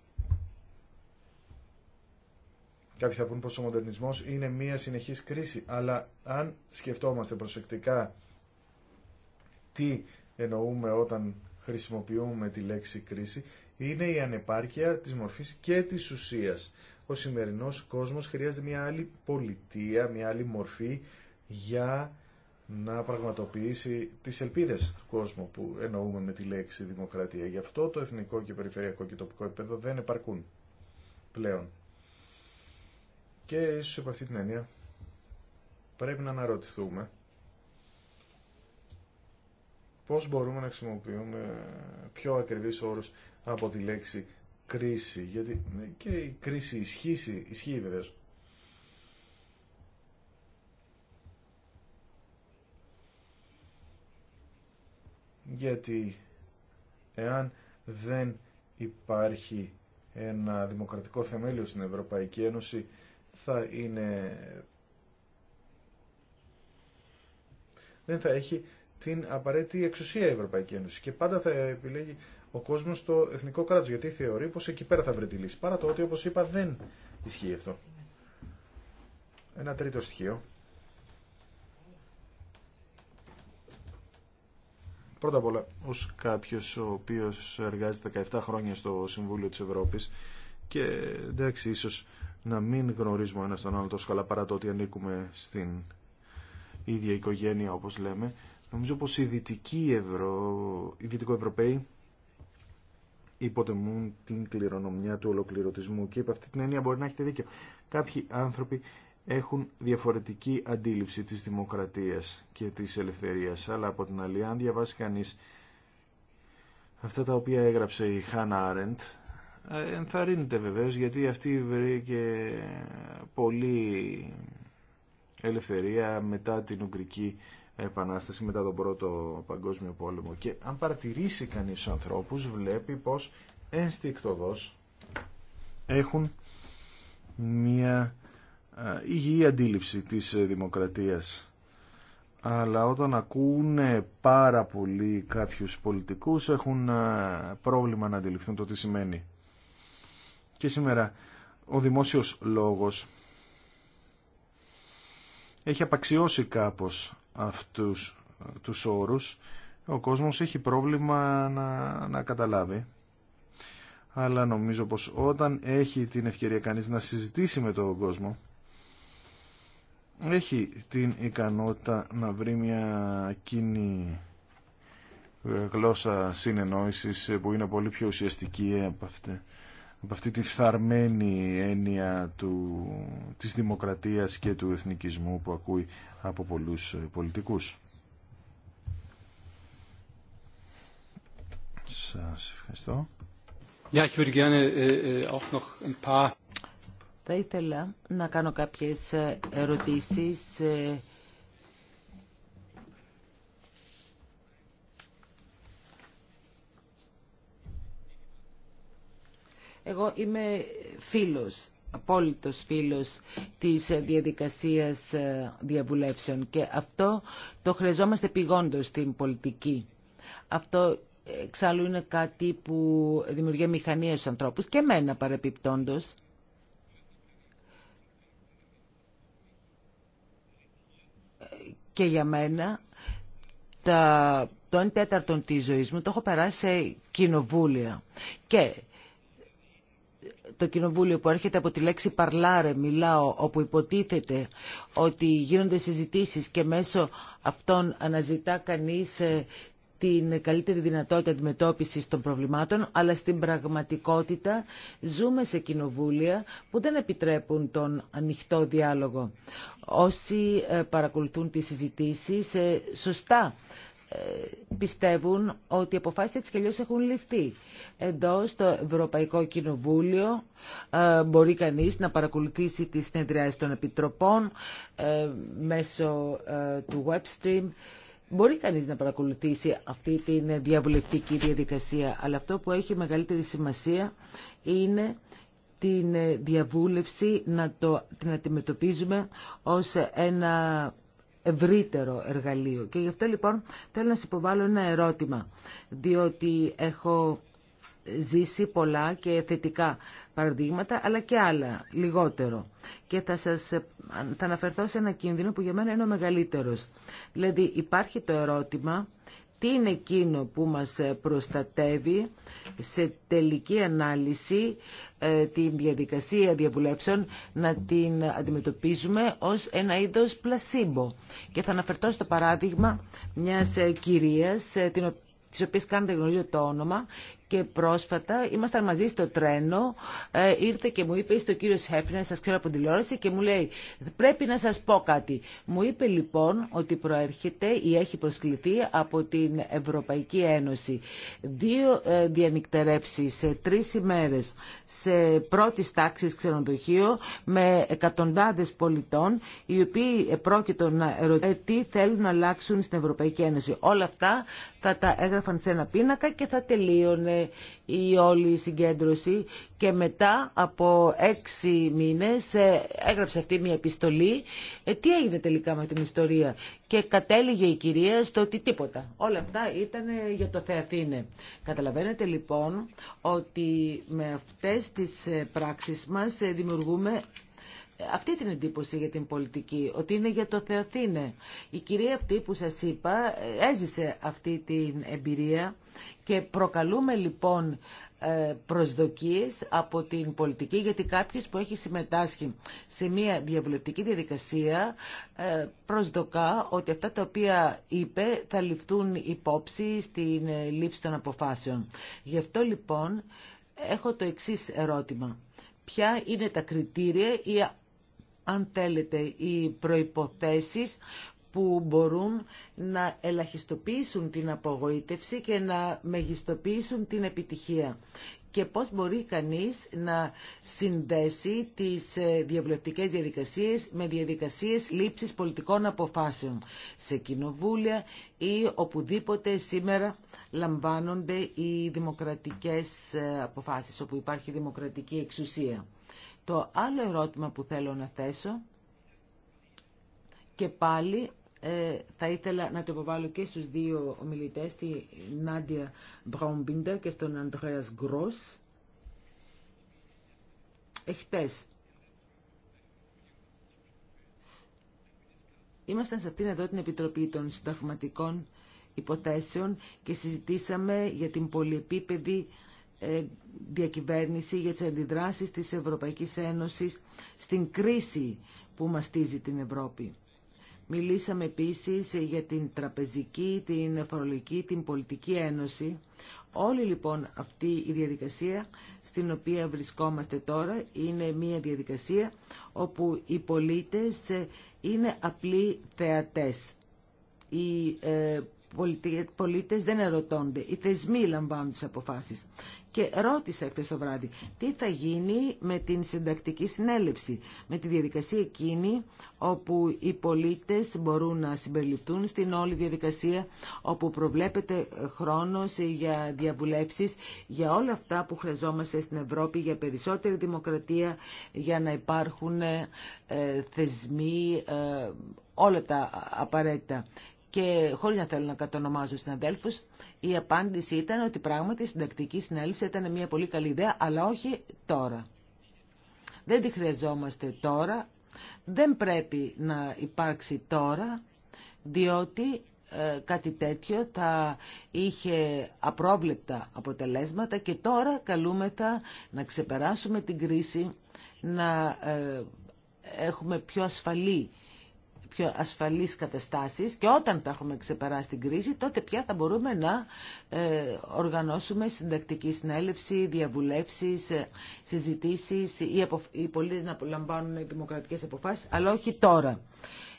Κάποιοι θα πούν πως ο μοντερνισμός είναι μία συνεχής κρίση, αλλά αν σκεφτόμαστε προσεκτικά τι εννοούμε όταν χρησιμοποιούμε τη λέξη κρίση, είναι η ανεπάρκεια της μορφής και της ουσίας ο σημερινός κόσμος χρειάζεται μια άλλη πολιτεία, μια άλλη μορφή για να πραγματοποιήσει τις ελπίδες του κόσμου που εννοούμε με τη λέξη δημοκρατία. Γι' αυτό το εθνικό και περιφερειακό και τοπικό επίπεδο δεν επαρκούν πλέον. Και ίσως από αυτή την έννοια πρέπει να αναρωτηθούμε πώς μπορούμε να χρησιμοποιούμε πιο ακριβείς όρους από τη λέξη κρίση, γιατί ναι, και η κρίση ισχύει, ισχύει βεβαίως. Γιατί εάν δεν υπάρχει ένα δημοκρατικό θεμέλιο στην Ευρωπαϊκή Ένωση θα είναι δεν θα έχει την απαραίτητη εξουσία η Ευρωπαϊκή Ένωση και πάντα θα επιλέγει ο κόσμο στο εθνικό κράτο. Γιατί θεωρεί πω εκεί πέρα θα βρει τη λύση. Παρά το ότι, όπω είπα, δεν ισχύει αυτό. Ένα τρίτο στοιχείο. Πρώτα απ' όλα, ως κάποιο, ο οποίος εργάζεται 17 χρόνια στο Συμβούλιο της Ευρώπης και εντάξει, ίσως να μην γνωρίζουμε ένα τον άλλο τόσο καλά παρά το ότι ανήκουμε στην ίδια οικογένεια όπω λέμε, νομίζω πω Ευρω... οι δυτικοευρωπαίοι υποτεμούν την κληρονομιά του ολοκληρωτισμού. Και υπ' αυτή την έννοια μπορεί να έχετε δίκιο. Κάποιοι άνθρωποι έχουν διαφορετική αντίληψη της δημοκρατίας και της ελευθερίας. Αλλά από την άλλη, αν διαβάσει κανεί αυτά τα οποία έγραψε η Χάνα Άρεντ, ε, ενθαρρύνεται βεβαίως, γιατί αυτή βρήκε πολύ ελευθερία μετά την Ουγγρική επανάσταση μετά τον πρώτο παγκόσμιο πόλεμο και αν παρατηρήσει κανείς τους ανθρώπους βλέπει πως ενστικτοδός έχουν μια υγιή αντίληψη της δημοκρατίας αλλά όταν ακούνε πάρα πολύ κάποιους πολιτικούς έχουν πρόβλημα να αντιληφθούν το τι σημαίνει και σήμερα ο δημόσιος λόγος έχει απαξιώσει κάπως αυτούς τους όρους ο κόσμος έχει πρόβλημα να, να καταλάβει αλλά νομίζω πως όταν έχει την ευκαιρία κανείς να συζητήσει με τον κόσμο έχει την ικανότητα να βρει μια κοινή γλώσσα συνεννόησης που είναι πολύ πιο ουσιαστική από αυτή από αυτή τη φθαρμένη έννοια του, της δημοκρατίας και του εθνικισμού που ακούει από πολλούς πολιτικούς. Σας ευχαριστώ. Ja, ich würde gerne äh, äh, auch noch Θα ήθελα να κάνω κάποιες ερωτήσεις ε, Εγώ είμαι φίλος, απόλυτος φίλος της ε, διαδικασίας ε, διαβουλεύσεων και αυτό το χρειαζόμαστε πηγόντως στην πολιτική. Αυτό εξάλλου είναι κάτι που δημιουργεί μηχανία στους ανθρώπους και εμένα παρεπιπτόντως. Και για μένα τα, το 1 τέταρτο της ζωής μου το έχω περάσει σε κοινοβούλια. Και το κοινοβούλιο που έρχεται από τη λέξη παρλάρε, μιλάω, όπου υποτίθεται ότι γίνονται συζητήσεις και μέσω αυτών αναζητά κανείς ε, την καλύτερη δυνατότητα αντιμετώπισης των προβλημάτων, αλλά στην πραγματικότητα ζούμε σε κοινοβούλια που δεν επιτρέπουν τον ανοιχτό διάλογο. Όσοι ε, παρακολουθούν τις συζητήσεις, ε, σωστά πιστεύουν ότι οι αποφάσεις έτσι και έχουν ληφθεί. Εδώ στο Ευρωπαϊκό Κοινοβούλιο ε, μπορεί κανείς να παρακολουθήσει τις συνεδριάσεις των Επιτροπών ε, μέσω ε, του webstream. Μπορεί κανείς να παρακολουθήσει αυτή την διαβουλευτική διαδικασία, αλλά αυτό που έχει μεγαλύτερη σημασία είναι την διαβούλευση να, το, να αντιμετωπίζουμε ως ένα ευρύτερο εργαλείο. Και γι' αυτό λοιπόν θέλω να σας υποβάλω ένα ερώτημα, διότι έχω ζήσει πολλά και θετικά παραδείγματα, αλλά και άλλα λιγότερο. Και θα σας ε, θα αναφερθώ σε ένα κίνδυνο που για μένα είναι ο μεγαλύτερος. Δηλαδή υπάρχει το ερώτημα τι είναι εκείνο που μας ε, προστατεύει σε τελική ανάλυση ε, την διαδικασία διαβουλεύσεων να την αντιμετωπίζουμε ως ένα είδος πλασίμπο. Και θα αναφερθώ στο παράδειγμα μιας ε, κυρίας, την της οποίας κάνετε γνωρίζω το όνομα, και πρόσφατα ήμασταν μαζί στο τρένο, ε, ήρθε και μου είπε, στο κύριο κύριος σα σας ξέρω από τηλεόραση και μου λέει, πρέπει να σας πω κάτι. Μου είπε λοιπόν ότι προέρχεται ή έχει προσκληθεί από την Ευρωπαϊκή Ένωση. Δύο ε, διανυκτερεύσεις σε τρεις ημέρες σε πρώτη τάξη ξενοδοχείο με εκατοντάδες πολιτών, οι οποίοι πρόκειτο να ερωτήσουν τι θέλουν να αλλάξουν στην Ευρωπαϊκή Ένωση. Όλα αυτά θα τα έγραφαν σε ένα πίνακα και θα τελείωνε η όλη συγκέντρωση και μετά από έξι μήνες ε, έγραψε αυτή μια επιστολή. Ε, τι έγινε τελικά με την ιστορία και κατέληγε η κυρία στο ότι τίποτα. Όλα αυτά ήταν ε, για το Θεαθήνε. Καταλαβαίνετε λοιπόν ότι με αυτές τις πράξεις μας δημιουργούμε αυτή την εντύπωση για την πολιτική, ότι είναι για το Θεαθήνε. Η κυρία αυτή που σας είπα έζησε αυτή την εμπειρία και προκαλούμε λοιπόν ε, προσδοκίες από την πολιτική γιατί κάποιος που έχει συμμετάσχει σε μια διαβουλευτική διαδικασία ε, προσδοκά ότι αυτά τα οποία είπε θα ληφθούν υπόψη στην ε, λήψη των αποφάσεων. Γι' αυτό λοιπόν έχω το εξής ερώτημα. Ποια είναι τα κριτήρια ή αν θέλετε οι προϋποθέσεις που μπορούν να ελαχιστοποιήσουν την απογοήτευση και να μεγιστοποιήσουν την επιτυχία και πώς μπορεί κανείς να συνδέσει τις ε, διαβουλευτικές διαδικασίες με διαδικασίες λήψης πολιτικών αποφάσεων σε κοινοβούλια ή οπουδήποτε σήμερα λαμβάνονται οι δημοκρατικές ε, αποφάσεις, όπου υπάρχει δημοκρατική εξουσία. Το άλλο ερώτημα που θέλω να θέσω και πάλι ε, θα ήθελα να το υποβάλω και στους δύο ομιλητές, τη Νάντια Μπρόμπιντα και στον Ανδρέας Γκρός. Εχθές. Ήμασταν σε αυτήν εδώ την Επιτροπή των Συνταγματικών Υποθέσεων και συζητήσαμε για την πολυεπίπεδη ε, διακυβέρνηση για τις αντιδράσεις της Ευρωπαϊκής Ένωσης στην κρίση που μαστίζει την Ευρώπη. Μιλήσαμε επίσης για την τραπεζική, την φορολογική, την πολιτική ένωση. Όλη λοιπόν αυτή η διαδικασία στην οποία βρισκόμαστε τώρα είναι μια διαδικασία όπου οι πολίτες είναι απλοί θεατές. Οι ε, πολίτες δεν ερωτώνται, οι θεσμοί λαμβάνουν τις αποφάσεις και ρώτησα χτες το βράδυ τι θα γίνει με την συντακτική συνέλευση, με τη διαδικασία εκείνη όπου οι πολίτες μπορούν να συμπεριληφθούν στην όλη διαδικασία, όπου προβλέπεται χρόνος για διαβουλεύσεις, για όλα αυτά που χρειαζόμαστε στην Ευρώπη, για περισσότερη δημοκρατία, για να υπάρχουν ε, θεσμοί, ε, όλα τα απαραίτητα. Και χωρίς να θέλω να κατονομάζω συναδέλφου, η απάντηση ήταν ότι πράγματι η συντακτική συνέλευση ήταν μια πολύ καλή ιδέα, αλλά όχι τώρα. Δεν τη χρειαζόμαστε τώρα, δεν πρέπει να υπάρξει τώρα, διότι ε, κάτι τέτοιο θα είχε απρόβλεπτα αποτελέσματα και τώρα καλούμεθα να ξεπεράσουμε την κρίση, να ε, έχουμε πιο ασφαλή πιο ασφαλείς καταστάσεις και όταν τα έχουμε ξεπεράσει την κρίση, τότε πια θα μπορούμε να ε, οργανώσουμε συντακτική συνέλευση, διαβουλεύσεις, ε, συζητήσεις ή οι πολίτες να λαμβάνουν δημοκρατικές αποφάσεις, αλλά όχι τώρα.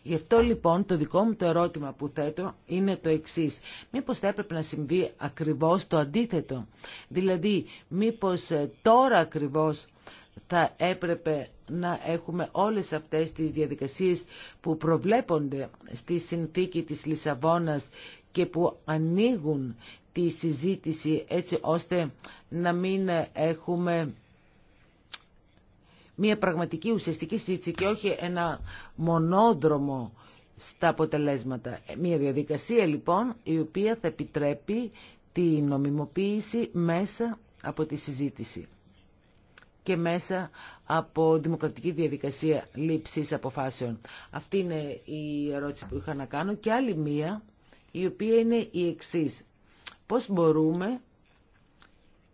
Γι' αυτό λοιπόν το δικό μου το ερώτημα που θέτω είναι το εξής Μήπως θα έπρεπε να συμβεί ακριβώς το αντίθετο. Δηλαδή, μήπως ε, τώρα ακριβώς θα έπρεπε να έχουμε όλες αυτές τις διαδικασίες που προβλέπονται στη συνθήκη της Λισαβόνας και που ανοίγουν τη συζήτηση έτσι ώστε να μην έχουμε μια πραγματική ουσιαστική συζήτηση και όχι ένα μονόδρομο στα αποτελέσματα. Μια διαδικασία λοιπόν η οποία θα επιτρέπει τη νομιμοποίηση μέσα από τη συζήτηση και μέσα από δημοκρατική διαδικασία λήψης αποφάσεων. Αυτή είναι η ερώτηση που είχα να κάνω και άλλη μία η οποία είναι η εξής. Πώς μπορούμε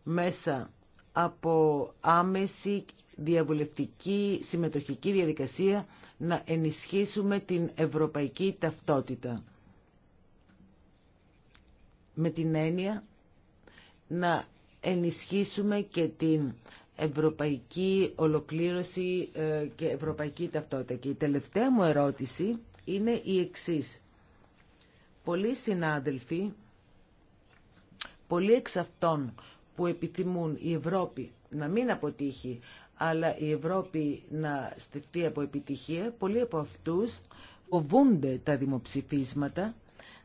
μέσα από άμεση διαβουλευτική συμμετοχική διαδικασία να ενισχύσουμε την ευρωπαϊκή ταυτότητα. Με την έννοια να ενισχύσουμε και την ευρωπαϊκή ολοκλήρωση ε, και ευρωπαϊκή ταυτότητα. Και η τελευταία μου ερώτηση είναι η εξής. Πολλοί συνάδελφοι, πολλοί εξ αυτών που επιθυμούν η Ευρώπη να μην αποτύχει, αλλά η Ευρώπη να στεφτεί από επιτυχία, πολλοί από αυτούς φοβούνται τα δημοψηφίσματα,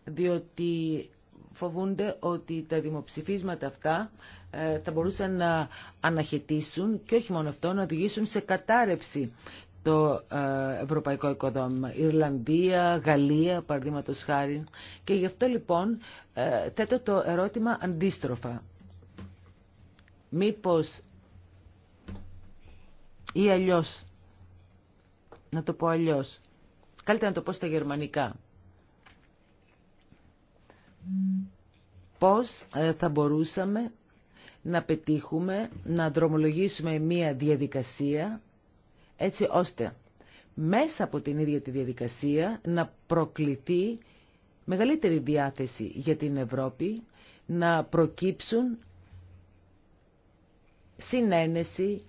διότι φοβούνται ότι τα δημοψηφίσματα αυτά θα μπορούσαν να αναχαιτήσουν και όχι μόνο αυτό, να οδηγήσουν σε κατάρρευση το ε, ευρωπαϊκό οικοδόμημα. Ιρλανδία, Γαλλία, παραδείγματο χάρη. Και γι' αυτό λοιπόν ε, θέτω το ερώτημα αντίστροφα. Μήπως ή αλλιώς, να το πω αλλιώς, καλύτερα να το πω στα γερμανικά. Πώς ε, θα μπορούσαμε να πετύχουμε να δρομολογήσουμε μία διαδικασία έτσι ώστε μέσα από την ίδια τη διαδικασία να προκληθεί μεγαλύτερη διάθεση για την Ευρώπη, να προκύψουν συνένεση,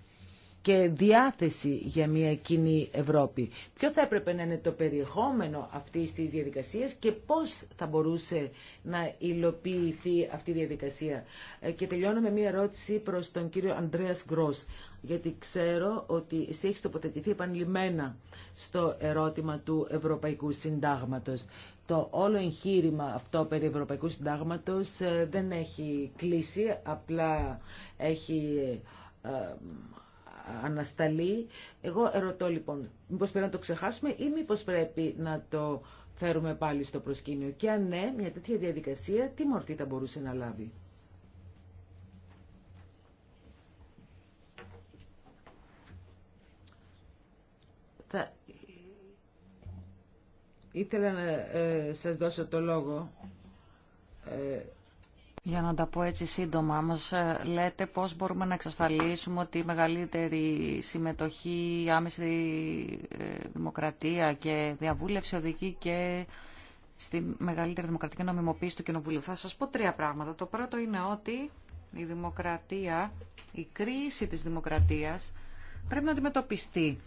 και διάθεση για μια κοινή Ευρώπη. Ποιο θα έπρεπε να είναι το περιεχόμενο αυτής της διαδικασίας και πώς θα μπορούσε να υλοποιηθεί αυτή η διαδικασία. Ε, και τελειώνω με μια ερώτηση προς τον κύριο Ανδρέας Γκρός, γιατί ξέρω ότι εσύ έχεις τοποθετηθεί επανειλημμένα στο ερώτημα του Ευρωπαϊκού Συντάγματος. Το όλο εγχείρημα αυτό περί Ευρωπαϊκού Συντάγματος ε, δεν έχει κλείσει, απλά έχει ε, ανασταλεί. Εγώ ερωτώ λοιπόν, μήπως πρέπει να το ξεχάσουμε ή μήπως πρέπει να το φέρουμε πάλι στο προσκήνιο. Και αν ναι, μια τέτοια διαδικασία, τι μορφή θα μπορούσε να λάβει. Θα... Ήθελα να ε, σας δώσω το λόγο. Ε, για να τα πω έτσι σύντομα, μας ε, λέτε πώς μπορούμε να εξασφαλίσουμε ότι η μεγαλύτερη συμμετοχή, άμεση ε, δημοκρατία και διαβούλευση οδηγεί και στη μεγαλύτερη δημοκρατική νομιμοποίηση του Κοινοβουλίου. Θα σας πω τρία πράγματα. Το πρώτο είναι ότι η δημοκρατία, η κρίση της δημοκρατίας πρέπει να αντιμετωπιστεί.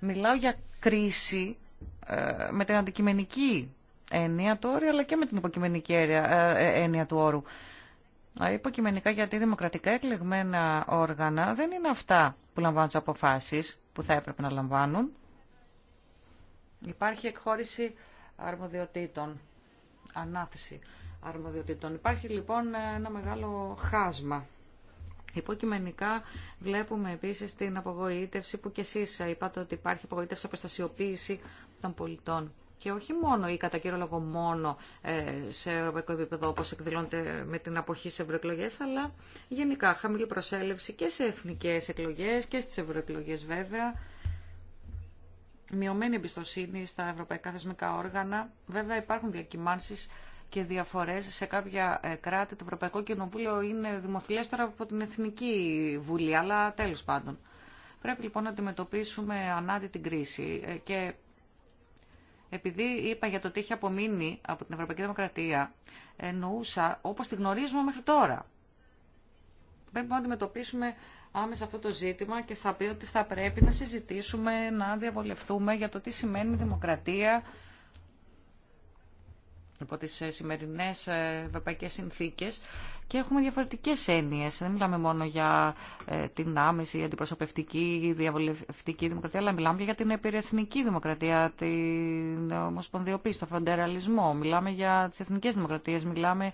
Μιλάω για κρίση ε, με την αντικειμενική έννοια του όρου, αλλά και με την υποκειμενική ε, ε, έννοια του όρου. Υποκειμενικά γιατί δημοκρατικά εκλεγμένα όργανα δεν είναι αυτά που λαμβάνουν τι αποφάσεις που θα έπρεπε να λαμβάνουν. Υπάρχει εκχώρηση αρμοδιοτήτων, ανάθεση αρμοδιοτήτων. Υπάρχει λοιπόν ένα μεγάλο χάσμα. Υποκειμενικά βλέπουμε επίσης την απογοήτευση που και εσείς είπατε ότι υπάρχει απογοήτευση, αποστασιοποίηση των πολιτών και όχι μόνο ή κατά κύριο λόγο μόνο ε, σε ευρωπαϊκό επίπεδο όπως εκδηλώνεται με την αποχή σε ευρωεκλογέ, αλλά γενικά χαμηλή προσέλευση και σε εθνικές εκλογές και στις ευρωεκλογέ βέβαια. Μειωμένη εμπιστοσύνη στα ευρωπαϊκά θεσμικά όργανα. Βέβαια υπάρχουν διακυμάνσεις και διαφορές σε κάποια ε, κράτη. Το Ευρωπαϊκό Κοινοβούλιο είναι δημοφιλέστερο από την Εθνική Βουλή, αλλά τέλος πάντων. Πρέπει λοιπόν να αντιμετωπίσουμε ανάτι την κρίση ε, και επειδή είπα για το τι έχει απομείνει από την Ευρωπαϊκή Δημοκρατία, εννοούσα όπως τη γνωρίζουμε μέχρι τώρα. Πρέπει να αντιμετωπίσουμε άμεσα αυτό το ζήτημα και θα πει ότι θα πρέπει να συζητήσουμε, να διαβολευτούμε για το τι σημαίνει δημοκρατία, υπό τις ε, σημερινές ε, ευρωπαϊκές συνθήκες και έχουμε διαφορετικές έννοιες. Δεν μιλάμε μόνο για ε, την άμεση, αντιπροσωπευτική, διαβολευτική δημοκρατία, αλλά μιλάμε και για την επιρεθνική δημοκρατία, την ομοσπονδιοποίηση, τον φοντεραλισμό. Μιλάμε για τις εθνικές δημοκρατίες, μιλάμε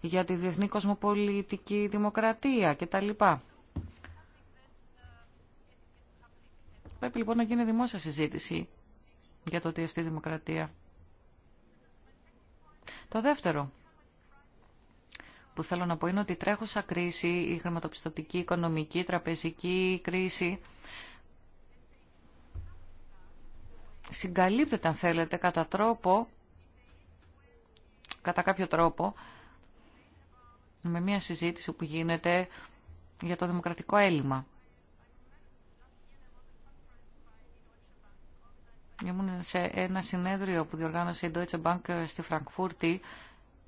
για τη διεθνή κοσμοπολιτική δημοκρατία κτλ. Πρέπει λοιπόν να γίνει δημόσια συζήτηση για το τι εστί δημοκρατία. Το δεύτερο που θέλω να πω είναι ότι η τρέχουσα κρίση, η χρηματοπιστωτική, οικονομική, η τραπεζική κρίση συγκαλύπτεται αν θέλετε κατά τρόπο κατά κάποιο τρόπο με μια συζήτηση που γίνεται για το δημοκρατικό έλλειμμα. Ήμουν σε ένα συνέδριο που διοργάνωσε η Deutsche Bank ε, στη Φραγκφούρτη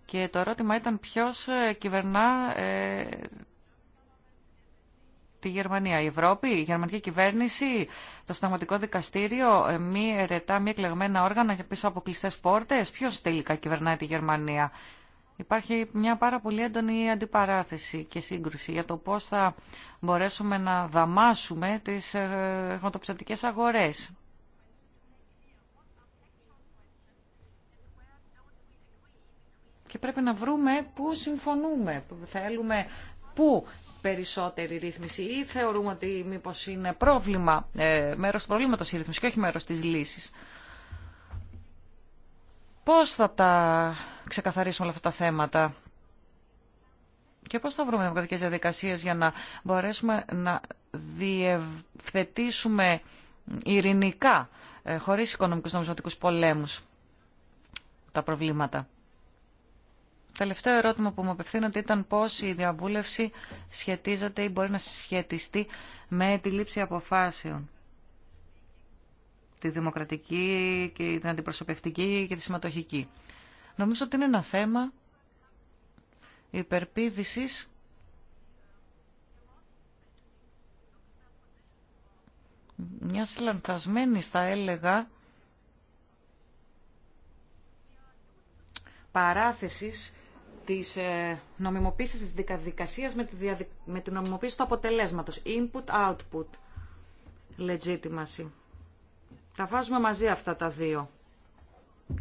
και το ερώτημα ήταν ποιος ε, κυβερνά ε, τη Γερμανία. Η Ευρώπη, η γερμανική κυβέρνηση, το συνταγματικό δικαστήριο, μη ερετά, μη εκλεγμένα όργανα για πίσω από κλειστέ πόρτε. Ποιο τελικά κυβερνάει τη Γερμανία. Υπάρχει μια πάρα πολύ έντονη αντιπαράθεση και σύγκρουση για το πώς θα μπορέσουμε να δαμάσουμε τις χρηματοπιστωτικές αγορές. πρέπει να βρούμε πού συμφωνούμε, που θέλουμε, πού περισσότερη ρύθμιση ή θεωρούμε ότι μήπως είναι πρόβλημα, ε, μέρος του προβλήματος η θεωρουμε οτι μηπως ειναι προβλημα μερος του προβληματος η ρυθμιση και όχι μέρος της λύσης. Πώς θα τα ξεκαθαρίσουμε όλα αυτά τα θέματα και πώς θα βρούμε δημοκρατικέ διαδικασίες για να μπορέσουμε να διευθετήσουμε ειρηνικά, ε, χωρίς οικονομικούς νομισματικούς πολέμους, τα προβλήματα. Τελευταίο ερώτημα που μου απευθύνονται ήταν πώς η διαβούλευση σχετίζεται ή μπορεί να σχετιστεί με τη λήψη αποφάσεων. Τη δημοκρατική και την αντιπροσωπευτική και τη συμματοχική. Νομίζω ότι είναι ένα θέμα υπερπίδησης μια λανθασμένης θα έλεγα παράθεσης της ε, νομιμοποίησης της δικαδικασίας με, τη νομιμοποίηση του αποτελέσματος. Input-output legitimacy. Τα βάζουμε μαζί αυτά τα δύο.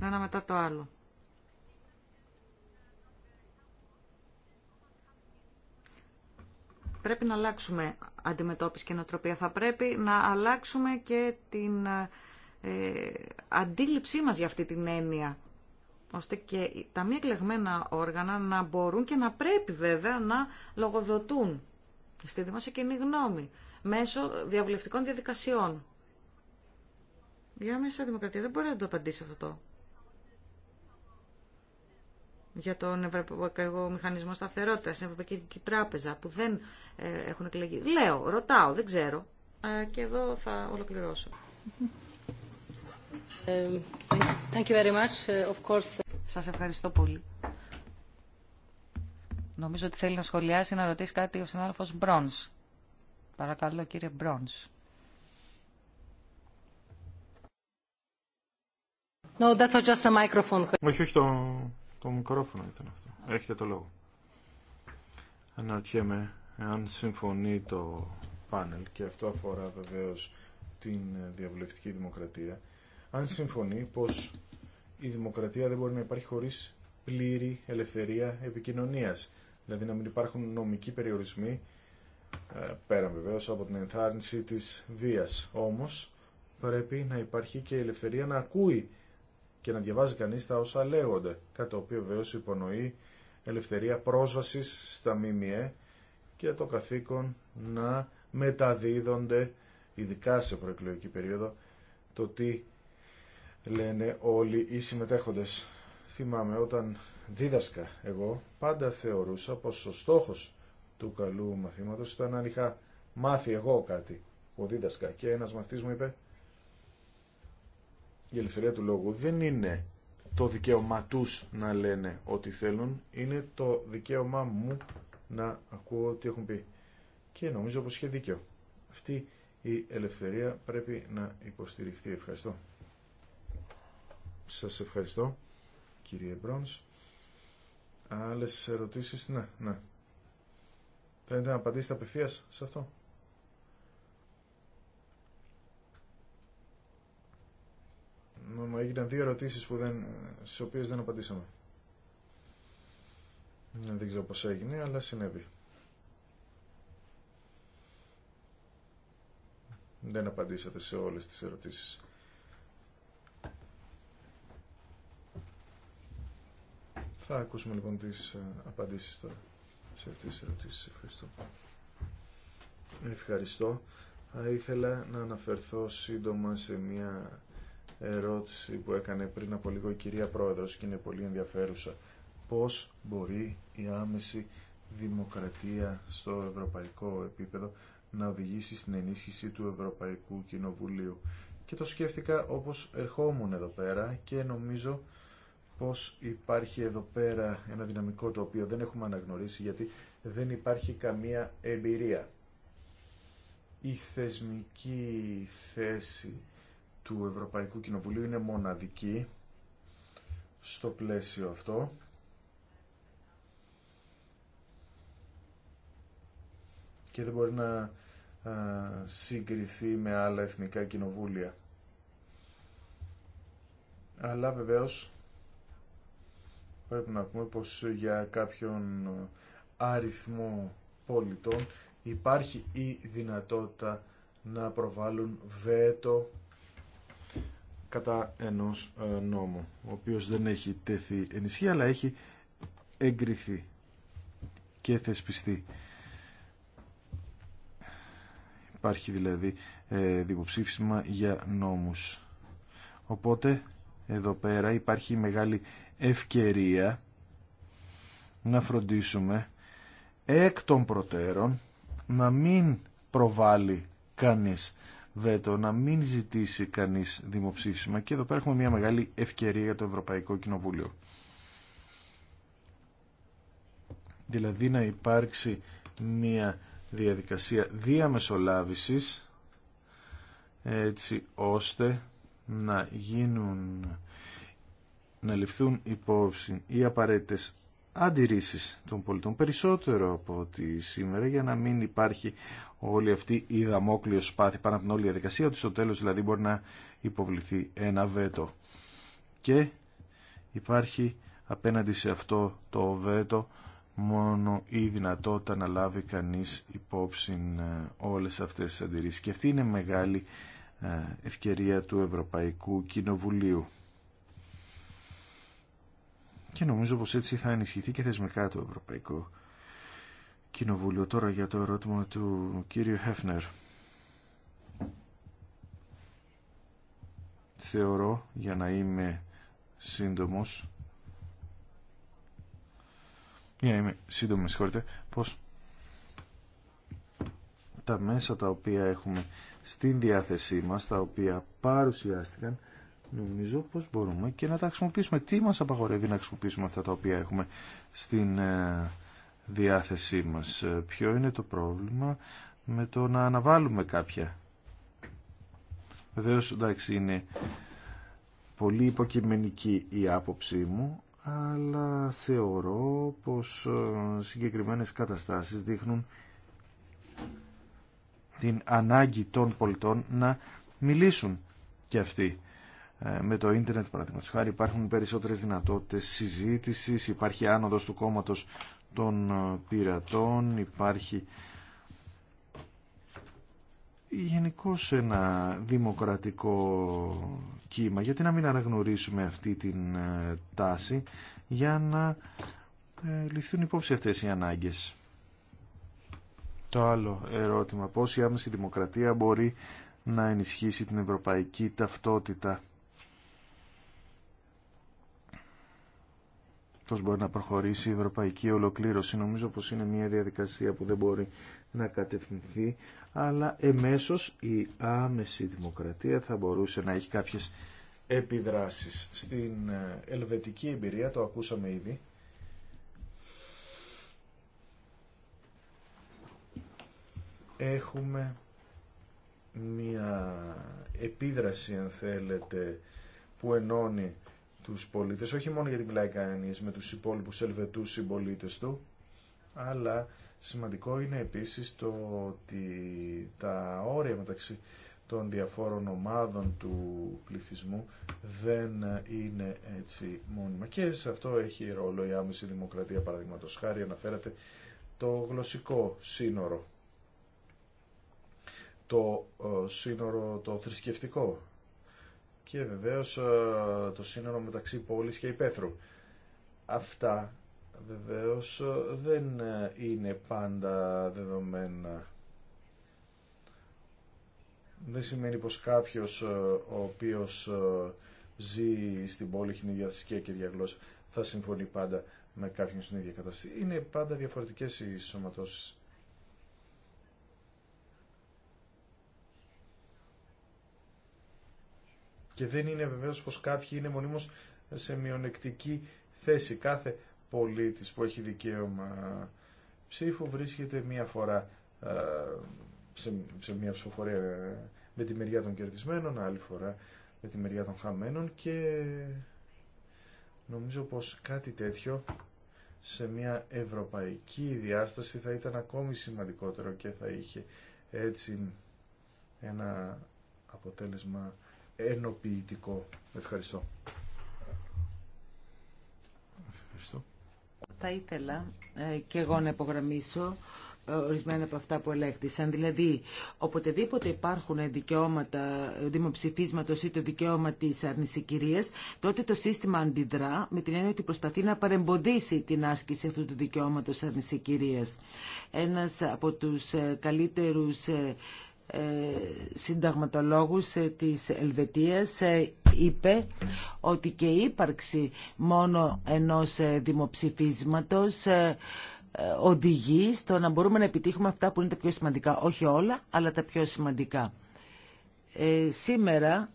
Ένα μετά το άλλο. Πρέπει να αλλάξουμε αντιμετώπιση και νοοτροπία. Θα πρέπει να αλλάξουμε και την ε, ε αντίληψή μας για αυτή την έννοια ώστε και τα μη εκλεγμένα όργανα να μπορούν και να πρέπει βέβαια να λογοδοτούν στη δημόσια κοινή γνώμη μέσω διαβουλευτικών διαδικασιών. Για μέσα δημοκρατία δεν μπορεί να το απαντήσει αυτό. Για τον Ευρωπαϊκό Μηχανισμό Σταθερότητα, την Ευρωπαϊκή Τράπεζα που δεν ε, έχουν εκλεγεί. Λέω, ρωτάω, δεν ξέρω. Ε, και εδώ θα ολοκληρώσω. Um, thank uh, uh, Σας ευχαριστώ πολύ. Νομίζω ότι θέλει να σχολιάσει να ρωτήσει κάτι ο συνάδελφος Μπρόνς. Παρακαλώ κύριε Μπρόνς. No, that was just a microphone. Όχι, όχι, το, το μικρόφωνο ήταν αυτό. Έχετε το λόγο. Αναρωτιέμαι αν συμφωνεί το πάνελ και αυτό αφορά βεβαίως την ε, διαβουλευτική δημοκρατία αν συμφωνεί πως η δημοκρατία δεν μπορεί να υπάρχει χωρίς πλήρη ελευθερία επικοινωνίας. Δηλαδή να μην υπάρχουν νομικοί περιορισμοί, ε, πέραν βεβαίως από την ενθάρρυνση της βίας. Όμως πρέπει να υπάρχει και ελευθερία να ακούει και να διαβάζει κανείς τα όσα λέγονται, κατά το οποίο βεβαίως υπονοεί ελευθερία πρόσβασης στα ΜΜΕ και το καθήκον να μεταδίδονται, ειδικά σε προεκλογική περίοδο, το τι λένε όλοι οι συμμετέχοντες. Θυμάμαι όταν δίδασκα εγώ πάντα θεωρούσα πως ο στόχος του καλού μαθήματος ήταν αν είχα μάθει εγώ κάτι που δίδασκα και ένας μαθητής μου είπε η ελευθερία του λόγου δεν είναι το δικαίωμά τους να λένε ό,τι θέλουν είναι το δικαίωμά μου να ακούω ό,τι έχουν πει και νομίζω πως είχε δίκιο αυτή η ελευθερία πρέπει να υποστηριχθεί ευχαριστώ σας ευχαριστώ, κύριε Μπρόνς. Άλλες ερωτήσεις, ναι, ναι. Θέλετε να απαντήσετε απευθείας σε αυτό. Μα έγιναν δύο ερωτήσεις που δεν, στις οποίες δεν απαντήσαμε. Ναι, δεν ξέρω πώς έγινε, αλλά συνέβη. Δεν απαντήσατε σε όλες τις ερωτήσεις. Θα ακούσουμε λοιπόν τις ε, απαντήσεις τώρα σε αυτές τις ερωτήσεις. Ευχαριστώ. Ευχαριστώ. Θα ήθελα να αναφερθώ σύντομα σε μια ερώτηση που έκανε πριν από λίγο η κυρία Πρόεδρος και είναι πολύ ενδιαφέρουσα. Πώς μπορεί η άμεση δημοκρατία στο ευρωπαϊκό επίπεδο να οδηγήσει στην ενίσχυση του Ευρωπαϊκού Κοινοβουλίου. Και το σκέφτηκα όπως ερχόμουν εδώ πέρα και νομίζω πως υπάρχει εδώ πέρα ένα δυναμικό το οποίο δεν έχουμε αναγνωρίσει γιατί δεν υπάρχει καμία εμπειρία. Η θεσμική θέση του Ευρωπαϊκού Κοινοβουλίου είναι μοναδική στο πλαίσιο αυτό. και δεν μπορεί να συγκριθεί με άλλα εθνικά κοινοβούλια. Αλλά βεβαίως πρέπει να πούμε πως για κάποιον αριθμό πολιτών υπάρχει η δυνατότητα να προβάλλουν βέτο κατά ενός ε, νόμου, ο οποίος δεν έχει τεθεί ενισχύ, αλλά έχει εγκριθεί και θεσπιστεί. Υπάρχει δηλαδή ε, για νόμους. Οπότε εδώ πέρα υπάρχει μεγάλη ευκαιρία να φροντίσουμε εκ των προτέρων να μην προβάλλει κανείς βέτο, να μην ζητήσει κανείς δημοψήφισμα και εδώ πέρα έχουμε μια μεγάλη ευκαιρία για το Ευρωπαϊκό Κοινοβούλιο. Δηλαδή να υπάρξει μια διαδικασία διαμεσολάβησης έτσι ώστε να γίνουν να ληφθούν υπόψη οι απαραίτητες αντιρρήσεις των πολιτών περισσότερο από ότι σήμερα για να μην υπάρχει όλη αυτή η δαμόκλειο σπάθη πάνω από την όλη διαδικασία ότι στο τέλος δηλαδή μπορεί να υποβληθεί ένα βέτο και υπάρχει απέναντι σε αυτό το βέτο μόνο η δυνατότητα να λάβει κανείς υπόψη ε, όλες αυτές τις αντιρρήσεις και αυτή είναι μεγάλη ε, ευκαιρία του Ευρωπαϊκού Κοινοβουλίου. Και νομίζω πως έτσι θα ενισχυθεί και θεσμικά το Ευρωπαϊκό Κοινοβούλιο. Τώρα για το ερώτημα του κύριου Χέφνερ. Θεωρώ, για να είμαι σύντομος, για να είμαι σύντομη, πως τα μέσα τα οποία έχουμε στην διάθεσή μας, τα οποία παρουσιάστηκαν, νομίζω πως μπορούμε και να τα χρησιμοποιήσουμε. Τι μας απαγορεύει να χρησιμοποιήσουμε αυτά τα οποία έχουμε στην ε, διάθεσή μας. Ε, ποιο είναι το πρόβλημα με το να αναβάλουμε κάποια. Βεβαίως, εντάξει, είναι πολύ υποκειμενική η άποψή μου, αλλά θεωρώ πως ε, συγκεκριμένες καταστάσεις δείχνουν την ανάγκη των πολιτών να μιλήσουν και αυτοί. Ε, με το ίντερνετ, παραδείγματο χάρη, υπάρχουν περισσότερε δυνατότητε συζήτηση, υπάρχει άνοδο του κόμματο των ε, πειρατών, υπάρχει γενικώ ένα δημοκρατικό κύμα. Γιατί να μην αναγνωρίσουμε αυτή την ε, τάση για να ληφθούν υπόψη αυτές οι ανάγκες. Το άλλο ερώτημα, πώς η άμεση δημοκρατία μπορεί να ενισχύσει την ευρωπαϊκή ταυτότητα. Πώς μπορεί να προχωρήσει η ευρωπαϊκή ολοκλήρωση. Νομίζω πως είναι μια διαδικασία που δεν μπορεί να κατευθυνθεί, αλλά εμέσως η άμεση δημοκρατία θα μπορούσε να έχει κάποιες επιδράσεις. Στην ε, ελβετική εμπειρία, το ακούσαμε ήδη, έχουμε μια επίδραση αν θέλετε που ενώνει τους πολίτες, όχι μόνο την μιλάει κανεί με τους υπόλοιπους Ελβετούς συμπολίτε του, αλλά σημαντικό είναι επίσης το ότι τα όρια μεταξύ των διαφόρων ομάδων του πληθυσμού δεν είναι έτσι μόνιμα. Και σε αυτό έχει ρόλο η άμεση δημοκρατία, παραδείγματο χάρη αναφέρατε το γλωσσικό σύνορο το ε, σύνορο το θρησκευτικό και βεβαίως ε, το σύνορο μεταξύ πόλης και υπαίθρου. Αυτά βεβαίως ε, δεν είναι πάντα δεδομένα. Δεν σημαίνει πως κάποιος ο οποίος ζει στην πόλη έχει την ίδια θρησκεία και θα συμφωνεί πάντα με κάποιον στην ίδια κατάσταση. Είναι πάντα διαφορετικές οι σωματώσεις. Και δεν είναι βεβαίω πω κάποιοι είναι μονίμως σε μειονεκτική θέση. Κάθε πολίτης που έχει δικαίωμα ψήφου βρίσκεται μία φορά ε, σε μία ψηφοφορία ε, με τη μεριά των κερδισμένων, άλλη φορά με τη μεριά των χαμένων και νομίζω πως κάτι τέτοιο σε μια ευρωπαϊκή διάσταση θα ήταν ακόμη σημαντικότερο και θα είχε έτσι ένα αποτέλεσμα ενοποιητικό. Ευχαριστώ. Ευχαριστώ. Θα ήθελα ε, και εγώ να υπογραμμίσω ε, ορισμένα από αυτά που ελέγχθησαν. Δηλαδή, οποτεδήποτε υπάρχουν δικαιώματα ε, δημοψηφίσματο ή το δικαίωμα τη αρνησικυρία, τότε το σύστημα αντιδρά με την έννοια ότι προσπαθεί να παρεμποδίσει την άσκηση αυτού του δικαιώματο αρνησικυρία. Ένα από του καλύτερου ε, συνταγματολόγους ε, της Ελβετίας ε, είπε ότι και η ύπαρξη μόνο ενός δημοψηφίσματος οδηγεί στο να μπορούμε να επιτύχουμε αυτά που είναι τα πιο σημαντικά. Όχι όλα, αλλά τα πιο σημαντικά. σήμερα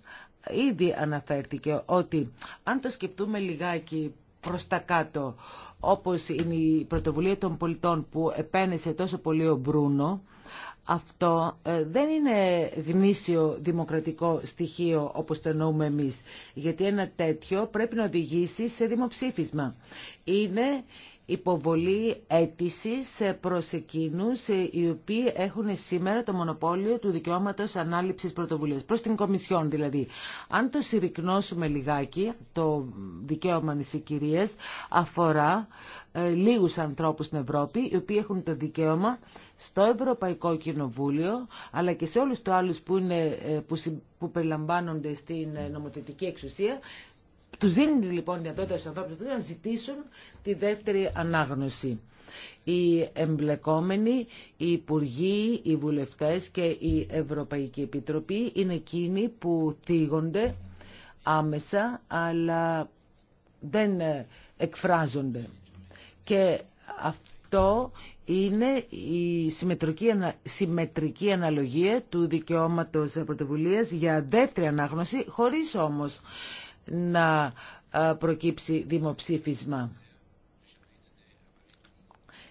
ήδη αναφέρθηκε ότι αν το σκεφτούμε λιγάκι προς τα κάτω, όπως είναι η πρωτοβουλία των πολιτών που επένεσε τόσο πολύ ο Μπρούνο, αυτό ε, δεν είναι γνήσιο δημοκρατικό στοιχείο όπως το εννοούμε εμείς. Γιατί ένα τέτοιο πρέπει να οδηγήσει σε δημοψήφισμα. Είναι υποβολή αίτηση προς εκείνους οι οποίοι έχουν σήμερα το μονοπόλιο του δικαιώματος ανάληψης πρωτοβουλίας, προς την Κομισιόν δηλαδή. Αν το συρρυκνώσουμε λιγάκι, το δικαίωμα κυρίες, αφορά ε, λίγους ανθρώπους στην Ευρώπη, οι οποίοι έχουν το δικαίωμα στο Ευρωπαϊκό κοινό Κοινοβούλιο αλλά και σε όλους τους άλλους που, είναι, ε, που, που περιλαμβάνονται στην ε, νομοθετική εξουσία τους δίνει λοιπόν δυνατότητα στους ανθρώπους να ζητήσουν τη δεύτερη ανάγνωση. Οι εμπλεκόμενοι, οι υπουργοί, οι βουλευτές και η Ευρωπαϊκή Επιτροπή είναι εκείνοι που θίγονται άμεσα αλλά δεν ε, εκφράζονται. Και αυτό είναι η συμμετρική, συμμετρική αναλογία του δικαιώματος πρωτοβουλίας για δεύτερη ανάγνωση, χωρίς όμως να προκύψει δημοψήφισμα.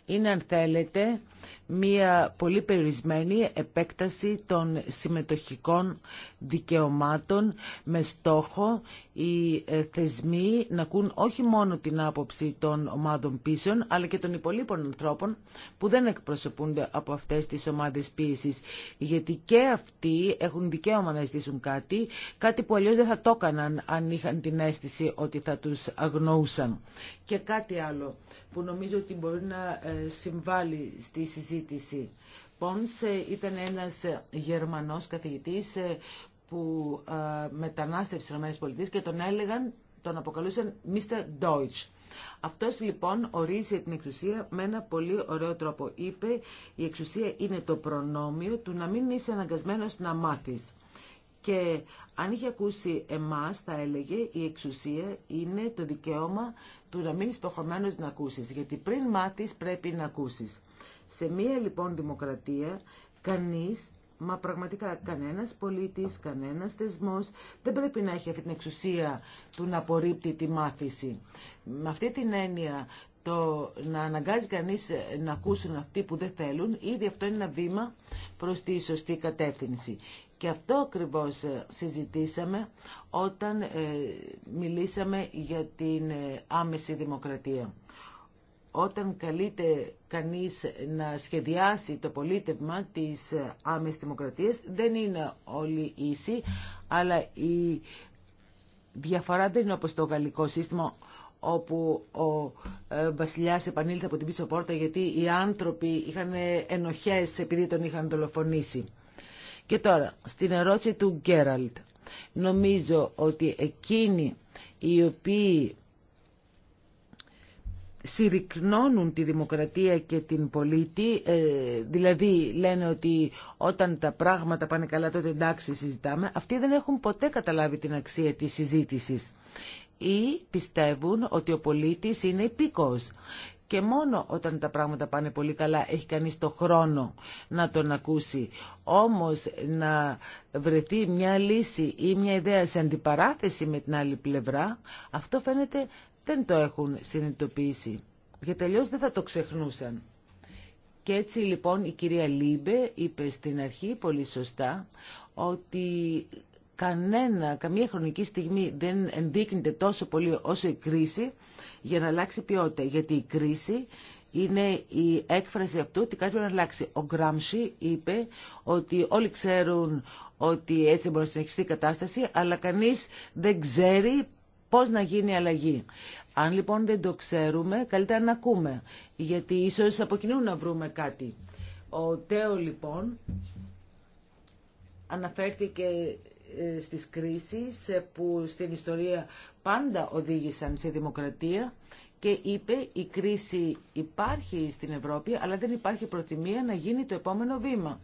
Είναι, αν θέλετε, μία πολύ περιορισμένη επέκταση των συμμετοχικών δικαιωμάτων με στόχο οι ε, θεσμοί να ακούν όχι μόνο την άποψη των ομάδων πίσεων, αλλά και των υπολείπων ανθρώπων που δεν εκπροσωπούνται από αυτές τις ομάδες πίεσης. Γιατί και αυτοί έχουν δικαίωμα να ζητήσουν κάτι, κάτι που αλλιώς δεν θα το έκαναν αν είχαν την αίσθηση ότι θα τους αγνοούσαν. Και κάτι άλλο που νομίζω ότι μπορεί να ε, συμβάλλει στη συζήτηση. Πόνς ε, ήταν ένας Γερμανός καθηγητής που ε, μετανάστευσε στις ΗΠΑ και τον έλεγαν, τον αποκαλούσαν Mr. Deutsch. Αυτός λοιπόν ορίζει την εξουσία με ένα πολύ ωραίο τρόπο. Είπε η εξουσία είναι το προνόμιο του να μην είσαι αναγκασμένος να μάθεις. Και αν είχε ακούσει εμάς, θα έλεγε, η εξουσία είναι το δικαίωμα του να μην είσαι να ακούσεις. Γιατί πριν μάθεις πρέπει να ακούσεις. Σε μία λοιπόν δημοκρατία, κανείς Μα πραγματικά κανένας πολίτης, κανένας θεσμός δεν πρέπει να έχει αυτή την εξουσία του να απορρίπτει τη μάθηση. Με αυτή την έννοια το να αναγκάζει κανείς να ακούσουν αυτοί που δεν θέλουν, ήδη αυτό είναι ένα βήμα προς τη σωστή κατεύθυνση. Και αυτό ακριβώς ε, συζητήσαμε όταν ε, μιλήσαμε για την ε, άμεση δημοκρατία. Όταν καλείται κανείς να σχεδιάσει το πολίτευμα της άμεσης δημοκρατίας. Δεν είναι όλοι ίσοι, αλλά η διαφορά δεν είναι όπως το γαλλικό σύστημα όπου ο ε, βασιλιάς επανήλθε από την πίσω πόρτα γιατί οι άνθρωποι είχαν ενοχές επειδή τον είχαν δολοφονήσει. Και τώρα, στην ερώτηση του Γκέραλτ, νομίζω ότι εκείνοι οι οποίοι συρρυκνώνουν τη δημοκρατία και την πολίτη, ε, δηλαδή λένε ότι όταν τα πράγματα πάνε καλά τότε εντάξει συζητάμε, αυτοί δεν έχουν ποτέ καταλάβει την αξία της συζήτησης ή πιστεύουν ότι ο πολίτης είναι υπήκος. Και μόνο όταν τα πράγματα πάνε πολύ καλά έχει κανείς το χρόνο να τον ακούσει. Όμως να βρεθεί μια λύση ή μια ιδέα σε αντιπαράθεση με την άλλη πλευρά, αυτό φαίνεται δεν το έχουν συνειδητοποιήσει, Για αλλιώ δεν θα το ξεχνούσαν. Και έτσι λοιπόν η κυρία Λίμπε είπε στην αρχή πολύ σωστά ότι κανένα, καμία χρονική στιγμή δεν ενδείκνεται τόσο πολύ όσο η κρίση για να αλλάξει ποιότητα. Γιατί η κρίση είναι η έκφραση αυτού ότι κάτι πρέπει να αλλάξει. Ο Γκράμψι είπε ότι όλοι ξέρουν ότι έτσι μπορεί να συνεχιστεί η κατάσταση, αλλά κανείς δεν ξέρει πώς να γίνει η αλλαγή. Αν λοιπόν δεν το ξέρουμε, καλύτερα να ακούμε, γιατί ίσως από κοινού να βρούμε κάτι. Ο Τέο λοιπόν αναφέρθηκε ε, στις κρίσεις ε, που στην ιστορία πάντα οδήγησαν σε δημοκρατία και είπε η κρίση υπάρχει στην Ευρώπη αλλά δεν υπάρχει προτιμία να γίνει το επόμενο βήμα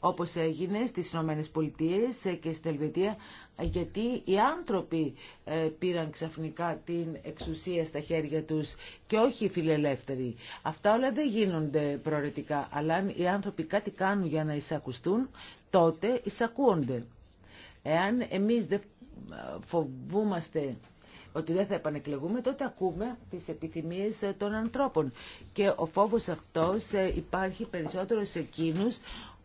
όπως έγινε στις ΗΠΑ Πολιτείες και στην Ελβετία, γιατί οι άνθρωποι ε, πήραν ξαφνικά την εξουσία στα χέρια τους και όχι οι φιλελεύθεροι. Αυτά όλα δεν γίνονται προαιρετικά, αλλά αν οι άνθρωποι κάτι κάνουν για να εισακουστούν, τότε εισακούονται. Εάν εμείς δεν ε, φοβούμαστε ότι δεν θα επανεκλεγούμε, τότε ακούμε τις επιθυμίες των ανθρώπων. Και ο φόβος αυτός ε, υπάρχει περισσότερο σε εκείνους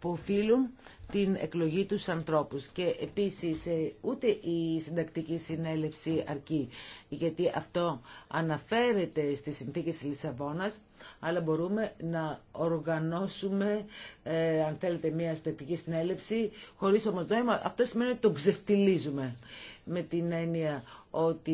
που οφείλουν την εκλογή τους ανθρώπους. Και επίσης ε, ούτε η συντακτική συνέλευση αρκεί, γιατί αυτό αναφέρεται στη συνθήκη της Λισαβόνας, αλλά μπορούμε να οργανώσουμε, ε, αν θέλετε, μια συντακτική συνέλευση, χωρίς όμως νόημα. Αυτό σημαίνει ότι τον ξεφτιλίζουμε με την έννοια ότι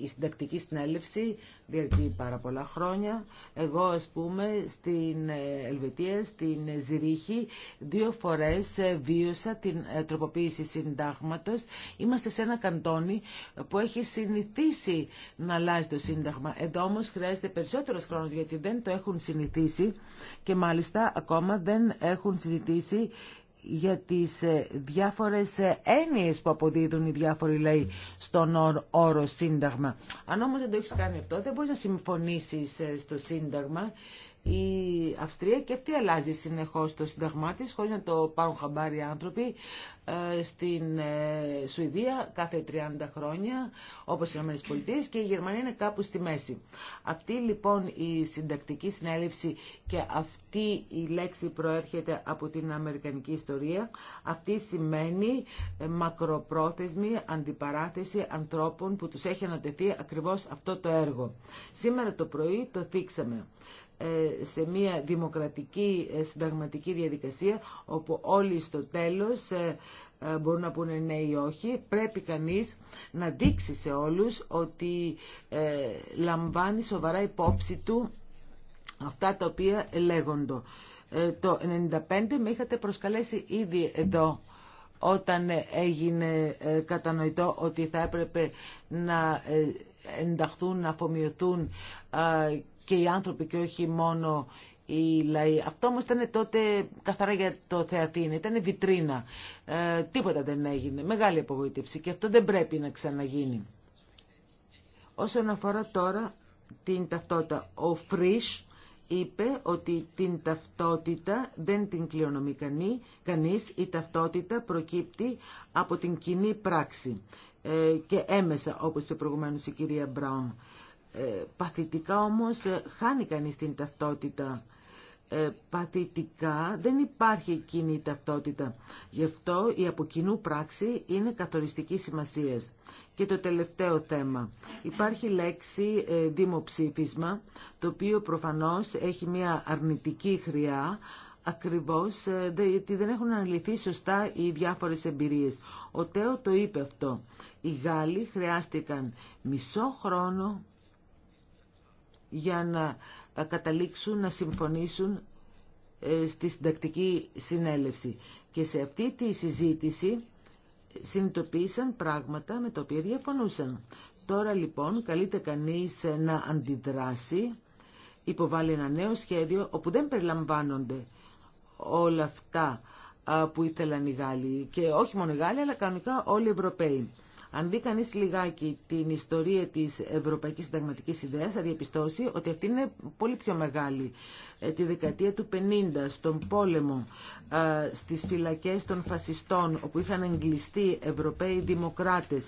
η συντακτική συνέλευση διαρκεί πάρα πολλά χρόνια. Εγώ, ας πούμε, στην ε, Ελβετία, στην ε, Ζυρίχη, δύο φορές ε, βίωσα την τροποποίηση συντάγματος. Είμαστε σε ένα καντόνι που έχει συνηθίσει να αλλάζει το σύνταγμα. Εδώ όμως χρειάζεται περισσότερος χρόνος γιατί δεν το έχουν συνηθίσει και μάλιστα ακόμα δεν έχουν συζητήσει για τις ε, διάφορες ε, έννοιες που αποδίδουν οι διάφοροι λαοί στον όρο σύνταγμα. Αν όμως δεν το έχεις κάνει αυτό, δεν μπορείς να συμφωνήσεις ε, στο σύνταγμα η Αυστρία και αυτή αλλάζει συνεχώς το συνταγμά της χωρίς να το πάρουν χαμπάρι άνθρωποι ε, στην ε, Σουηδία κάθε 30 χρόνια όπως οι ΗΠΑ και η Γερμανία είναι κάπου στη μέση. Αυτή λοιπόν η συντακτική συνέλευση και αυτή η λέξη προέρχεται από την Αμερικανική ιστορία αυτή σημαίνει ε, μακροπρόθεσμη αντιπαράθεση ανθρώπων που τους έχει ανατεθεί ακριβώς αυτό το έργο. Σήμερα το πρωί το θίξαμε. Ε, σε μια δημοκρατική ε, συνταγματική διαδικασία όπου όλοι στο τέλος ε, μπορούν να πούνε ναι ή όχι. Πρέπει κανείς να δείξει σε όλους ότι λαμβάνει σοβαρά υπόψη του αυτά τα οποία λέγονται. Το 1995 με είχατε προσκαλέσει ήδη εδώ όταν έγινε κατανοητό ότι θα έπρεπε να ενταχθούν, να αφομοιωθούν και οι άνθρωποι και όχι μόνο οι λαοί. Αυτό όμως ήταν τότε καθαρά για το Θεατήν, ήταν βιτρίνα. Ε, τίποτα δεν έγινε, μεγάλη απογοήτευση και αυτό δεν πρέπει να ξαναγίνει. Όσον αφορά τώρα την ταυτότητα, ο Φρίσ είπε ότι την ταυτότητα δεν την κληρονομεί κανεί, κανείς, η ταυτότητα προκύπτει από την κοινή πράξη ε, και έμεσα όπως είπε προηγουμένως η κυρία Μπράουν. Ε, παθητικά όμως ε, χάνει κανείς την ταυτότητα. Ε, παθητικά δεν υπάρχει κοινή ταυτότητα. Γι' αυτό η αποκοινού πράξη είναι καθοριστική σημασίας. Και το τελευταίο θέμα. Υπάρχει λέξη δημοψήφισμα, το οποίο προφανώς έχει μια αρνητική χρειά, ακριβώς γιατί δεν έχουν αναλυθεί σωστά οι διάφορες εμπειρίες. Ο Τέο το είπε αυτό. Οι Γάλλοι χρειάστηκαν μισό χρόνο για να ε, καταλήξουν, να συμφωνήσουν ε, στη συντακτική συνέλευση. Και σε αυτή τη συζήτηση συνειδητοποίησαν πράγματα με τα οποία διαφωνούσαν. Τώρα λοιπόν καλείται κανείς ε, να αντιδράσει, υποβάλλει ένα νέο σχέδιο όπου δεν περιλαμβάνονται όλα αυτά που ήθελαν οι Γάλλοι και όχι μόνο οι Γάλλοι αλλά κανονικά όλοι οι Ευρωπαίοι. Αν δει κανεί λιγάκι την ιστορία τη Ευρωπαϊκή Συνταγματική Ιδέα, θα διαπιστώσει ότι αυτή είναι πολύ πιο μεγάλη. Ε, τη δεκαετία του 50 στον πόλεμο ε, στις φυλακές των φασιστών όπου είχαν εγκλειστεί Ευρωπαίοι δημοκράτες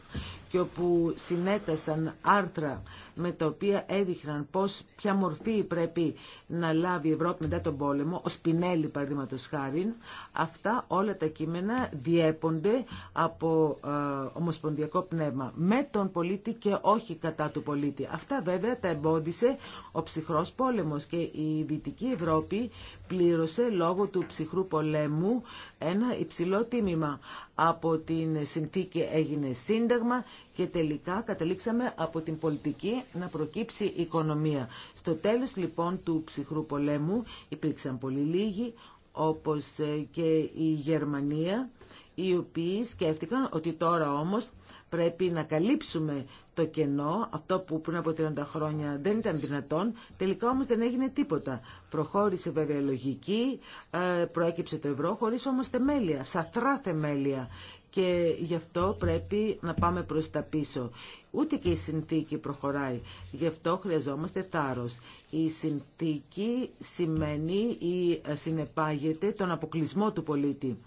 και όπου συνέτασαν άρθρα με τα οποία έδειχναν πώς, ποια μορφή πρέπει να λάβει η Ευρώπη μετά τον πόλεμο, ο Σπινέλη παραδείγματο χάρη, αυτά όλα τα κείμενα διέπονται από ε, ομοσπονδιακό πνεύμα με τον πολίτη και όχι κατά του πολίτη. Αυτά βέβαια τα εμπόδισε ο ψυχρός πόλεμος και η δυτική η Ευρώπη πλήρωσε λόγω του ψυχρού πολέμου ένα υψηλό τίμημα. Από την συνθήκη έγινε σύνταγμα και τελικά καταλήξαμε από την πολιτική να προκύψει η οικονομία. Στο τέλος λοιπόν του ψυχρού πολέμου υπήρξαν πολύ λίγοι όπως ε, και η Γερμανία οι οποίοι σκέφτηκαν ότι τώρα όμως πρέπει να καλύψουμε το κενό, αυτό που πριν από 30 χρόνια δεν ήταν δυνατόν, τελικά όμως δεν έγινε τίποτα. Προχώρησε βέβαια λογική, ε, προέκυψε το ευρώ χωρίς όμως θεμέλια, σαθρά θεμέλια και γι' αυτό πρέπει να πάμε προς τα πίσω. Ούτε και η συνθήκη προχωράει. Γι' αυτό χρειαζόμαστε θάρρος. Η συνθήκη σημαίνει ή ε, συνεπάγεται τον αποκλεισμό του πολίτη.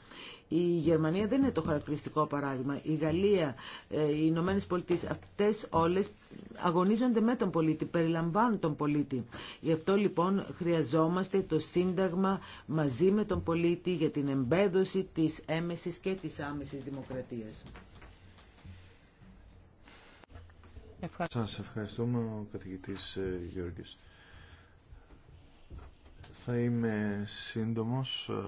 Η Γερμανία δεν είναι το χαρακτηριστικό παράδειγμα. Η Γαλλία, ε, οι Ηνωμένε Πολιτείε, αυτέ όλε αγωνίζονται με τον πολίτη, περιλαμβάνουν τον πολίτη. Γι' αυτό λοιπόν χρειαζόμαστε το Σύνταγμα μαζί με τον πολίτη για την εμπέδωση τη έμεση και τη άμεση δημοκρατία. Σα ευχαριστούμε ο καθηγητή ε, Θα είμαι σύντομος ε,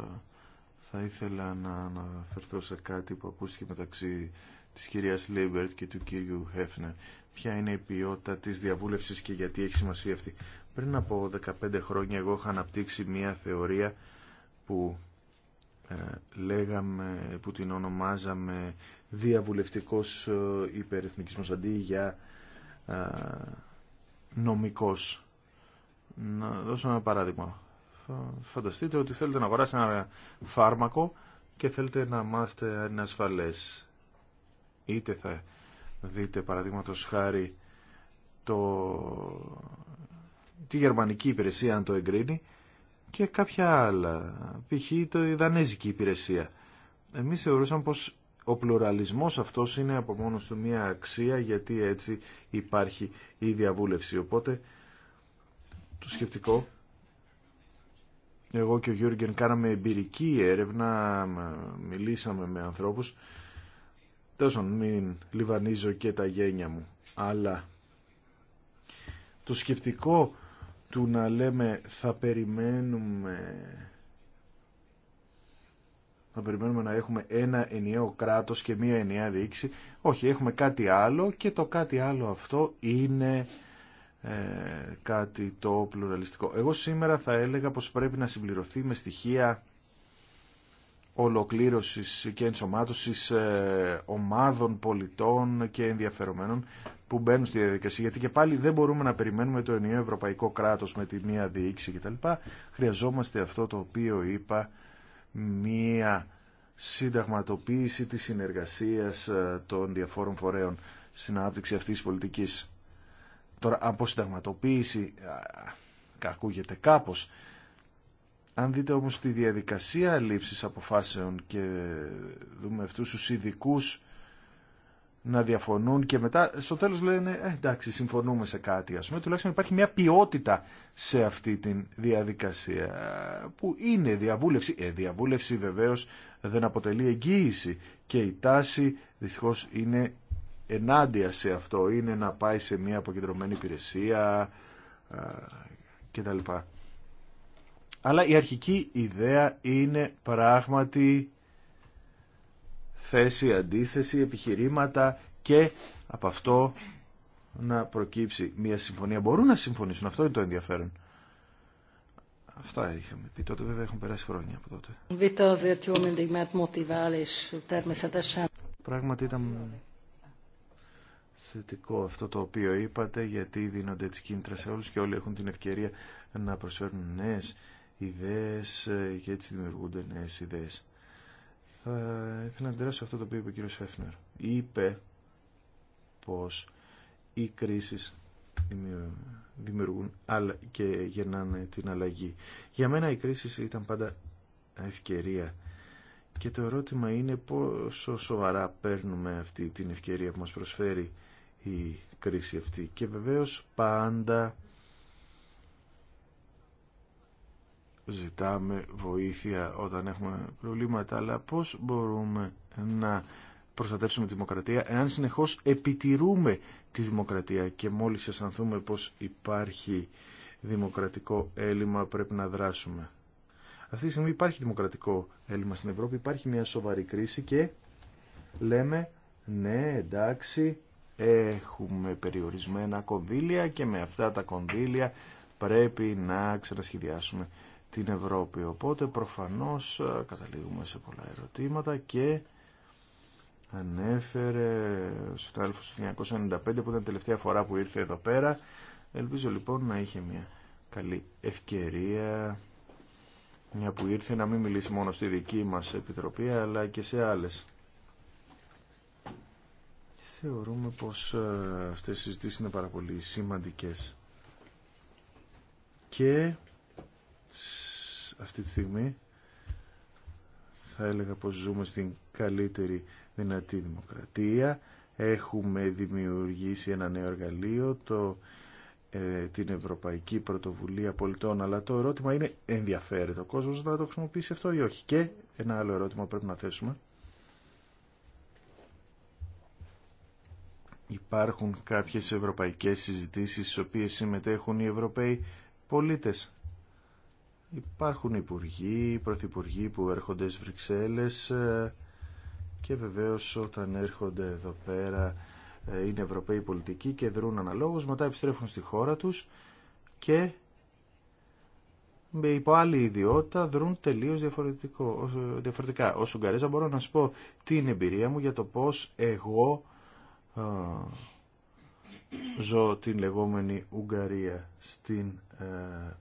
θα ήθελα να αναφερθώ σε κάτι που ακούστηκε μεταξύ της κυρίας Λίμπερτ και του κύριου Χέφνερ. Ποια είναι η ποιότητα της διαβούλευσης και γιατί έχει σημασία αυτή. Πριν από 15 χρόνια εγώ είχα αναπτύξει μια θεωρία που ε, λέγαμε, που την ονομάζαμε διαβουλευτικός ε, υπερεθνικισμός αντί για ε, νομικός. Να δώσω ένα παράδειγμα φανταστείτε ότι θέλετε να αγοράσετε ένα φάρμακο και θέλετε να μάθετε αν είναι ασφαλές. Είτε θα δείτε παραδείγματο χάρη το... τη γερμανική υπηρεσία αν το εγκρίνει και κάποια άλλα, π.χ. η δανέζικη υπηρεσία. Εμείς θεωρούσαμε πως ο πλουραλισμός αυτός είναι από μόνος του μία αξία γιατί έτσι υπάρχει η διαβούλευση. Οπότε το σκεφτικό εγώ και ο Γιώργεν κάναμε εμπειρική έρευνα, μιλήσαμε με ανθρώπους. Τόσο μην λιβανίζω και τα γένια μου. Αλλά το σκεπτικό του να λέμε θα περιμένουμε θα περιμένουμε να έχουμε ένα ενιαίο κράτος και μία ενιαία διοίκηση. Όχι, έχουμε κάτι άλλο και το κάτι άλλο αυτό είναι ε, κάτι το πλουραλιστικό. Εγώ σήμερα θα έλεγα πως πρέπει να συμπληρωθεί με στοιχεία ολοκλήρωσης και ενσωμάτωσης ε, ομάδων πολιτών και ενδιαφερομένων που μπαίνουν στη διαδικασία. Γιατί και πάλι δεν μπορούμε να περιμένουμε το ενιαίο ευρωπαϊκό κράτος με τη μία διοίκηση κτλ. Χρειαζόμαστε αυτό το οποίο είπα, μία συνταγματοποίηση της συνεργασίας ε, των διαφόρων φορέων στην ανάπτυξη αυτής της πολιτικής. Τώρα από συνταγματοποίηση κακούγεται κάπως. Αν δείτε όμως τη διαδικασία λήψης αποφάσεων και δούμε αυτούς τους ειδικού να διαφωνούν και μετά στο τέλος λένε ε, εντάξει συμφωνούμε σε κάτι ας πούμε τουλάχιστον υπάρχει μια ποιότητα σε αυτή τη διαδικασία που είναι διαβούλευση ε, διαβούλευση βεβαίως δεν αποτελεί εγγύηση και η τάση δυστυχώς είναι ενάντια σε αυτό είναι να πάει σε μια αποκεντρωμένη υπηρεσία κτλ. Αλλά η αρχική ιδέα είναι πράγματι θέση, αντίθεση, επιχειρήματα και από αυτό να προκύψει μια συμφωνία. Μπορούν να συμφωνήσουν, αυτό είναι το ενδιαφέρον. Αυτά είχαμε πει τότε, βέβαια έχουν περάσει χρόνια από τότε. Πράγματι ήταν θετικό αυτό το οποίο είπατε γιατί δίνονται έτσι κίνητρα σε όλους και όλοι έχουν την ευκαιρία να προσφέρουν νέες ιδέες και έτσι δημιουργούνται νέες ιδέες. Θα ήθελα να αντιδράσω αυτό το οποίο είπε ο κύριος Φέφνερ. Είπε πως οι κρίσεις δημιουργούν και γεννάνε την αλλαγή. Για μένα οι κρίση ήταν πάντα ευκαιρία. Και το ερώτημα είναι πόσο σοβαρά παίρνουμε αυτή την ευκαιρία που μας προσφέρει η κρίση αυτή. Και βεβαίως πάντα ζητάμε βοήθεια όταν έχουμε προβλήματα, αλλά πώς μπορούμε να προστατεύσουμε τη δημοκρατία εάν συνεχώς επιτηρούμε τη δημοκρατία και μόλις αισθανθούμε πως υπάρχει δημοκρατικό έλλειμμα πρέπει να δράσουμε. Αυτή τη στιγμή υπάρχει δημοκρατικό έλλειμμα στην Ευρώπη, υπάρχει μια σοβαρή κρίση και λέμε ναι εντάξει έχουμε περιορισμένα κονδύλια και με αυτά τα κονδύλια πρέπει να ξανασχεδιάσουμε την Ευρώπη. Οπότε προφανώς καταλήγουμε σε πολλά ερωτήματα και ανέφερε ο τέλος του 1995 που ήταν τελευταία φορά που ήρθε εδώ πέρα. Ελπίζω λοιπόν να είχε μια καλή ευκαιρία μια που ήρθε να μην μιλήσει μόνο στη δική μας επιτροπή αλλά και σε άλλες. Θεωρούμε πως ε, αυτές οι συζητήσεις είναι πάρα πολύ σημαντικές. Και αυτή τη στιγμή θα έλεγα πως ζούμε στην καλύτερη δυνατή δημοκρατία. Έχουμε δημιουργήσει ένα νέο εργαλείο, το, ε, την Ευρωπαϊκή Πρωτοβουλία Πολιτών, αλλά το ερώτημα είναι ενδιαφέρεται ο κόσμος να το χρησιμοποιήσει αυτό ή όχι. Και ένα άλλο ερώτημα πρέπει να θέσουμε υπάρχουν κάποιες ευρωπαϊκές συζητήσεις στις οποίες συμμετέχουν οι Ευρωπαίοι πολίτες. Υπάρχουν υπουργοί, πρωθυπουργοί που έρχονται στις Βρυξέλλες ε, και βεβαίως όταν έρχονται εδώ πέρα ε, είναι Ευρωπαίοι πολιτικοί και δρούν αναλόγως, μετά επιστρέφουν στη χώρα τους και με υπό άλλη ιδιότητα δρούν τελείως ε, διαφορετικά. Ως Ουγγαρέζα μπορώ να σας πω την εμπειρία μου για το πώς εγώ ζω την λεγόμενη Ουγγαρία στην ε,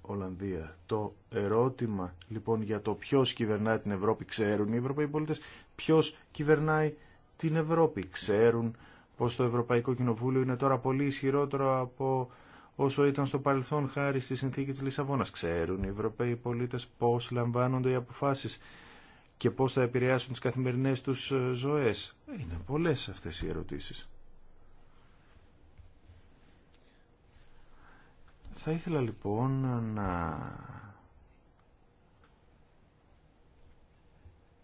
Ολλανδία. Το ερώτημα λοιπόν για το ποιος κυβερνάει την Ευρώπη ξέρουν οι Ευρωπαίοι πολίτες, ποιος κυβερνάει την Ευρώπη ξέρουν πως το Ευρωπαϊκό Κοινοβούλιο είναι τώρα πολύ ισχυρότερο από όσο ήταν στο παρελθόν χάρη στη συνθήκη της Λισαβόνας. Ξέρουν οι Ευρωπαίοι πολίτες πώς λαμβάνονται οι αποφάσεις και πώς θα επηρεάσουν τις καθημερινές τους ε, ζωές. Είναι πολλές αυτές οι ερωτήσεις. Θα ήθελα λοιπόν να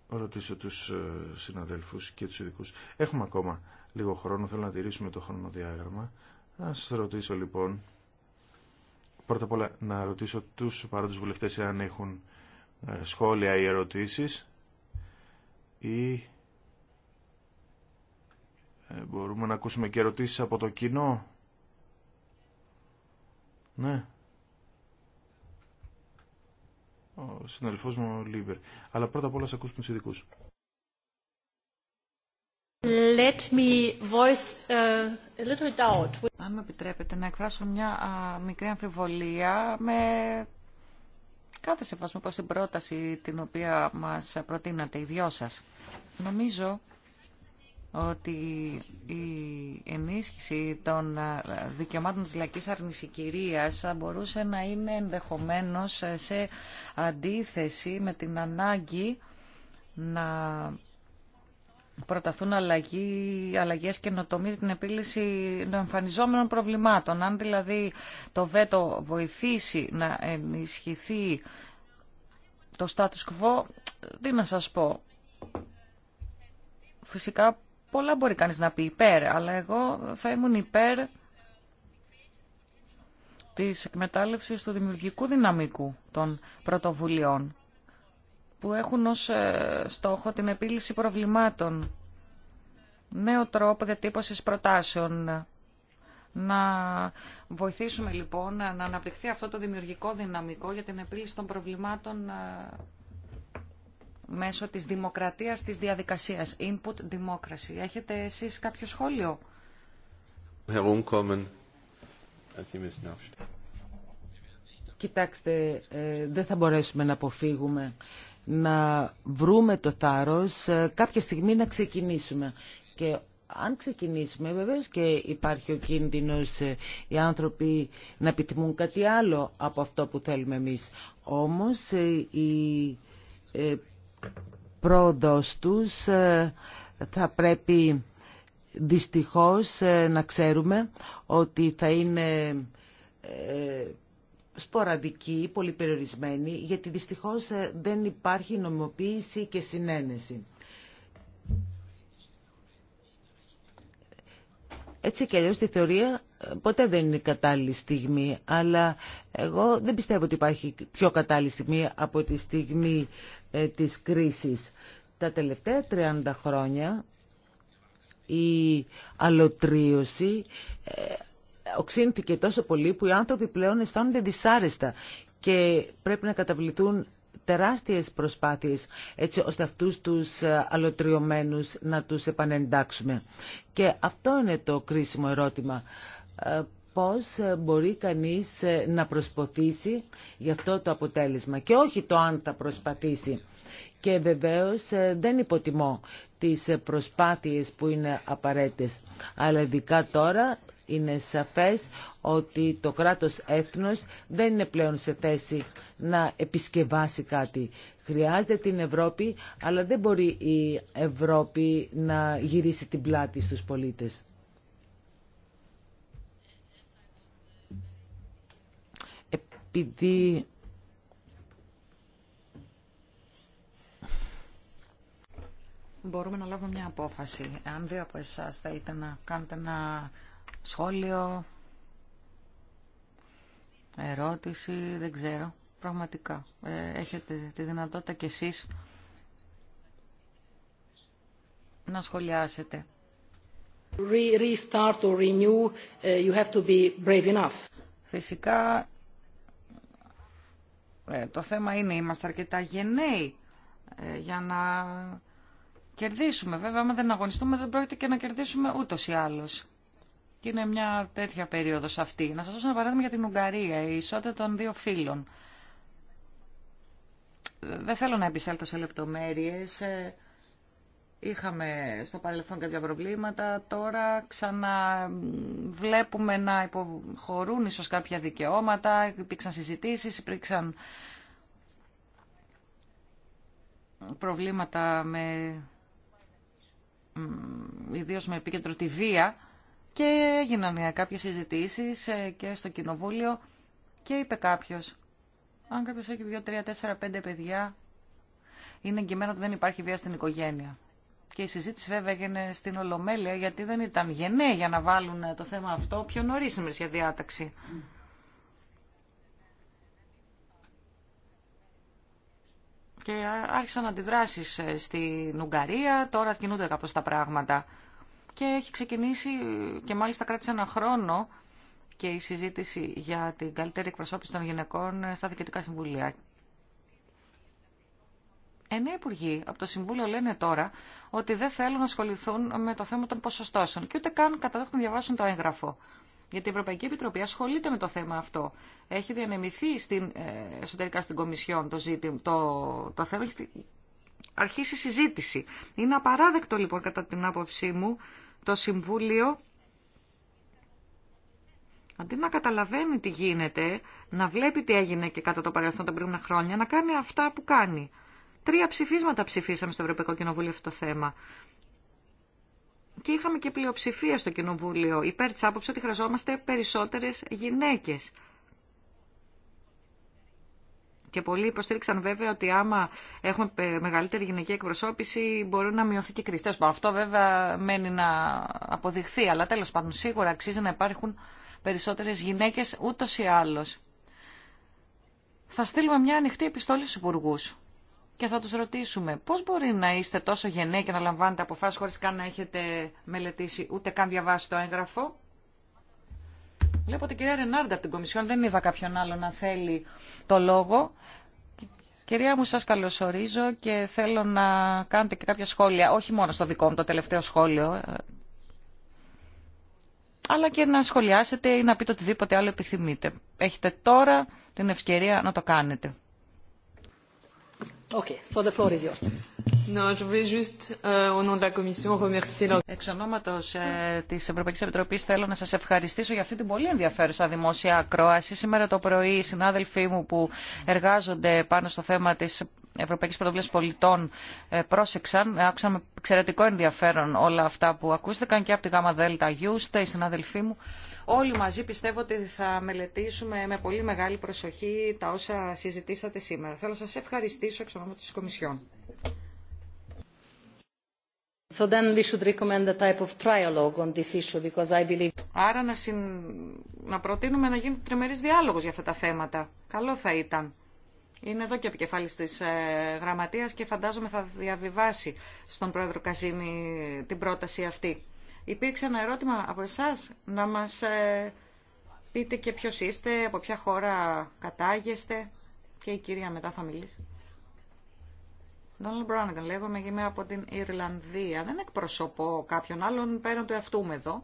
ρωτήσω τους ε, συναδέλφους και τους ειδικούς. Έχουμε ακόμα λίγο χρόνο, θέλω να τηρήσουμε το χρονοδιάγραμμα. Να σας ρωτήσω λοιπόν, πρώτα απ' όλα να ρωτήσω τους παρόντους βουλευτές εάν έχουν ε, σχόλια ή ερωτήσεις ή ε, μπορούμε να ακούσουμε και ερωτήσεις από το κοινό ναι. Ο συναδελφός μου ο Λίβερ. Αλλά πρώτα απ' όλα σε ακούσουμε τους ειδικούς. Let me voice ε, a little doubt. Αν με επιτρέπετε να εκφράσω μια α, μικρή αμφιβολία με κάθε σεβασμό προς την πρόταση την οποία μας προτείνατε οι δυο σα. Νομίζω ότι η ενίσχυση των ε, δικαιωμάτων της λαϊκής αρνησικυρίας μπορούσε να είναι ενδεχομένως ε, σε αντίθεση με την ανάγκη να προταθούν αλλαγή, αλλαγές και στην επίλυση των εμφανιζόμενων προβλημάτων. Αν δηλαδή το ΒΕΤΟ βοηθήσει να ενισχυθεί το status quo, τι να σας πω. Φυσικά Πολλά μπορεί κανείς να πει υπέρ, αλλά εγώ θα ήμουν υπέρ της εκμετάλλευσης του δημιουργικού δυναμικού των πρωτοβουλειών που έχουν ως ε, στόχο την επίλυση προβλημάτων, νέο τρόπο διατύπωσης προτάσεων. Να βοηθήσουμε λοιπόν να αναπτυχθεί αυτό το δημιουργικό δυναμικό για την επίλυση των προβλημάτων ε, μέσω της δημοκρατίας της διαδικασίας. Input democracy. Έχετε εσείς κάποιο σχόλιο? Κοιτάξτε, ε, δεν θα μπορέσουμε να αποφύγουμε να βρούμε το θάρρος ε, κάποια στιγμή να ξεκινήσουμε. Και αν ξεκινήσουμε, βεβαίω και υπάρχει ο κίνδυνος ε, οι άνθρωποι να επιθυμούν κάτι άλλο από αυτό που θέλουμε εμείς. Όμως η πρόοδος τους ε, θα πρέπει δυστυχώς ε, να ξέρουμε ότι θα είναι ε, σποραδική, πολύ περιορισμένη, γιατί δυστυχώς δεν υπάρχει νομιμοποίηση και συνένεση. Έτσι και αλλιώς στη θεωρία ποτέ δεν είναι κατάλληλη στιγμή, αλλά εγώ δεν πιστεύω ότι υπάρχει πιο κατάλληλη στιγμή από τη στιγμή ε, της κρίσης. Τα τελευταία 30 χρόνια η αλωτρίωση ε, οξύνθηκε τόσο πολύ που οι άνθρωποι πλέον αισθάνονται δυσάρεστα και πρέπει να καταβληθούν τεράστιες προσπάθειες έτσι ώστε αυτούς τους ε, αλωτριωμένους να τους επανεντάξουμε. Και αυτό είναι το κρίσιμο ερώτημα πώς μπορεί κανείς ε, να προσπαθήσει γι' αυτό το αποτέλεσμα και όχι το αν θα προσπαθήσει. Και βεβαίως ε, δεν υποτιμώ τις προσπάθειες που είναι απαραίτητες, αλλά ειδικά τώρα είναι σαφές ότι το κράτος έθνος δεν είναι πλέον σε θέση να επισκευάσει κάτι. Χρειάζεται την Ευρώπη, αλλά δεν μπορεί η Ευρώπη να γυρίσει την πλάτη στους πολίτες. επειδή μπορούμε να λάβουμε μια απόφαση. Αν δύο από εσάς θέλετε να κάνετε ένα σχόλιο, ερώτηση, δεν ξέρω. Πραγματικά. Ε, έχετε τη δυνατότητα κι εσείς να σχολιάσετε. Restart or renew, ε, you have to be brave enough. Φυσικά ε, το θέμα είναι, είμαστε αρκετά γενναίοι ε, για να κερδίσουμε. Βέβαια, άμα δεν αγωνιστούμε δεν πρόκειται και να κερδίσουμε ούτως ή άλλως. Και είναι μια τέτοια περίοδος αυτή. Να σας δώσω ένα παράδειγμα για την Ουγγαρία, η ισότητα των δύο φίλων. Ε, δεν θέλω να επισέλθω σε λεπτομέρειες. Είχαμε στο παρελθόν κάποια προβλήματα, τώρα ξαναβλέπουμε να υποχωρούν ίσως κάποια δικαιώματα, υπήρξαν συζητήσεις, υπήρξαν προβλήματα με, ιδίως με επίκεντρο τη βία και έγιναν κάποιες συζητήσεις ε, και στο κοινοβούλιο και είπε κάποιος, αν κάποιος έχει δύο, τρία, τέσσερα, πέντε παιδιά, είναι εγγυημένο ότι δεν υπάρχει βία στην οικογένεια και η συζήτηση βέβαια έγινε στην Ολομέλεια γιατί δεν ήταν γενναία για να βάλουν ε, το θέμα αυτό πιο νωρί στην ημερήσια διάταξη. Και άρχισαν αντιδράσεις ε, στην Ουγγαρία, τώρα κινούνται κάπως τα πράγματα. Και έχει ξεκινήσει και μάλιστα κράτησε ένα χρόνο και η συζήτηση για την καλύτερη εκπροσώπηση των γυναικών ε, στα διοικητικά συμβουλία. Ε, οι υπουργοί από το Συμβούλιο λένε τώρα ότι δεν θέλουν να ασχοληθούν με το θέμα των ποσοστώσεων και ούτε καν καταδέχουν να διαβάσουν το έγγραφο. Γιατί η Ευρωπαϊκή Επιτροπή ασχολείται με το θέμα αυτό. Έχει διανεμηθεί στην, ε, εσωτερικά στην Κομισιόν το, το, το θέμα, έχει αρχίσει συζήτηση. Είναι απαράδεκτο λοιπόν κατά την άποψή μου το Συμβούλιο Αντί να καταλαβαίνει τι γίνεται, να βλέπει τι έγινε και κατά το παρελθόν τα προηγούμενα χρόνια, να κάνει αυτά που κάνει. Τρία ψηφίσματα ψηφίσαμε στο Ευρωπαϊκό Κοινοβούλιο αυτό το θέμα. Και είχαμε και πλειοψηφία στο Κοινοβούλιο υπέρ τη άποψη ότι χρειαζόμαστε περισσότερε γυναίκε. Και πολλοί υποστήριξαν βέβαια ότι άμα έχουμε μεγαλύτερη γυναική εκπροσώπηση μπορεί να μειωθεί και η Αυτό βέβαια μένει να αποδειχθεί, αλλά τέλος πάντων σίγουρα αξίζει να υπάρχουν περισσότερες γυναίκες ούτως ή άλλως. Θα στείλουμε μια ανοιχτή επιστολή στου υπουργούς και θα τους ρωτήσουμε πώς μπορεί να είστε τόσο γενναίοι και να λαμβάνετε αποφάσεις χωρίς καν να έχετε μελετήσει ούτε καν διαβάσει το έγγραφο. Βλέπω την κυρία Ρενάρντα από την Κομισιόν, δεν είδα κάποιον άλλο να θέλει το λόγο. Κυρία μου, σας καλωσορίζω και θέλω να κάνετε και κάποια σχόλια, όχι μόνο στο δικό μου το τελευταίο σχόλιο, ε, αλλά και να σχολιάσετε ή να πείτε οτιδήποτε άλλο επιθυμείτε. Έχετε τώρα την ευκαιρία να το κάνετε. Εξ ονόματος ε, της Ευρωπαϊκής Επιτροπής θέλω να σας ευχαριστήσω για αυτή την πολύ ενδιαφέρουσα δημόσια ακρόαση. Σήμερα το πρωί οι συνάδελφοί μου που εργάζονται πάνω στο θέμα της Ευρωπαϊκής Πρωτοβουλίας Πολιτών ε, πρόσεξαν. Ε, άκουσα με εξαιρετικό ενδιαφέρον όλα αυτά που ακούστηκαν και από τη ΓΑΜΑ ΔΕΛΤΑ Γιούστε, οι συναδελφοί μου. Όλοι μαζί πιστεύω ότι θα μελετήσουμε με πολύ μεγάλη προσοχή τα όσα συζητήσατε σήμερα. Θέλω να σας ευχαριστήσω εξ ονόματος της Κομισιόν. So then we should recommend a type of trialogue on this issue because I believe... Άρα να, να προτείνουμε να γίνει τριμερής διάλογος για αυτά τα θέματα. Καλό θα ήταν. Είναι εδώ και επικεφάλη τη ε, γραμματεία και φαντάζομαι θα διαβιβάσει στον πρόεδρο Καζίνη την πρόταση αυτή. Υπήρξε ένα ερώτημα από εσά να μα ε, πείτε και ποιο είστε, από ποια χώρα κατάγεστε. Και η κυρία μετά θα μιλήσει. Ντόναλντ Μπράναγκαν, λέγομαι, είμαι από την Ιρλανδία. Δεν εκπροσωπώ κάποιον άλλον πέραν του εαυτού μου εδώ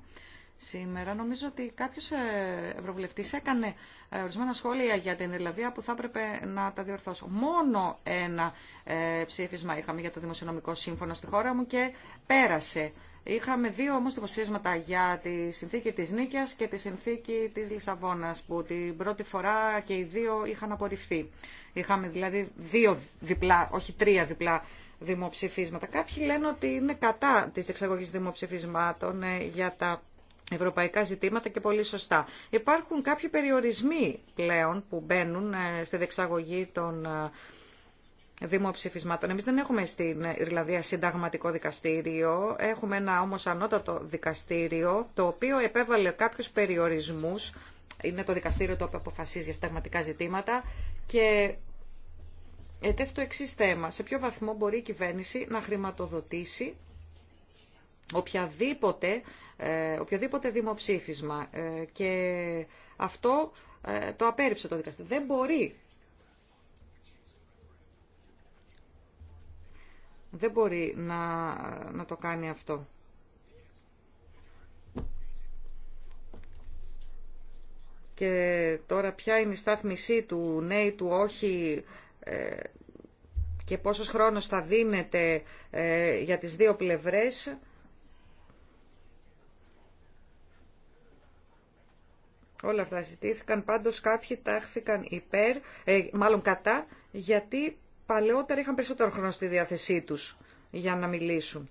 σήμερα. Νομίζω ότι κάποιος ε, ευρωβουλευτής έκανε ε, ορισμένα σχόλια για την Ιρλανδία που θα έπρεπε να τα διορθώσω. Μόνο ένα ε, ψήφισμα είχαμε για το Δημοσιονομικό Σύμφωνο στη χώρα μου και πέρασε. Είχαμε δύο όμως δημοψήφισματα για τη συνθήκη της Νίκιας και τη συνθήκη της Λισαβόνας που την πρώτη φορά και οι δύο είχαν απορριφθεί. Είχαμε δηλαδή δύο διπλά, όχι τρία διπλά δημοψηφίσματα. Κάποιοι λένε ότι είναι κατά της εξαγωγής δημοψηφισμάτων για τα ευρωπαϊκά ζητήματα και πολύ σωστά. Υπάρχουν κάποιοι περιορισμοί πλέον που μπαίνουν ε, στη δεξαγωγή των ε, δημοψηφισμάτων. Εμείς δεν έχουμε στην Ιρλανδία συνταγματικό δικαστήριο, έχουμε ένα όμως ανώτατο δικαστήριο, το οποίο επέβαλε κάποιους περιορισμούς, είναι το δικαστήριο το οποίο αποφασίζει για συνταγματικά ζητήματα και ετέφει το εξή θέμα, σε ποιο βαθμό μπορεί η κυβέρνηση να χρηματοδοτήσει οποιαδήποτε, ε, οποιοδήποτε δημοψήφισμα ε, και αυτό ε, το απέρριψε το δικαστήριο. Δεν μπορεί δεν μπορεί να, να το κάνει αυτό. Και τώρα ποια είναι η στάθμισή του ναι του όχι και πόσος χρόνος θα δίνεται για τις δύο πλευρές Όλα αυτά συζητήθηκαν, πάντως κάποιοι τάχθηκαν υπέρ, ε, μάλλον κατά, γιατί παλαιότερα είχαν περισσότερο χρόνο στη διάθεσή τους για να μιλήσουν.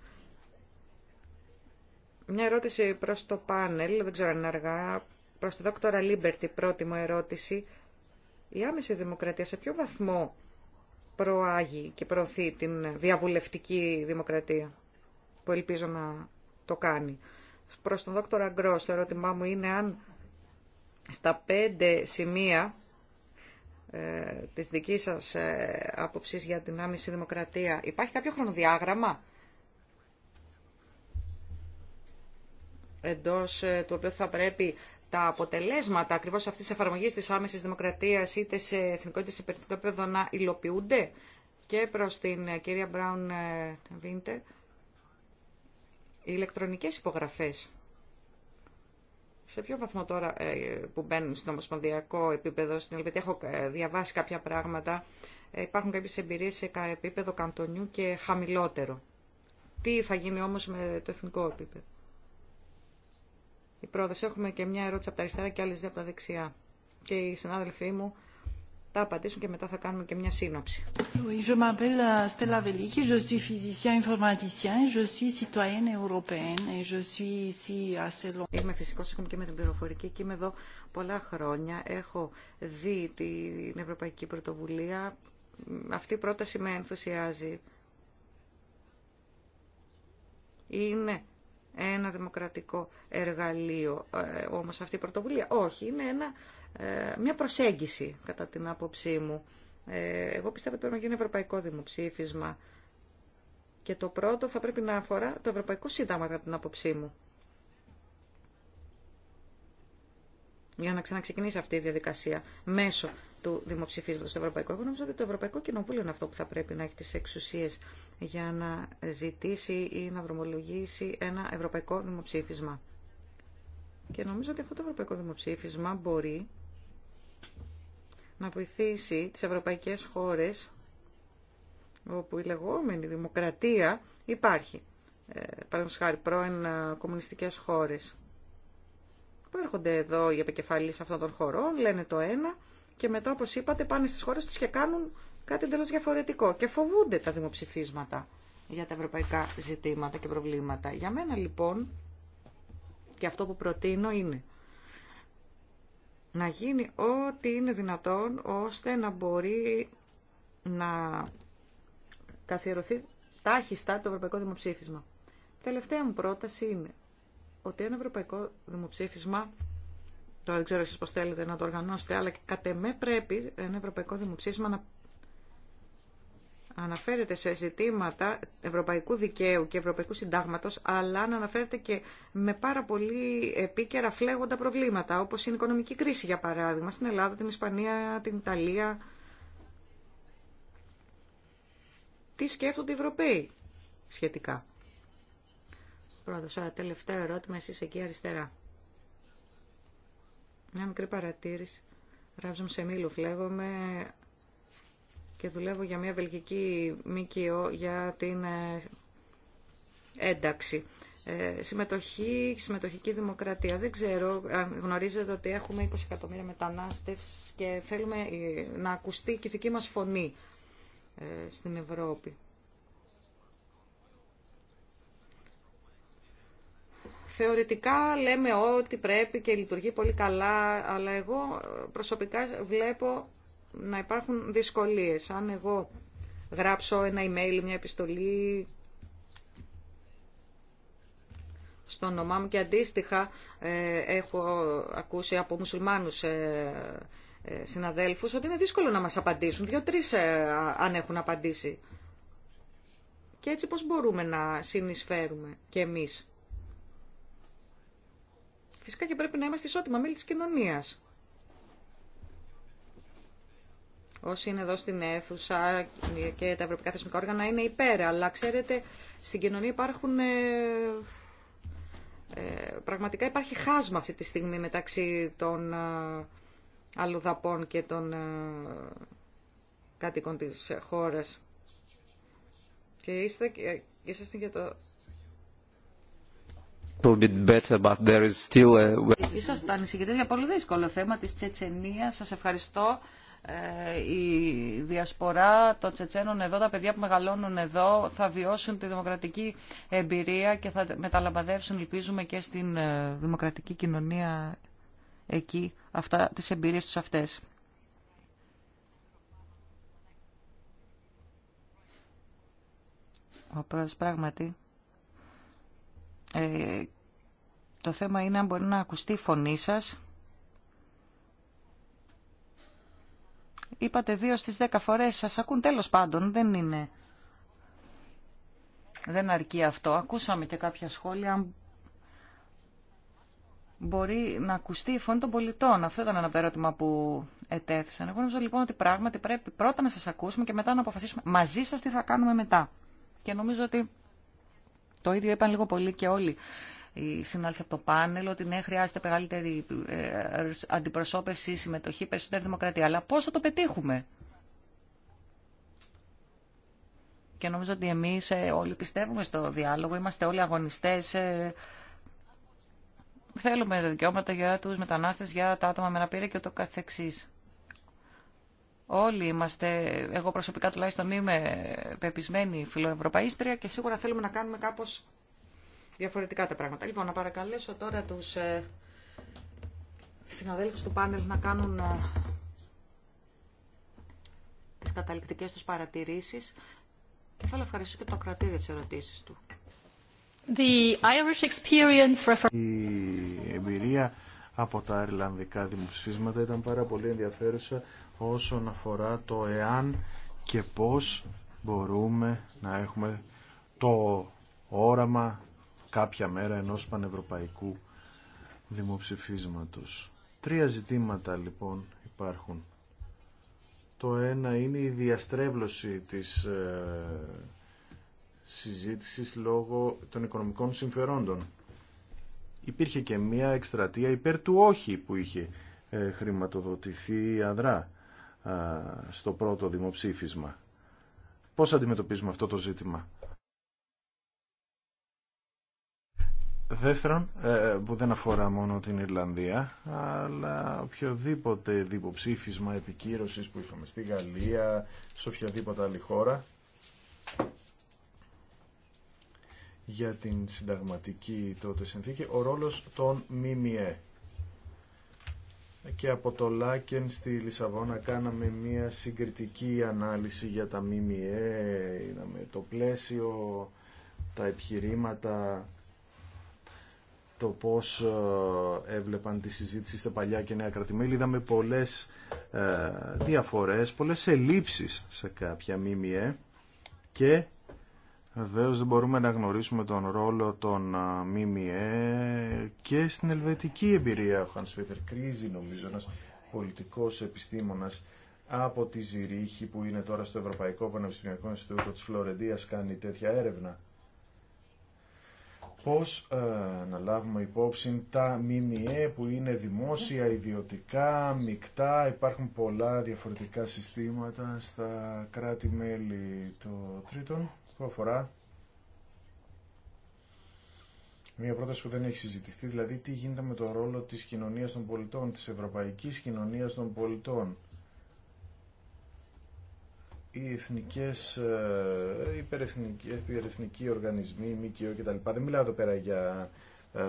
Μια ερώτηση προς το πάνελ, δεν ξέρω αν είναι αργά, προς τη δόκτωρα Λίμπερτη, πρώτη μου ερώτηση. Η άμεση δημοκρατία σε ποιο βαθμό προάγει και προωθεί την διαβουλευτική δημοκρατία, που ελπίζω να το κάνει. Προς τον δόκτωρα Γκρός, το ερώτημά μου είναι αν στα πέντε σημεία ε, της δικής σας ε, άποψης για την άμεση δημοκρατία. Υπάρχει κάποιο χρονοδιάγραμμα εντός ε, του οποίου θα πρέπει τα αποτελέσματα ακριβώς αυτής της εφαρμογής της άμεσης δημοκρατίας είτε σε εθνικό είτε σε περιφερειακό επίπεδο να υλοποιούνται και προς την ε, κυρία Μπράουν ε, Βίντερ οι ηλεκτρονικές υπογραφές σε ποιο βαθμό τώρα ε, που μπαίνουν στο ομοσπονδιακό επίπεδο στην Ελβετία, έχω ε, διαβάσει κάποια πράγματα, ε, υπάρχουν κάποιες εμπειρίες σε επίπεδο καντονιού και χαμηλότερο. Τι θα γίνει όμως με το εθνικό επίπεδο. Η πρόοδος έχουμε και μια ερώτηση από τα αριστερά και άλλες δύο από τα δεξιά. Και οι συνάδελφοί μου θα απαντήσουν και μετά θα κάνουμε και μια σύνοψη. Είμαι Είμαι φυσικό και με την πληροφορική και είμαι εδώ πολλά χρόνια. Έχω δει την Ευρωπαϊκή Πρωτοβουλία. Αυτή η πρόταση με ενθουσιάζει. Είναι ένα δημοκρατικό εργαλείο ε, όμως αυτή η πρωτοβουλία. Όχι, είναι ένα ε, μια προσέγγιση κατά την άποψή μου. Ε, εγώ πιστεύω ότι πρέπει να γίνει ευρωπαϊκό δημοψήφισμα και το πρώτο θα πρέπει να αφορά το Ευρωπαϊκό Σύνταγμα κατά την άποψή μου. Για να ξαναξεκινήσει αυτή η διαδικασία μέσω του δημοψηφίσματος του Ευρωπαϊκού. Εγώ νομίζω ότι το Ευρωπαϊκό Κοινοβούλιο είναι αυτό που θα πρέπει να έχει τις εξουσίες για να ζητήσει ή να δρομολογήσει ένα ευρωπαϊκό δημοψήφισμα. Και νομίζω ότι αυτό το ευρωπαϊκό δημοψήφισμα μπορεί να βοηθήσει τις ευρωπαϊκές χώρες όπου η λεγόμενη δημοκρατία υπάρχει. Ε, Παραδείγματος χάρη πρώην ε, κομμουνιστικές χώρες που έρχονται εδώ οι επικεφαλείς αυτών των χωρών, λένε το ένα και μετά όπως είπατε πάνε στις χώρες τους και κάνουν κάτι εντελώ διαφορετικό και φοβούνται τα δημοψηφίσματα για τα ευρωπαϊκά ζητήματα και προβλήματα. Για μένα λοιπόν και αυτό που προτείνω είναι να γίνει ό,τι είναι δυνατόν ώστε να μπορεί να καθιερωθεί τάχιστα το ευρωπαϊκό δημοψήφισμα. Τελευταία μου πρόταση είναι ότι ένα ευρωπαϊκό δημοψήφισμα, τώρα δεν ξέρω εσείς πώς θέλετε να το οργανώσετε, αλλά και κατ' εμέ πρέπει ένα ευρωπαϊκό δημοψήφισμα να αναφέρεται σε ζητήματα ευρωπαϊκού δικαίου και ευρωπαϊκού συντάγματος, αλλά αν αναφέρεται και με πάρα πολύ επίκαιρα φλέγοντα προβλήματα, όπως είναι η οικονομική κρίση, για παράδειγμα, στην Ελλάδα, την Ισπανία, την Ιταλία. Τι σκέφτονται οι Ευρωπαίοι σχετικά. Πρώτος, άρα τελευταίο ερώτημα, εσείς εκεί αριστερά. Μια μικρή παρατήρηση. σε μήλου, φλέγομαι και δουλεύω για μια βελγική ΜΚΟ για την ε, ένταξη. Ε, συμμετοχή, συμμετοχική δημοκρατία. Δεν ξέρω, γνωρίζετε ότι έχουμε 20 εκατομμύρια μετανάστευση και θέλουμε ε, να ακουστεί και η δική μας φωνή στην Ευρώπη. θεωρητικά λέμε ότι πρέπει και λειτουργεί πολύ καλά, αλλά εγώ προσωπικά βλέπω να υπάρχουν δυσκολίες. Αν εγώ γράψω ένα email, μια επιστολή στο όνομά μου και αντίστοιχα ε, έχω ακούσει από μουσουλμάνους ε, ε, συναδέλφους ότι είναι δύσκολο να μας απαντήσουν. Δύο-τρεις ε, αν έχουν απαντήσει. Και έτσι πώς μπορούμε να συνεισφέρουμε και εμείς. Φυσικά και πρέπει να είμαστε ισότιμα μέλη της κοινωνίας. όσοι είναι εδώ στην αίθουσα και τα ευρωπαϊκά θεσμικά όργανα είναι υπέρ. Αλλά ξέρετε, στην κοινωνία υπάρχουν. Ε, ε πραγματικά υπάρχει χάσμα αυτή τη στιγμή μεταξύ των ε, αλλουδαπών και των ε, κατοίκων της χώρας. Και είστε, και ε, είσαστε και το... Ήσασταν ανησυχητέ για πολύ δύσκολο θέμα της Τσετσενίας. Σας ευχαριστώ. Ε, η διασπορά των Τσετσένων εδώ, τα παιδιά που μεγαλώνουν εδώ, θα βιώσουν τη δημοκρατική εμπειρία και θα μεταλαμπαδεύσουν, ελπίζουμε, και στην ε, δημοκρατική κοινωνία εκεί αυτά, τις εμπειρίες τους αυτές. Ο πρόεδρος πράγματι. Ε, το θέμα είναι αν μπορεί να ακουστεί η φωνή σας είπατε δύο στις δέκα φορές, σας ακούν τέλος πάντων, δεν είναι... Δεν αρκεί αυτό. Ακούσαμε και κάποια σχόλια. Μπορεί να ακουστεί η φωνή των πολιτών. Αυτό ήταν ένα ερώτημα που ετέθησαν. Εγώ νομίζω λοιπόν ότι πράγματι πρέπει πρώτα να σας ακούσουμε και μετά να αποφασίσουμε μαζί σας τι θα κάνουμε μετά. Και νομίζω ότι το ίδιο είπαν λίγο πολύ και όλοι η συνάδελφοι από το πάνελ ότι ναι, χρειάζεται μεγαλύτερη ε, αντιπροσώπευση, συμμετοχή, περισσότερη δημοκρατία. Αλλά πώς θα το πετύχουμε. Και νομίζω ότι εμείς ε, όλοι πιστεύουμε στο διάλογο, είμαστε όλοι αγωνιστές, ε, θέλουμε δικαιώματα για τους μετανάστες, για τα άτομα με αναπήρεια και το καθεξής. Όλοι είμαστε, εγώ προσωπικά τουλάχιστον είμαι πεπισμένη φιλοευρωπαίστρια και σίγουρα θέλουμε να κάνουμε κάπως διαφορετικά τα πράγματα. Λοιπόν, να παρακαλέσω τώρα τους ε, συναδέλφους του πάνελ να κάνουν ε, τις καταληκτικές τους παρατηρήσεις και θέλω να ευχαριστήσω και το κρατήριο τις ερωτήσεις του. The Irish experience... Η εμπειρία από τα Ιρλανδικά δημοψηφίσματα ήταν πάρα πολύ ενδιαφέρουσα όσον αφορά το εάν και πώς μπορούμε να έχουμε το όραμα κάποια μέρα ενός πανευρωπαϊκού δημοψηφίσματος. Τρία ζητήματα λοιπόν υπάρχουν. Το ένα είναι η διαστρέβλωση της ε, συζήτησης λόγω των οικονομικών συμφερόντων. Υπήρχε και μία εκστρατεία υπέρ του όχι που είχε ε, χρηματοδοτηθεί αδρά στο πρώτο δημοψήφισμα. Πώς αντιμετωπίζουμε αυτό το ζήτημα. Δεύτερον, ε, που δεν αφορά μόνο την Ιρλανδία, αλλά οποιοδήποτε διποψήφισμα επικύρωσης που είχαμε στη Γαλλία, σε οποιαδήποτε άλλη χώρα, για την συνταγματική τότε συνθήκη, ο ρόλος των ΜΜΕ. Και από το Λάκεν στη Λισαβόνα κάναμε μία συγκριτική ανάλυση για τα ΜΜΕ, είδαμε το πλαίσιο, τα επιχειρήματα το πώς ε, έβλεπαν τη συζήτηση στα παλιά και νέα κρατημέλη. Είδαμε πολλές ε, διαφορές, πολλές ελλείψεις σε κάποια ΜΜΕ και βεβαίω δεν μπορούμε να γνωρίσουμε τον ρόλο των ε, ΜΜΕ και στην ελβετική εμπειρία. Ο Χανς Φέτερ Κρίζη νομίζω ένας πολιτικός επιστήμονας από τη Ζηρίχη που είναι τώρα στο Ευρωπαϊκό Πανεπιστημιακό Ινστιτούτο της Φλωρεντίας κάνει τέτοια έρευνα πώς ε, να λάβουμε υπόψη τα ΜΜΕ που είναι δημόσια, ιδιωτικά, μεικτά. Υπάρχουν πολλά διαφορετικά συστήματα στα κράτη-μέλη το τρίτον που αφορά μια πρόταση που δεν έχει συζητηθεί, δηλαδή τι γίνεται με το ρόλο της κοινωνίας των πολιτών, της ευρωπαϊκής κοινωνίας των πολιτών οι εθνικές, ε, υπερεθνικοί, υπερεθνικοί οργανισμοί, ΜΚΟ κτλ. Δεν μιλάω εδώ πέρα για ε,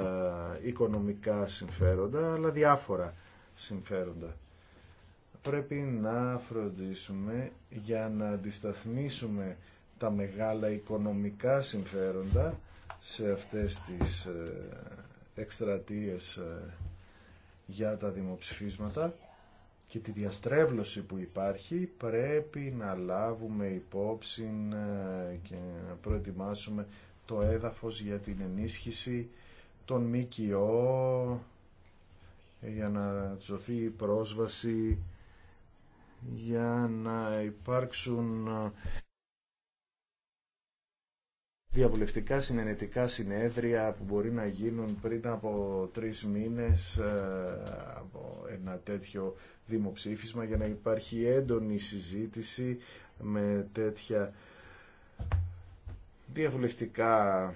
οικονομικά συμφέροντα, αλλά διάφορα συμφέροντα. Πρέπει να φροντίσουμε για να αντισταθμίσουμε τα μεγάλα οικονομικά συμφέροντα σε αυτές τις ε, εκστρατείες για τα δημοψηφίσματα και τη διαστρέβλωση που υπάρχει πρέπει να λάβουμε υπόψη ε, και να προετοιμάσουμε το έδαφος για την ενίσχυση των ΜΚΟ για να ζωθεί η πρόσβαση για να υπάρξουν διαβουλευτικά συνενετικά συνέδρια που μπορεί να γίνουν πριν από τρεις μήνες ε, από ένα τέτοιο δημοψήφισμα για να υπάρχει έντονη συζήτηση με τέτοια διαβουλευτικά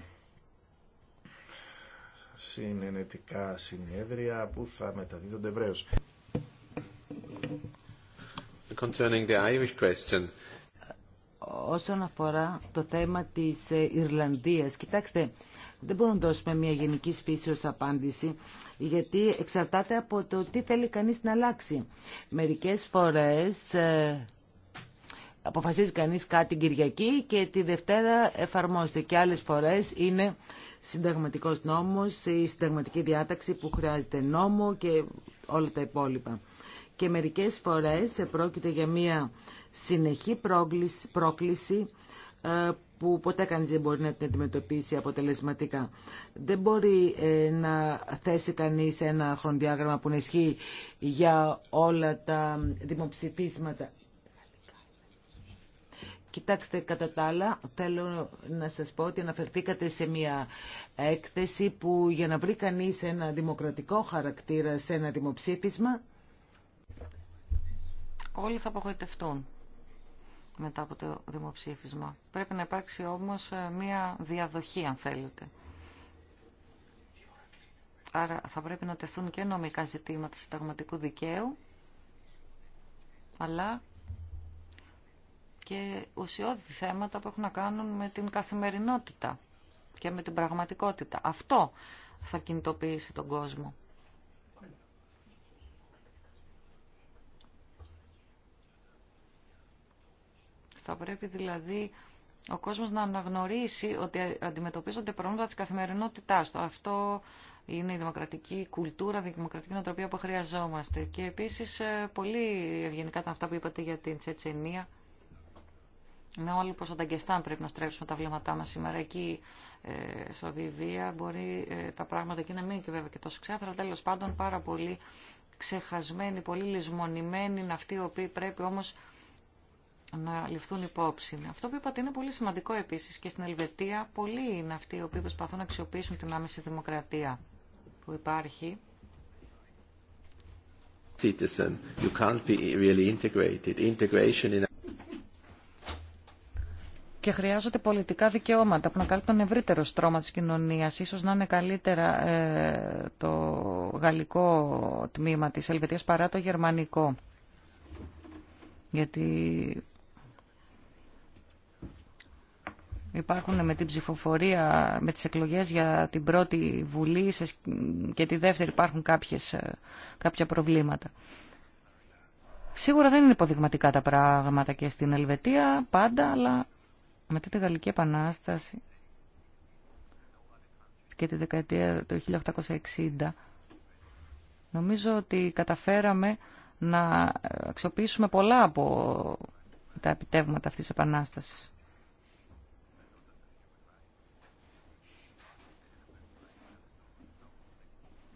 συνενετικά συνέδρια που θα μεταδίδονται ευρέως. Concerning the Irish question, όσον αφορά το θέμα της ε, Ιρλανδίας. Κοιτάξτε, δεν μπορούμε να δώσουμε μια γενική φύσεως απάντηση, γιατί εξαρτάται από το τι θέλει κανείς να αλλάξει. Μερικές φορές ε, αποφασίζει κανείς κάτι Κυριακή και τη Δευτέρα εφαρμόζεται και άλλες φορές είναι συνταγματικός νόμος, η συνταγματική διάταξη που χρειάζεται νόμο και όλα τα υπόλοιπα και μερικές φορές πρόκειται για μια συνεχή πρόκληση ε, που ποτέ κανείς δεν μπορεί να την αντιμετωπίσει αποτελεσματικά. Δεν μπορεί ε, να θέσει κανείς ένα χρονοδιάγραμμα που να ισχύει για όλα τα δημοψηφίσματα. Κοιτάξτε, κατά τα άλλα, θέλω να σας πω ότι αναφερθήκατε σε μια έκθεση που για να βρει κανείς ένα δημοκρατικό χαρακτήρα σε ένα δημοψήφισμα, όλοι θα απογοητευτούν μετά από το δημοψήφισμα. Πρέπει να υπάρξει όμως ε, μία διαδοχή, αν θέλετε. Άρα θα πρέπει να τεθούν και νομικά ζητήματα συνταγματικού δικαίου, αλλά και ουσιώδη θέματα που έχουν να κάνουν με την καθημερινότητα και με την πραγματικότητα. Αυτό θα κινητοποιήσει τον κόσμο. Θα πρέπει δηλαδή ο κόσμος να αναγνωρίσει ότι αντιμετωπίζονται προβλήματα της καθημερινότητάς του. Αυτό είναι η δημοκρατική κουλτούρα, η δημοκρατική νοοτροπία που χρειαζόμαστε. Και επίσης ε, πολύ ευγενικά ήταν αυτά που είπατε για την Τσετσενία. Με όλο πως τον Ταγκεστάν πρέπει να στρέψουμε τα βλέμματά μας σήμερα. Εκεί ε, στο Βιβία μπορεί ε, τα πράγματα εκεί να μην είναι και βέβαια και τόσο ξέθαρα. Τέλος πάντων πάρα πολύ ξεχασμένοι, πολύ λησμονημένοι είναι αυτοί οι οποίοι πρέπει όμως να ληφθούν υπόψη. Αυτό που είπατε είναι πολύ σημαντικό επίση και στην Ελβετία πολλοί είναι αυτοί οι οποίοι προσπαθούν να αξιοποιήσουν την άμεση δημοκρατία που υπάρχει. Και χρειάζονται πολιτικά δικαιώματα που να καλύπτουν ευρύτερο στρώμα της κοινωνίας. Ίσως να είναι καλύτερα ε, το γαλλικό τμήμα της Ελβετίας παρά το γερμανικό. Γιατί υπάρχουν με την ψηφοφορία, με τις εκλογές για την πρώτη Βουλή και τη δεύτερη υπάρχουν κάποιες, ε, κάποια προβλήματα. Σίγουρα δεν είναι υποδειγματικά τα πράγματα και στην Ελβετία πάντα, αλλά μετά τη Γαλλική Επανάσταση και τη δεκαετία του 1860 νομίζω ότι καταφέραμε να αξιοποιήσουμε πολλά από τα επιτεύγματα αυτής της Επανάστασης.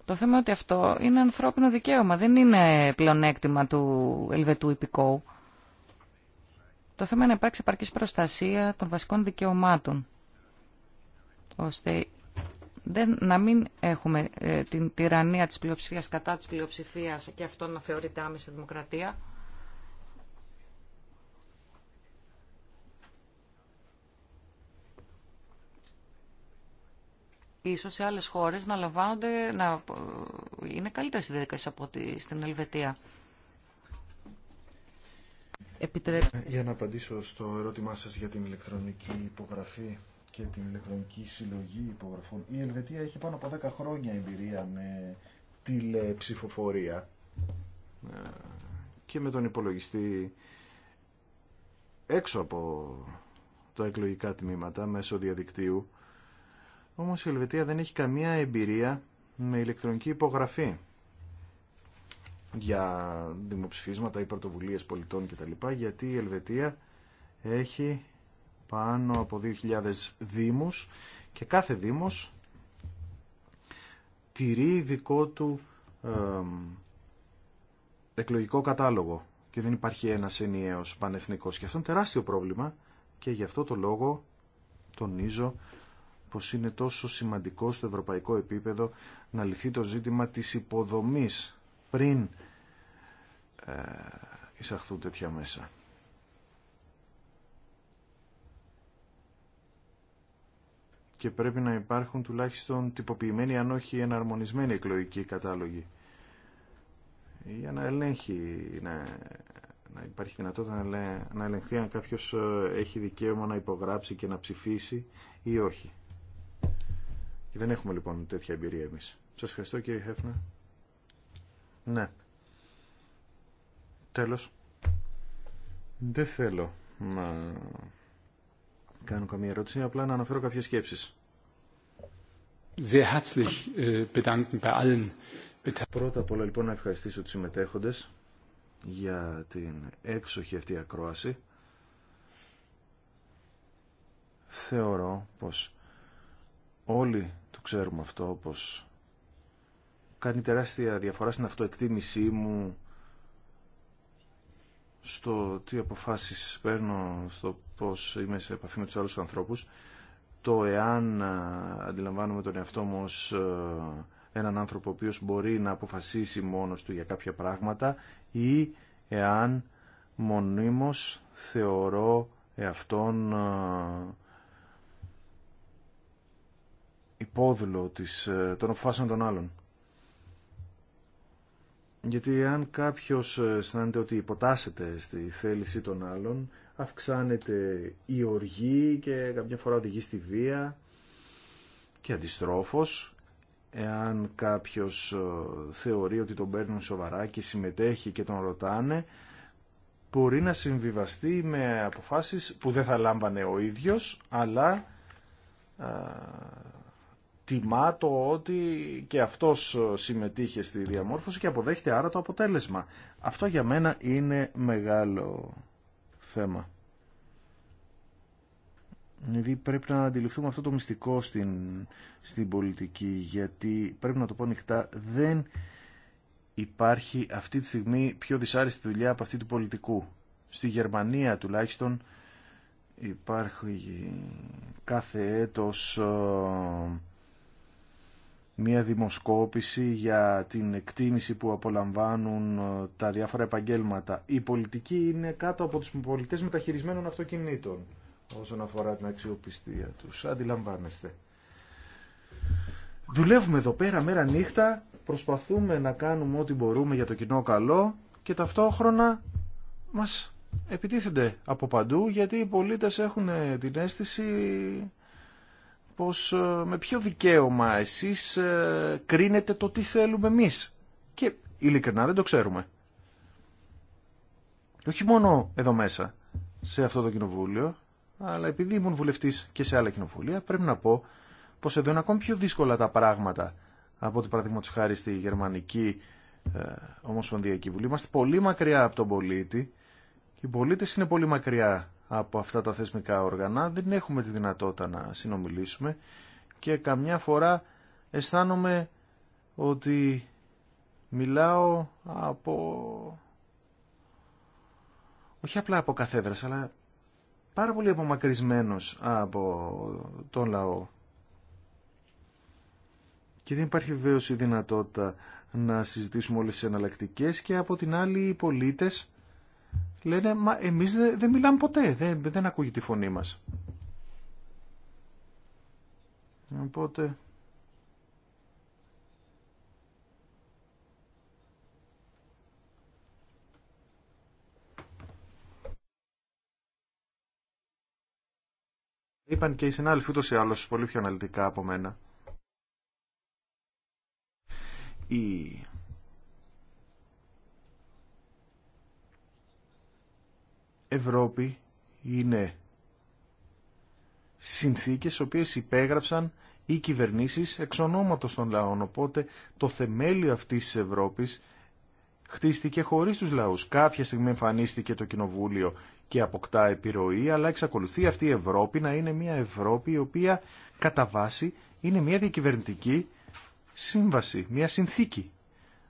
Το θέμα ότι αυτό είναι ανθρώπινο δικαίωμα, δεν είναι πλεονέκτημα του Ελβετού υπηκόου. Το θέμα είναι να υπάρξει επαρκή προστασία των βασικών δικαιωμάτων, ώστε δεν, να μην έχουμε ε, την τυραννία της πλειοψηφίας κατά της πλειοψηφίας και αυτό να θεωρείται άμεση δημοκρατία. ίσως σε άλλες χώρες να λαμβάνονται, να ε, είναι καλύτερες οι διαδικασίες από τη στην Ελβετία. Επιτρέπετε. Ε, για να απαντήσω στο ερώτημά σας για την ηλεκτρονική υπογραφή και την ηλεκτρονική συλλογή υπογραφών. Η Ελβετία έχει πάνω από 10 χρόνια εμπειρία με τηλεψηφοφορία ε, και με τον υπολογιστή έξω από τα εκλογικά τμήματα μέσω διαδικτύου όμως η Ελβετία δεν έχει καμία εμπειρία με ηλεκτρονική υπογραφή για δημοψηφίσματα ή πρωτοβουλίες πολιτών κτλ. Γιατί η Ελβετία έχει πάνω από 2.000 δήμους και κάθε δήμος τηρεί δικό του εκλογικό κατάλογο και δεν υπάρχει ένας ενιαίος πανεθνικός. Και αυτό είναι τεράστιο πρόβλημα και γι' αυτό το λόγο τονίζω πως είναι τόσο σημαντικό στο ευρωπαϊκό επίπεδο να λυθεί το ζήτημα της υποδομής πριν ε, εισαχθούν τέτοια μέσα. Και πρέπει να υπάρχουν τουλάχιστον τυποποιημένοι αν όχι εναρμονισμένοι εκλογικοί κατάλογοι για να ελέγχει, να, να υπάρχει δυνατότητα να, ελεγχθεί αν κάποιος ε, έχει δικαίωμα να υπογράψει και να ψηφίσει ή όχι. Και δεν έχουμε λοιπόν τέτοια εμπειρία εμείς. Σας ευχαριστώ κύριε Χέφνα. Ναι. Τέλος. Δεν θέλω να κάνω καμία ερώτηση, απλά να αναφέρω κάποιες σκέψεις. Äh, Πρώτα απ' όλα λοιπόν να ευχαριστήσω τους συμμετέχοντες για την έξοχη αυτή ακρόαση. Θεωρώ πως Όλοι το ξέρουμε αυτό όπως κάνει τεράστια διαφορά στην αυτοεκτίμησή μου στο τι αποφάσεις παίρνω, στο πώς είμαι σε επαφή με τους άλλους ανθρώπους, το εάν ε, αντιλαμβάνομαι τον εαυτό μου ως ε, έναν άνθρωπο ο οποίος μπορεί να αποφασίσει μόνος του για κάποια πράγματα ή εάν μονίμως θεωρώ εαυτόν ε, υπόδουλο της, ε, των αποφάσεων των άλλων. Γιατί αν κάποιος ε, αισθάνεται ότι υποτάσσεται στη θέληση των άλλων, αυξάνεται η οργή και κάποια φορά οδηγεί στη βία και αντιστρόφως, εάν κάποιος ε, θεωρεί ότι τον παίρνουν σοβαρά και συμμετέχει και τον ρωτάνε, μπορεί να συμβιβαστεί με αποφάσεις που δεν θα λάμπανε ο ίδιος, αλλά τιμά το ότι και αυτός συμμετείχε στη διαμόρφωση και αποδέχεται άρα το αποτέλεσμα. Αυτό για μένα είναι μεγάλο θέμα. Δηλαδή πρέπει να αντιληφθούμε αυτό το μυστικό στην, στην πολιτική, γιατί πρέπει να το πω ανοιχτά, δεν υπάρχει αυτή τη στιγμή πιο δυσάρεστη δουλειά από αυτή του πολιτικού. Στη Γερμανία τουλάχιστον υπάρχει κάθε έτος ε, μια δημοσκόπηση για την εκτίμηση που απολαμβάνουν ε, τα διάφορα επαγγέλματα. Η πολιτική είναι κάτω από τους πολιτές μεταχειρισμένων αυτοκινήτων όσον αφορά την αξιοπιστία τους. Αντιλαμβάνεστε. Δουλεύουμε εδώ πέρα μέρα νύχτα, προσπαθούμε να κάνουμε ό,τι μπορούμε για το κοινό καλό και ταυτόχρονα μας επιτίθενται από παντού γιατί οι πολίτες έχουν την αίσθηση πως ε, με ποιο δικαίωμα εσείς ε, κρίνετε το τι θέλουμε εμείς. Και ειλικρινά δεν το ξέρουμε. Όχι μόνο εδώ μέσα, σε αυτό το κοινοβούλιο, αλλά επειδή ήμουν βουλευτής και σε άλλα κοινοβούλια, πρέπει να πω πως εδώ είναι ακόμη πιο δύσκολα τα πράγματα από ότι παραδείγμα τους χάρη στη Γερμανική ε, Ομοσπονδιακή Βουλή. Είμαστε πολύ μακριά από τον πολίτη οι πολίτες είναι πολύ μακριά από αυτά τα θεσμικά όργανα, δεν έχουμε τη δυνατότητα να συνομιλήσουμε και καμιά φορά αισθάνομαι ότι μιλάω από... όχι απλά από καθέδρας, αλλά πάρα πολύ απομακρυσμένος από τον λαό. Και δεν υπάρχει βεβαίως η δυνατότητα να συζητήσουμε όλες τις εναλλακτικές και από την άλλη οι πολίτες λένε «Μα εμείς δεν, μιλάμε ποτέ, δεν, δεν ακούγει τη φωνή μας». Οπότε... Είπαν και οι συνάδελφοι ούτως ή άλλως πολύ πιο αναλυτικά από μένα. Η Ευρώπη είναι συνθήκες οποίες υπέγραψαν οι κυβερνήσεις εξ ονόματος των λαών. Οπότε το θεμέλιο αυτής της Ευρώπης χτίστηκε χωρίς τους λαούς. Κάποια στιγμή εμφανίστηκε το κοινοβούλιο και αποκτά επιρροή, αλλά εξακολουθεί αυτή η Ευρώπη να είναι μια Ευρώπη η οποία κατά βάση είναι μια διακυβερνητική σύμβαση, μια συνθήκη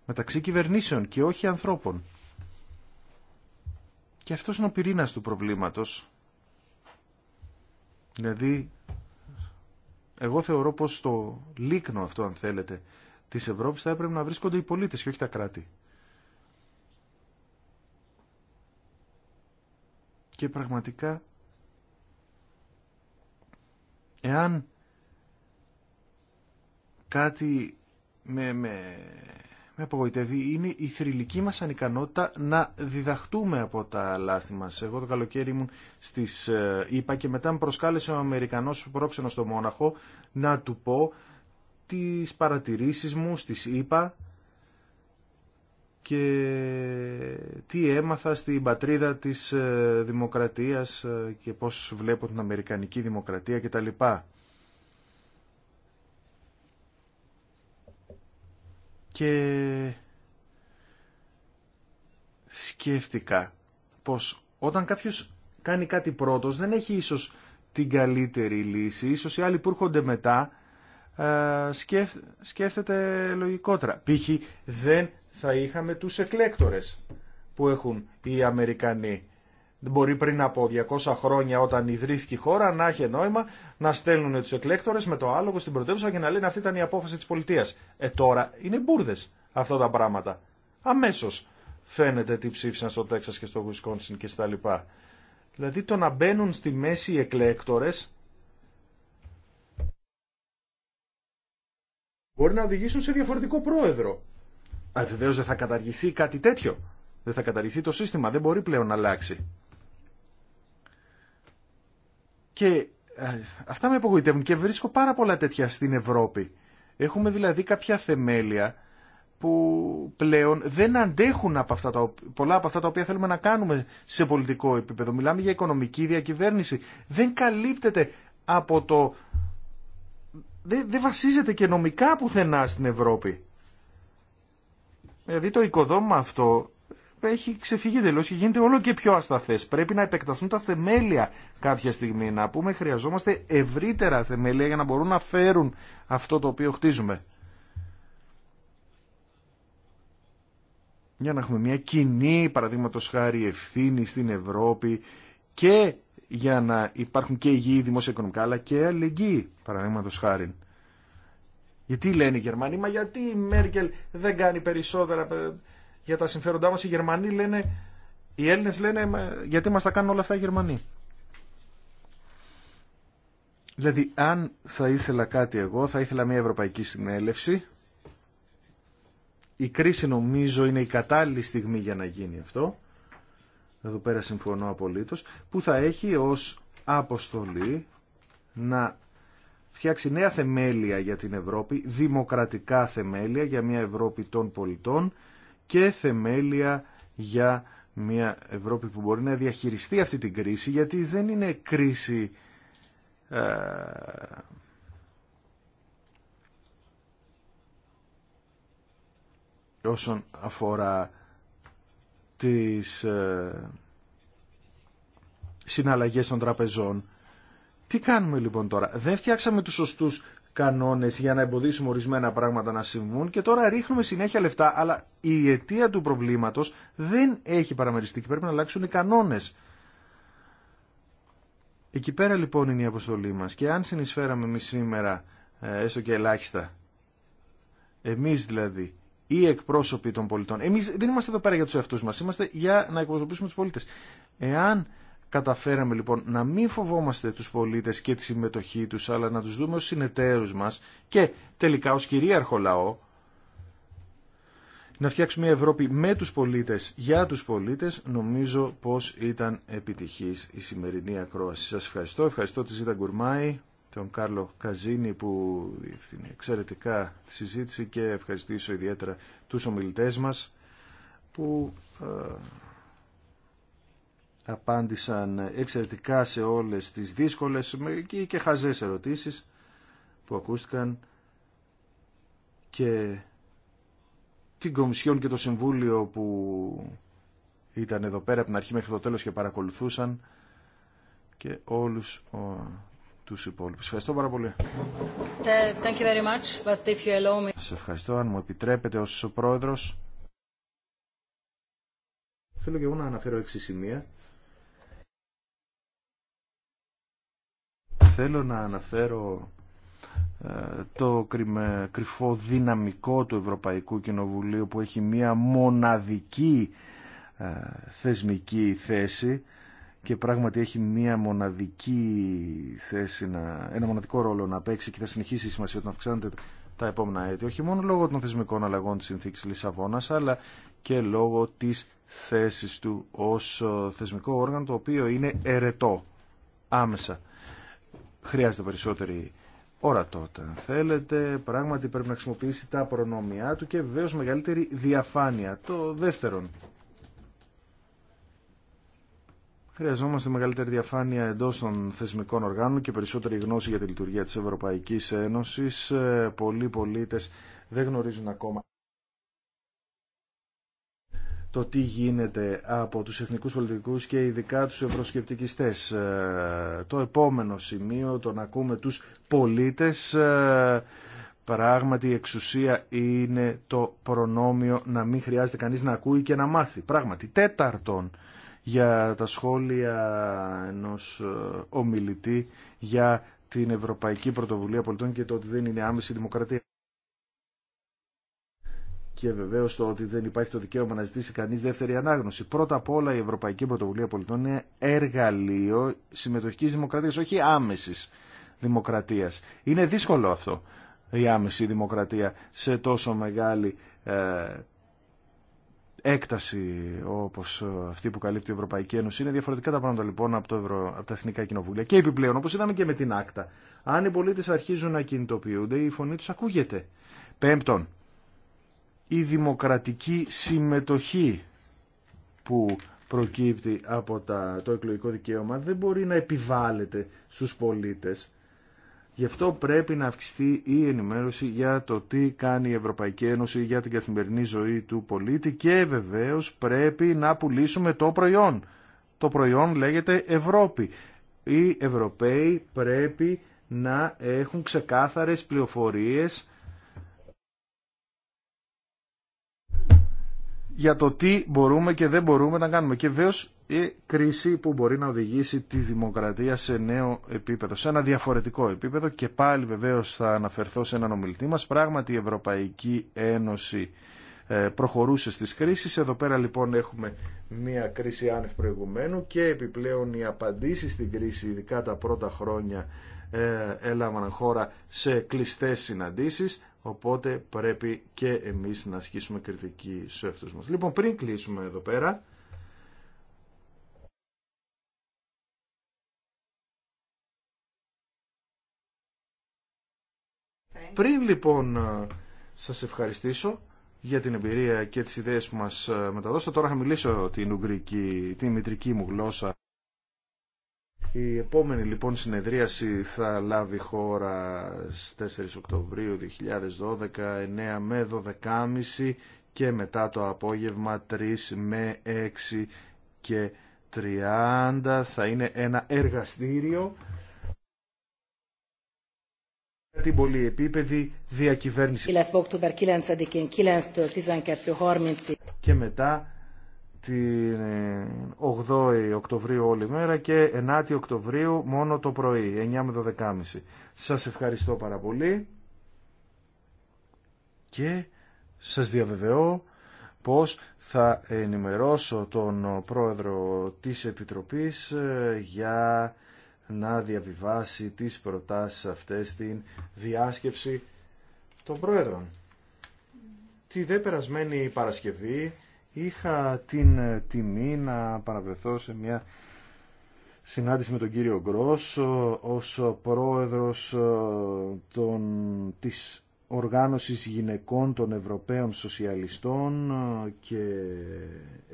μεταξύ κυβερνήσεων και όχι ανθρώπων. Και αυτός είναι ο πυρήνας του προβλήματος. Δηλαδή, εγώ θεωρώ πως στο λίκνο αυτό, αν θέλετε, της Ευρώπης θα έπρεπε να βρίσκονται οι πολίτες και όχι τα κράτη. Και πραγματικά, εάν κάτι με, με με απογοητεύει είναι η θρηλυκή μας ανικανότητα να διδαχτούμε από τα λάθη μας. Εγώ το καλοκαίρι ήμουν στις ΗΠΑ ε, και μετά με προσκάλεσε ο Αμερικανός πρόξενος στο Μόναχο να του πω τις παρατηρήσεις μου στις ΗΠΑ και τι έμαθα στην πατρίδα της ε, δημοκρατίας ε, και πώς βλέπω την Αμερικανική δημοκρατία κτλ. και σκέφτηκα πως όταν κάποιος κάνει κάτι πρώτος δεν έχει ίσως την καλύτερη λύση, ίσως οι άλλοι που έρχονται μετά ε, σκέφτεται λογικότερα. Π.χ. δεν θα είχαμε τους εκλέκτορες που έχουν οι Αμερικανοί δεν μπορεί πριν από 200 χρόνια όταν ιδρύθηκε η χώρα να έχει νόημα να στέλνουν τους εκλέκτορες με το άλογο στην πρωτεύουσα και να λένε αυτή ήταν η απόφαση της πολιτείας. Ε τώρα είναι μπουρδες αυτά τα πράγματα. Αμέσως φαίνεται τι ψήφισαν στο Τέξας και στο Wisconsin και στα λοιπά. Δηλαδή το να μπαίνουν στη μέση οι εκλέκτορες μπορεί να οδηγήσουν σε διαφορετικό πρόεδρο. Βεβαίω δεν θα καταργηθεί κάτι τέτοιο. Δεν θα καταργηθεί το σύστημα. Δεν μπορεί πλέον να αλλάξει. Και ε, αυτά με απογοητεύουν και βρίσκω πάρα πολλά τέτοια στην Ευρώπη. Έχουμε δηλαδή κάποια θεμέλια που πλέον δεν αντέχουν από αυτά τα, πολλά από αυτά τα οποία θέλουμε να κάνουμε σε πολιτικό επίπεδο. Μιλάμε για οικονομική διακυβέρνηση. Δεν καλύπτεται από το... Δεν, δεν βασίζεται και νομικά πουθενά στην Ευρώπη. Δηλαδή το οικοδόμημα αυτό έχει ξεφύγει τελώ και γίνεται όλο και πιο ασταθέ. Πρέπει να επεκταθούν τα θεμέλια κάποια στιγμή. Να πούμε χρειαζόμαστε ευρύτερα θεμέλια για να μπορούν να φέρουν αυτό το οποίο χτίζουμε. Για να έχουμε μια κοινή παραδείγματο χάρη ευθύνη στην Ευρώπη και για να υπάρχουν και υγιή δημοσιοοικονομικά αλλά και αλληλεγγύη παραδείγματο χάρη. Γιατί λένε οι Γερμανοί, μα γιατί η Μέρκελ δεν κάνει περισσότερα για τα συμφέροντά μα, Οι Γερμανοί λένε, οι Έλληνες λένε γιατί μας τα κάνουν όλα αυτά οι Γερμανοί. Δηλαδή, αν θα ήθελα κάτι εγώ, θα ήθελα μια Ευρωπαϊκή Συνέλευση. Η κρίση νομίζω είναι η κατάλληλη στιγμή για να γίνει αυτό. Εδώ πέρα συμφωνώ απολύτως. Που θα έχει ως αποστολή να φτιάξει νέα θεμέλια για την Ευρώπη, δημοκρατικά θεμέλια για μια Ευρώπη των πολιτών και θεμέλια για μια Ευρώπη που μπορεί να διαχειριστεί αυτή την κρίση, γιατί δεν είναι κρίση ε, όσον αφορά τις ε, συναλλαγές των τραπεζών. Τι κάνουμε λοιπόν τώρα. Δεν φτιάξαμε τους σωστούς κανόνες για να εμποδίσουμε ορισμένα πράγματα να συμβούν και τώρα ρίχνουμε συνέχεια λεφτά, αλλά η αιτία του προβλήματος δεν έχει παραμεριστεί και πρέπει να αλλάξουν οι κανόνες. Εκεί πέρα λοιπόν είναι η αποστολή μας και αν συνεισφέραμε εμεί σήμερα, ε, έστω και ελάχιστα, εμείς δηλαδή, ή εκπρόσωποι των πολιτών. Εμείς δεν είμαστε εδώ πέρα για τους εαυτούς μας, είμαστε για να εκπροσωπήσουμε τους πολίτες. Εάν Καταφέραμε λοιπόν να μην φοβόμαστε τους πολίτες και τη συμμετοχή τους, αλλά να τους δούμε ως συνεταίρους μας και τελικά ως κυρίαρχο λαό, να φτιάξουμε μια Ευρώπη με τους πολίτες, για τους πολίτες, νομίζω πως ήταν επιτυχής η σημερινή ακρόαση. Σας ευχαριστώ, ευχαριστώ τη Ζήτα Γκουρμάη, τον Κάρλο Καζίνη που διευθύνει εξαιρετικά τη συζήτηση και ευχαριστήσω ιδιαίτερα τους ομιλητές μας που ε, απάντησαν εξαιρετικά σε όλες τις δύσκολες και χαζές ερωτήσεις που ακούστηκαν και την Κομισιόν και το Συμβούλιο που ήταν εδώ πέρα από την αρχή μέχρι το τέλος και παρακολουθούσαν και όλους τους υπόλοιπους. Ευχαριστώ πάρα πολύ. Thank Σας ευχαριστώ. Αν μου επιτρέπετε ως πρόεδρος θέλω και εγώ να αναφέρω έξι σημεία θέλω να αναφέρω ε, το κρυφό δυναμικό του Ευρωπαϊκού Κοινοβουλίου που έχει μία μοναδική ε, θεσμική θέση και πράγματι έχει μία μοναδική θέση, να, ένα μοναδικό ρόλο να παίξει και θα συνεχίσει η σημασία όταν να αυξάνεται τα επόμενα έτη, όχι μόνο λόγω των θεσμικών αλλαγών της συνθήκης Λισαβόνας, αλλά και λόγω της θέσης του ως ε, θεσμικό όργανο, το οποίο είναι ερετό άμεσα χρειάζεται περισσότερη ορατότητα. Αν θέλετε, πράγματι πρέπει να χρησιμοποιήσει τα προνόμια του και βεβαίω μεγαλύτερη διαφάνεια. Το δεύτερον, Χρειαζόμαστε μεγαλύτερη διαφάνεια εντό των θεσμικών οργάνων και περισσότερη γνώση για τη λειτουργία τη Ευρωπαϊκή Ένωση. Ε, πολλοί πολίτε δεν γνωρίζουν ακόμα το τι γίνεται από τους εθνικούς πολιτικούς και ειδικά τους ευρωσκεπτικιστές. Ε, το επόμενο σημείο, το να ακούμε τους πολίτες, ε, πράγματι η εξουσία είναι το προνόμιο να μην χρειάζεται κανείς να ακούει και να μάθει. Πράγματι, τέταρτον για τα σχόλια ενός ε, ομιλητή για την Ευρωπαϊκή Πρωτοβουλία Πολιτών και το ότι δεν είναι άμεση δημοκρατία και βεβαίω το ότι δεν υπάρχει το δικαίωμα να ζητήσει κανεί δεύτερη ανάγνωση. Πρώτα απ' όλα η Ευρωπαϊκή Πρωτοβουλία Πολιτών είναι εργαλείο συμμετοχική δημοκρατία, όχι άμεση δημοκρατία. Είναι δύσκολο αυτό η άμεση δημοκρατία σε τόσο μεγάλη ε, έκταση όπω ε, αυτή που καλύπτει η Ευρωπαϊκή Ένωση. Είναι διαφορετικά τα πράγματα λοιπόν από, το Ευρω... από τα Εθνικά Κοινοβούλια. Και επιπλέον, όπω είδαμε και με την Άκτα, αν οι πολίτε αρχίζουν να κινητοποιούνται, η φωνή του ακούγεται. Πέμπτον, η δημοκρατική συμμετοχή που προκύπτει από τα, το εκλογικό δικαίωμα δεν μπορεί να επιβάλλεται στους πολίτες. Γι' αυτό πρέπει να αυξηθεί η ενημέρωση για το τι κάνει η Ευρωπαϊκή Ένωση για την καθημερινή ζωή του πολίτη και βεβαίως πρέπει να πουλήσουμε το προϊόν. Το προϊόν λέγεται Ευρώπη. Οι Ευρωπαίοι πρέπει να έχουν ξεκάθαρες πληροφορίες για το τι μπορούμε και δεν μπορούμε να κάνουμε. Και βέβαιω η κρίση που μπορεί να οδηγήσει τη δημοκρατία σε νέο επίπεδο, σε ένα διαφορετικό επίπεδο και πάλι βεβαίω θα αναφερθώ σε έναν ομιλητή μα. Πράγματι η Ευρωπαϊκή Ένωση ε, προχωρούσε στις κρίσεις. Εδώ πέρα λοιπόν έχουμε μια κρίση άνευ προηγουμένου και επιπλέον οι απαντήσεις στην κρίση, ειδικά τα πρώτα χρόνια, ε, έλαβαν χώρα σε κλειστές συναντήσεις Οπότε πρέπει και εμείς να ασκήσουμε κριτική στους εαυτούς μας. Λοιπόν, πριν κλείσουμε εδώ πέρα, Πριν λοιπόν σας ευχαριστήσω για την εμπειρία και τις ιδέες που μας μεταδώσατε, τώρα θα μιλήσω την ουγγρική, την μητρική μου γλώσσα. Η επόμενη λοιπόν συνεδρίαση θα λάβει χώρα στις 4 Οκτωβρίου 2012, 9 με 12.30 και μετά το απόγευμα 3 με 6 και 30 θα είναι ένα εργαστήριο την πολυεπίπεδη διακυβέρνηση. Και μετά την 8η ε, Οκτωβρίου όλη μέρα και 9η Οκτωβρίου μόνο το πρωί, 9 με 12.30. Σας ευχαριστώ πάρα πολύ και σας διαβεβαιώ πως θα ενημερώσω τον πρόεδρο της Επιτροπής ε, για να διαβιβάσει τις προτάσεις αυτές στην διάσκεψη των πρόεδρων. Τη δε περασμένη Παρασκευή Είχα την τιμή να παραβρεθώ σε μια συνάντηση με τον κύριο Γκρός ως πρόεδρος ε, των, της οργάνωσης γυναικών των Ευρωπαίων Σοσιαλιστών ε, και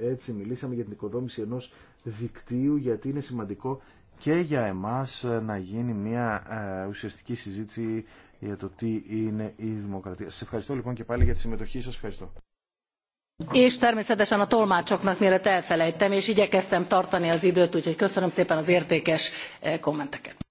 έτσι μιλήσαμε για την οικοδόμηση ενός δικτύου γιατί είναι σημαντικό και για εμάς ε, να γίνει μια ουσιαστική συζήτηση για το τι είναι η δημοκρατία. Σας ευχαριστώ λοιπόν και πάλι για τη συμμετοχή σας. Ευχαριστώ és természetesen a tolmácsoknak mielőtt elfelejtem és igyekeztem tartani az időt úgyhogy köszönöm szépen az értékes kommenteket.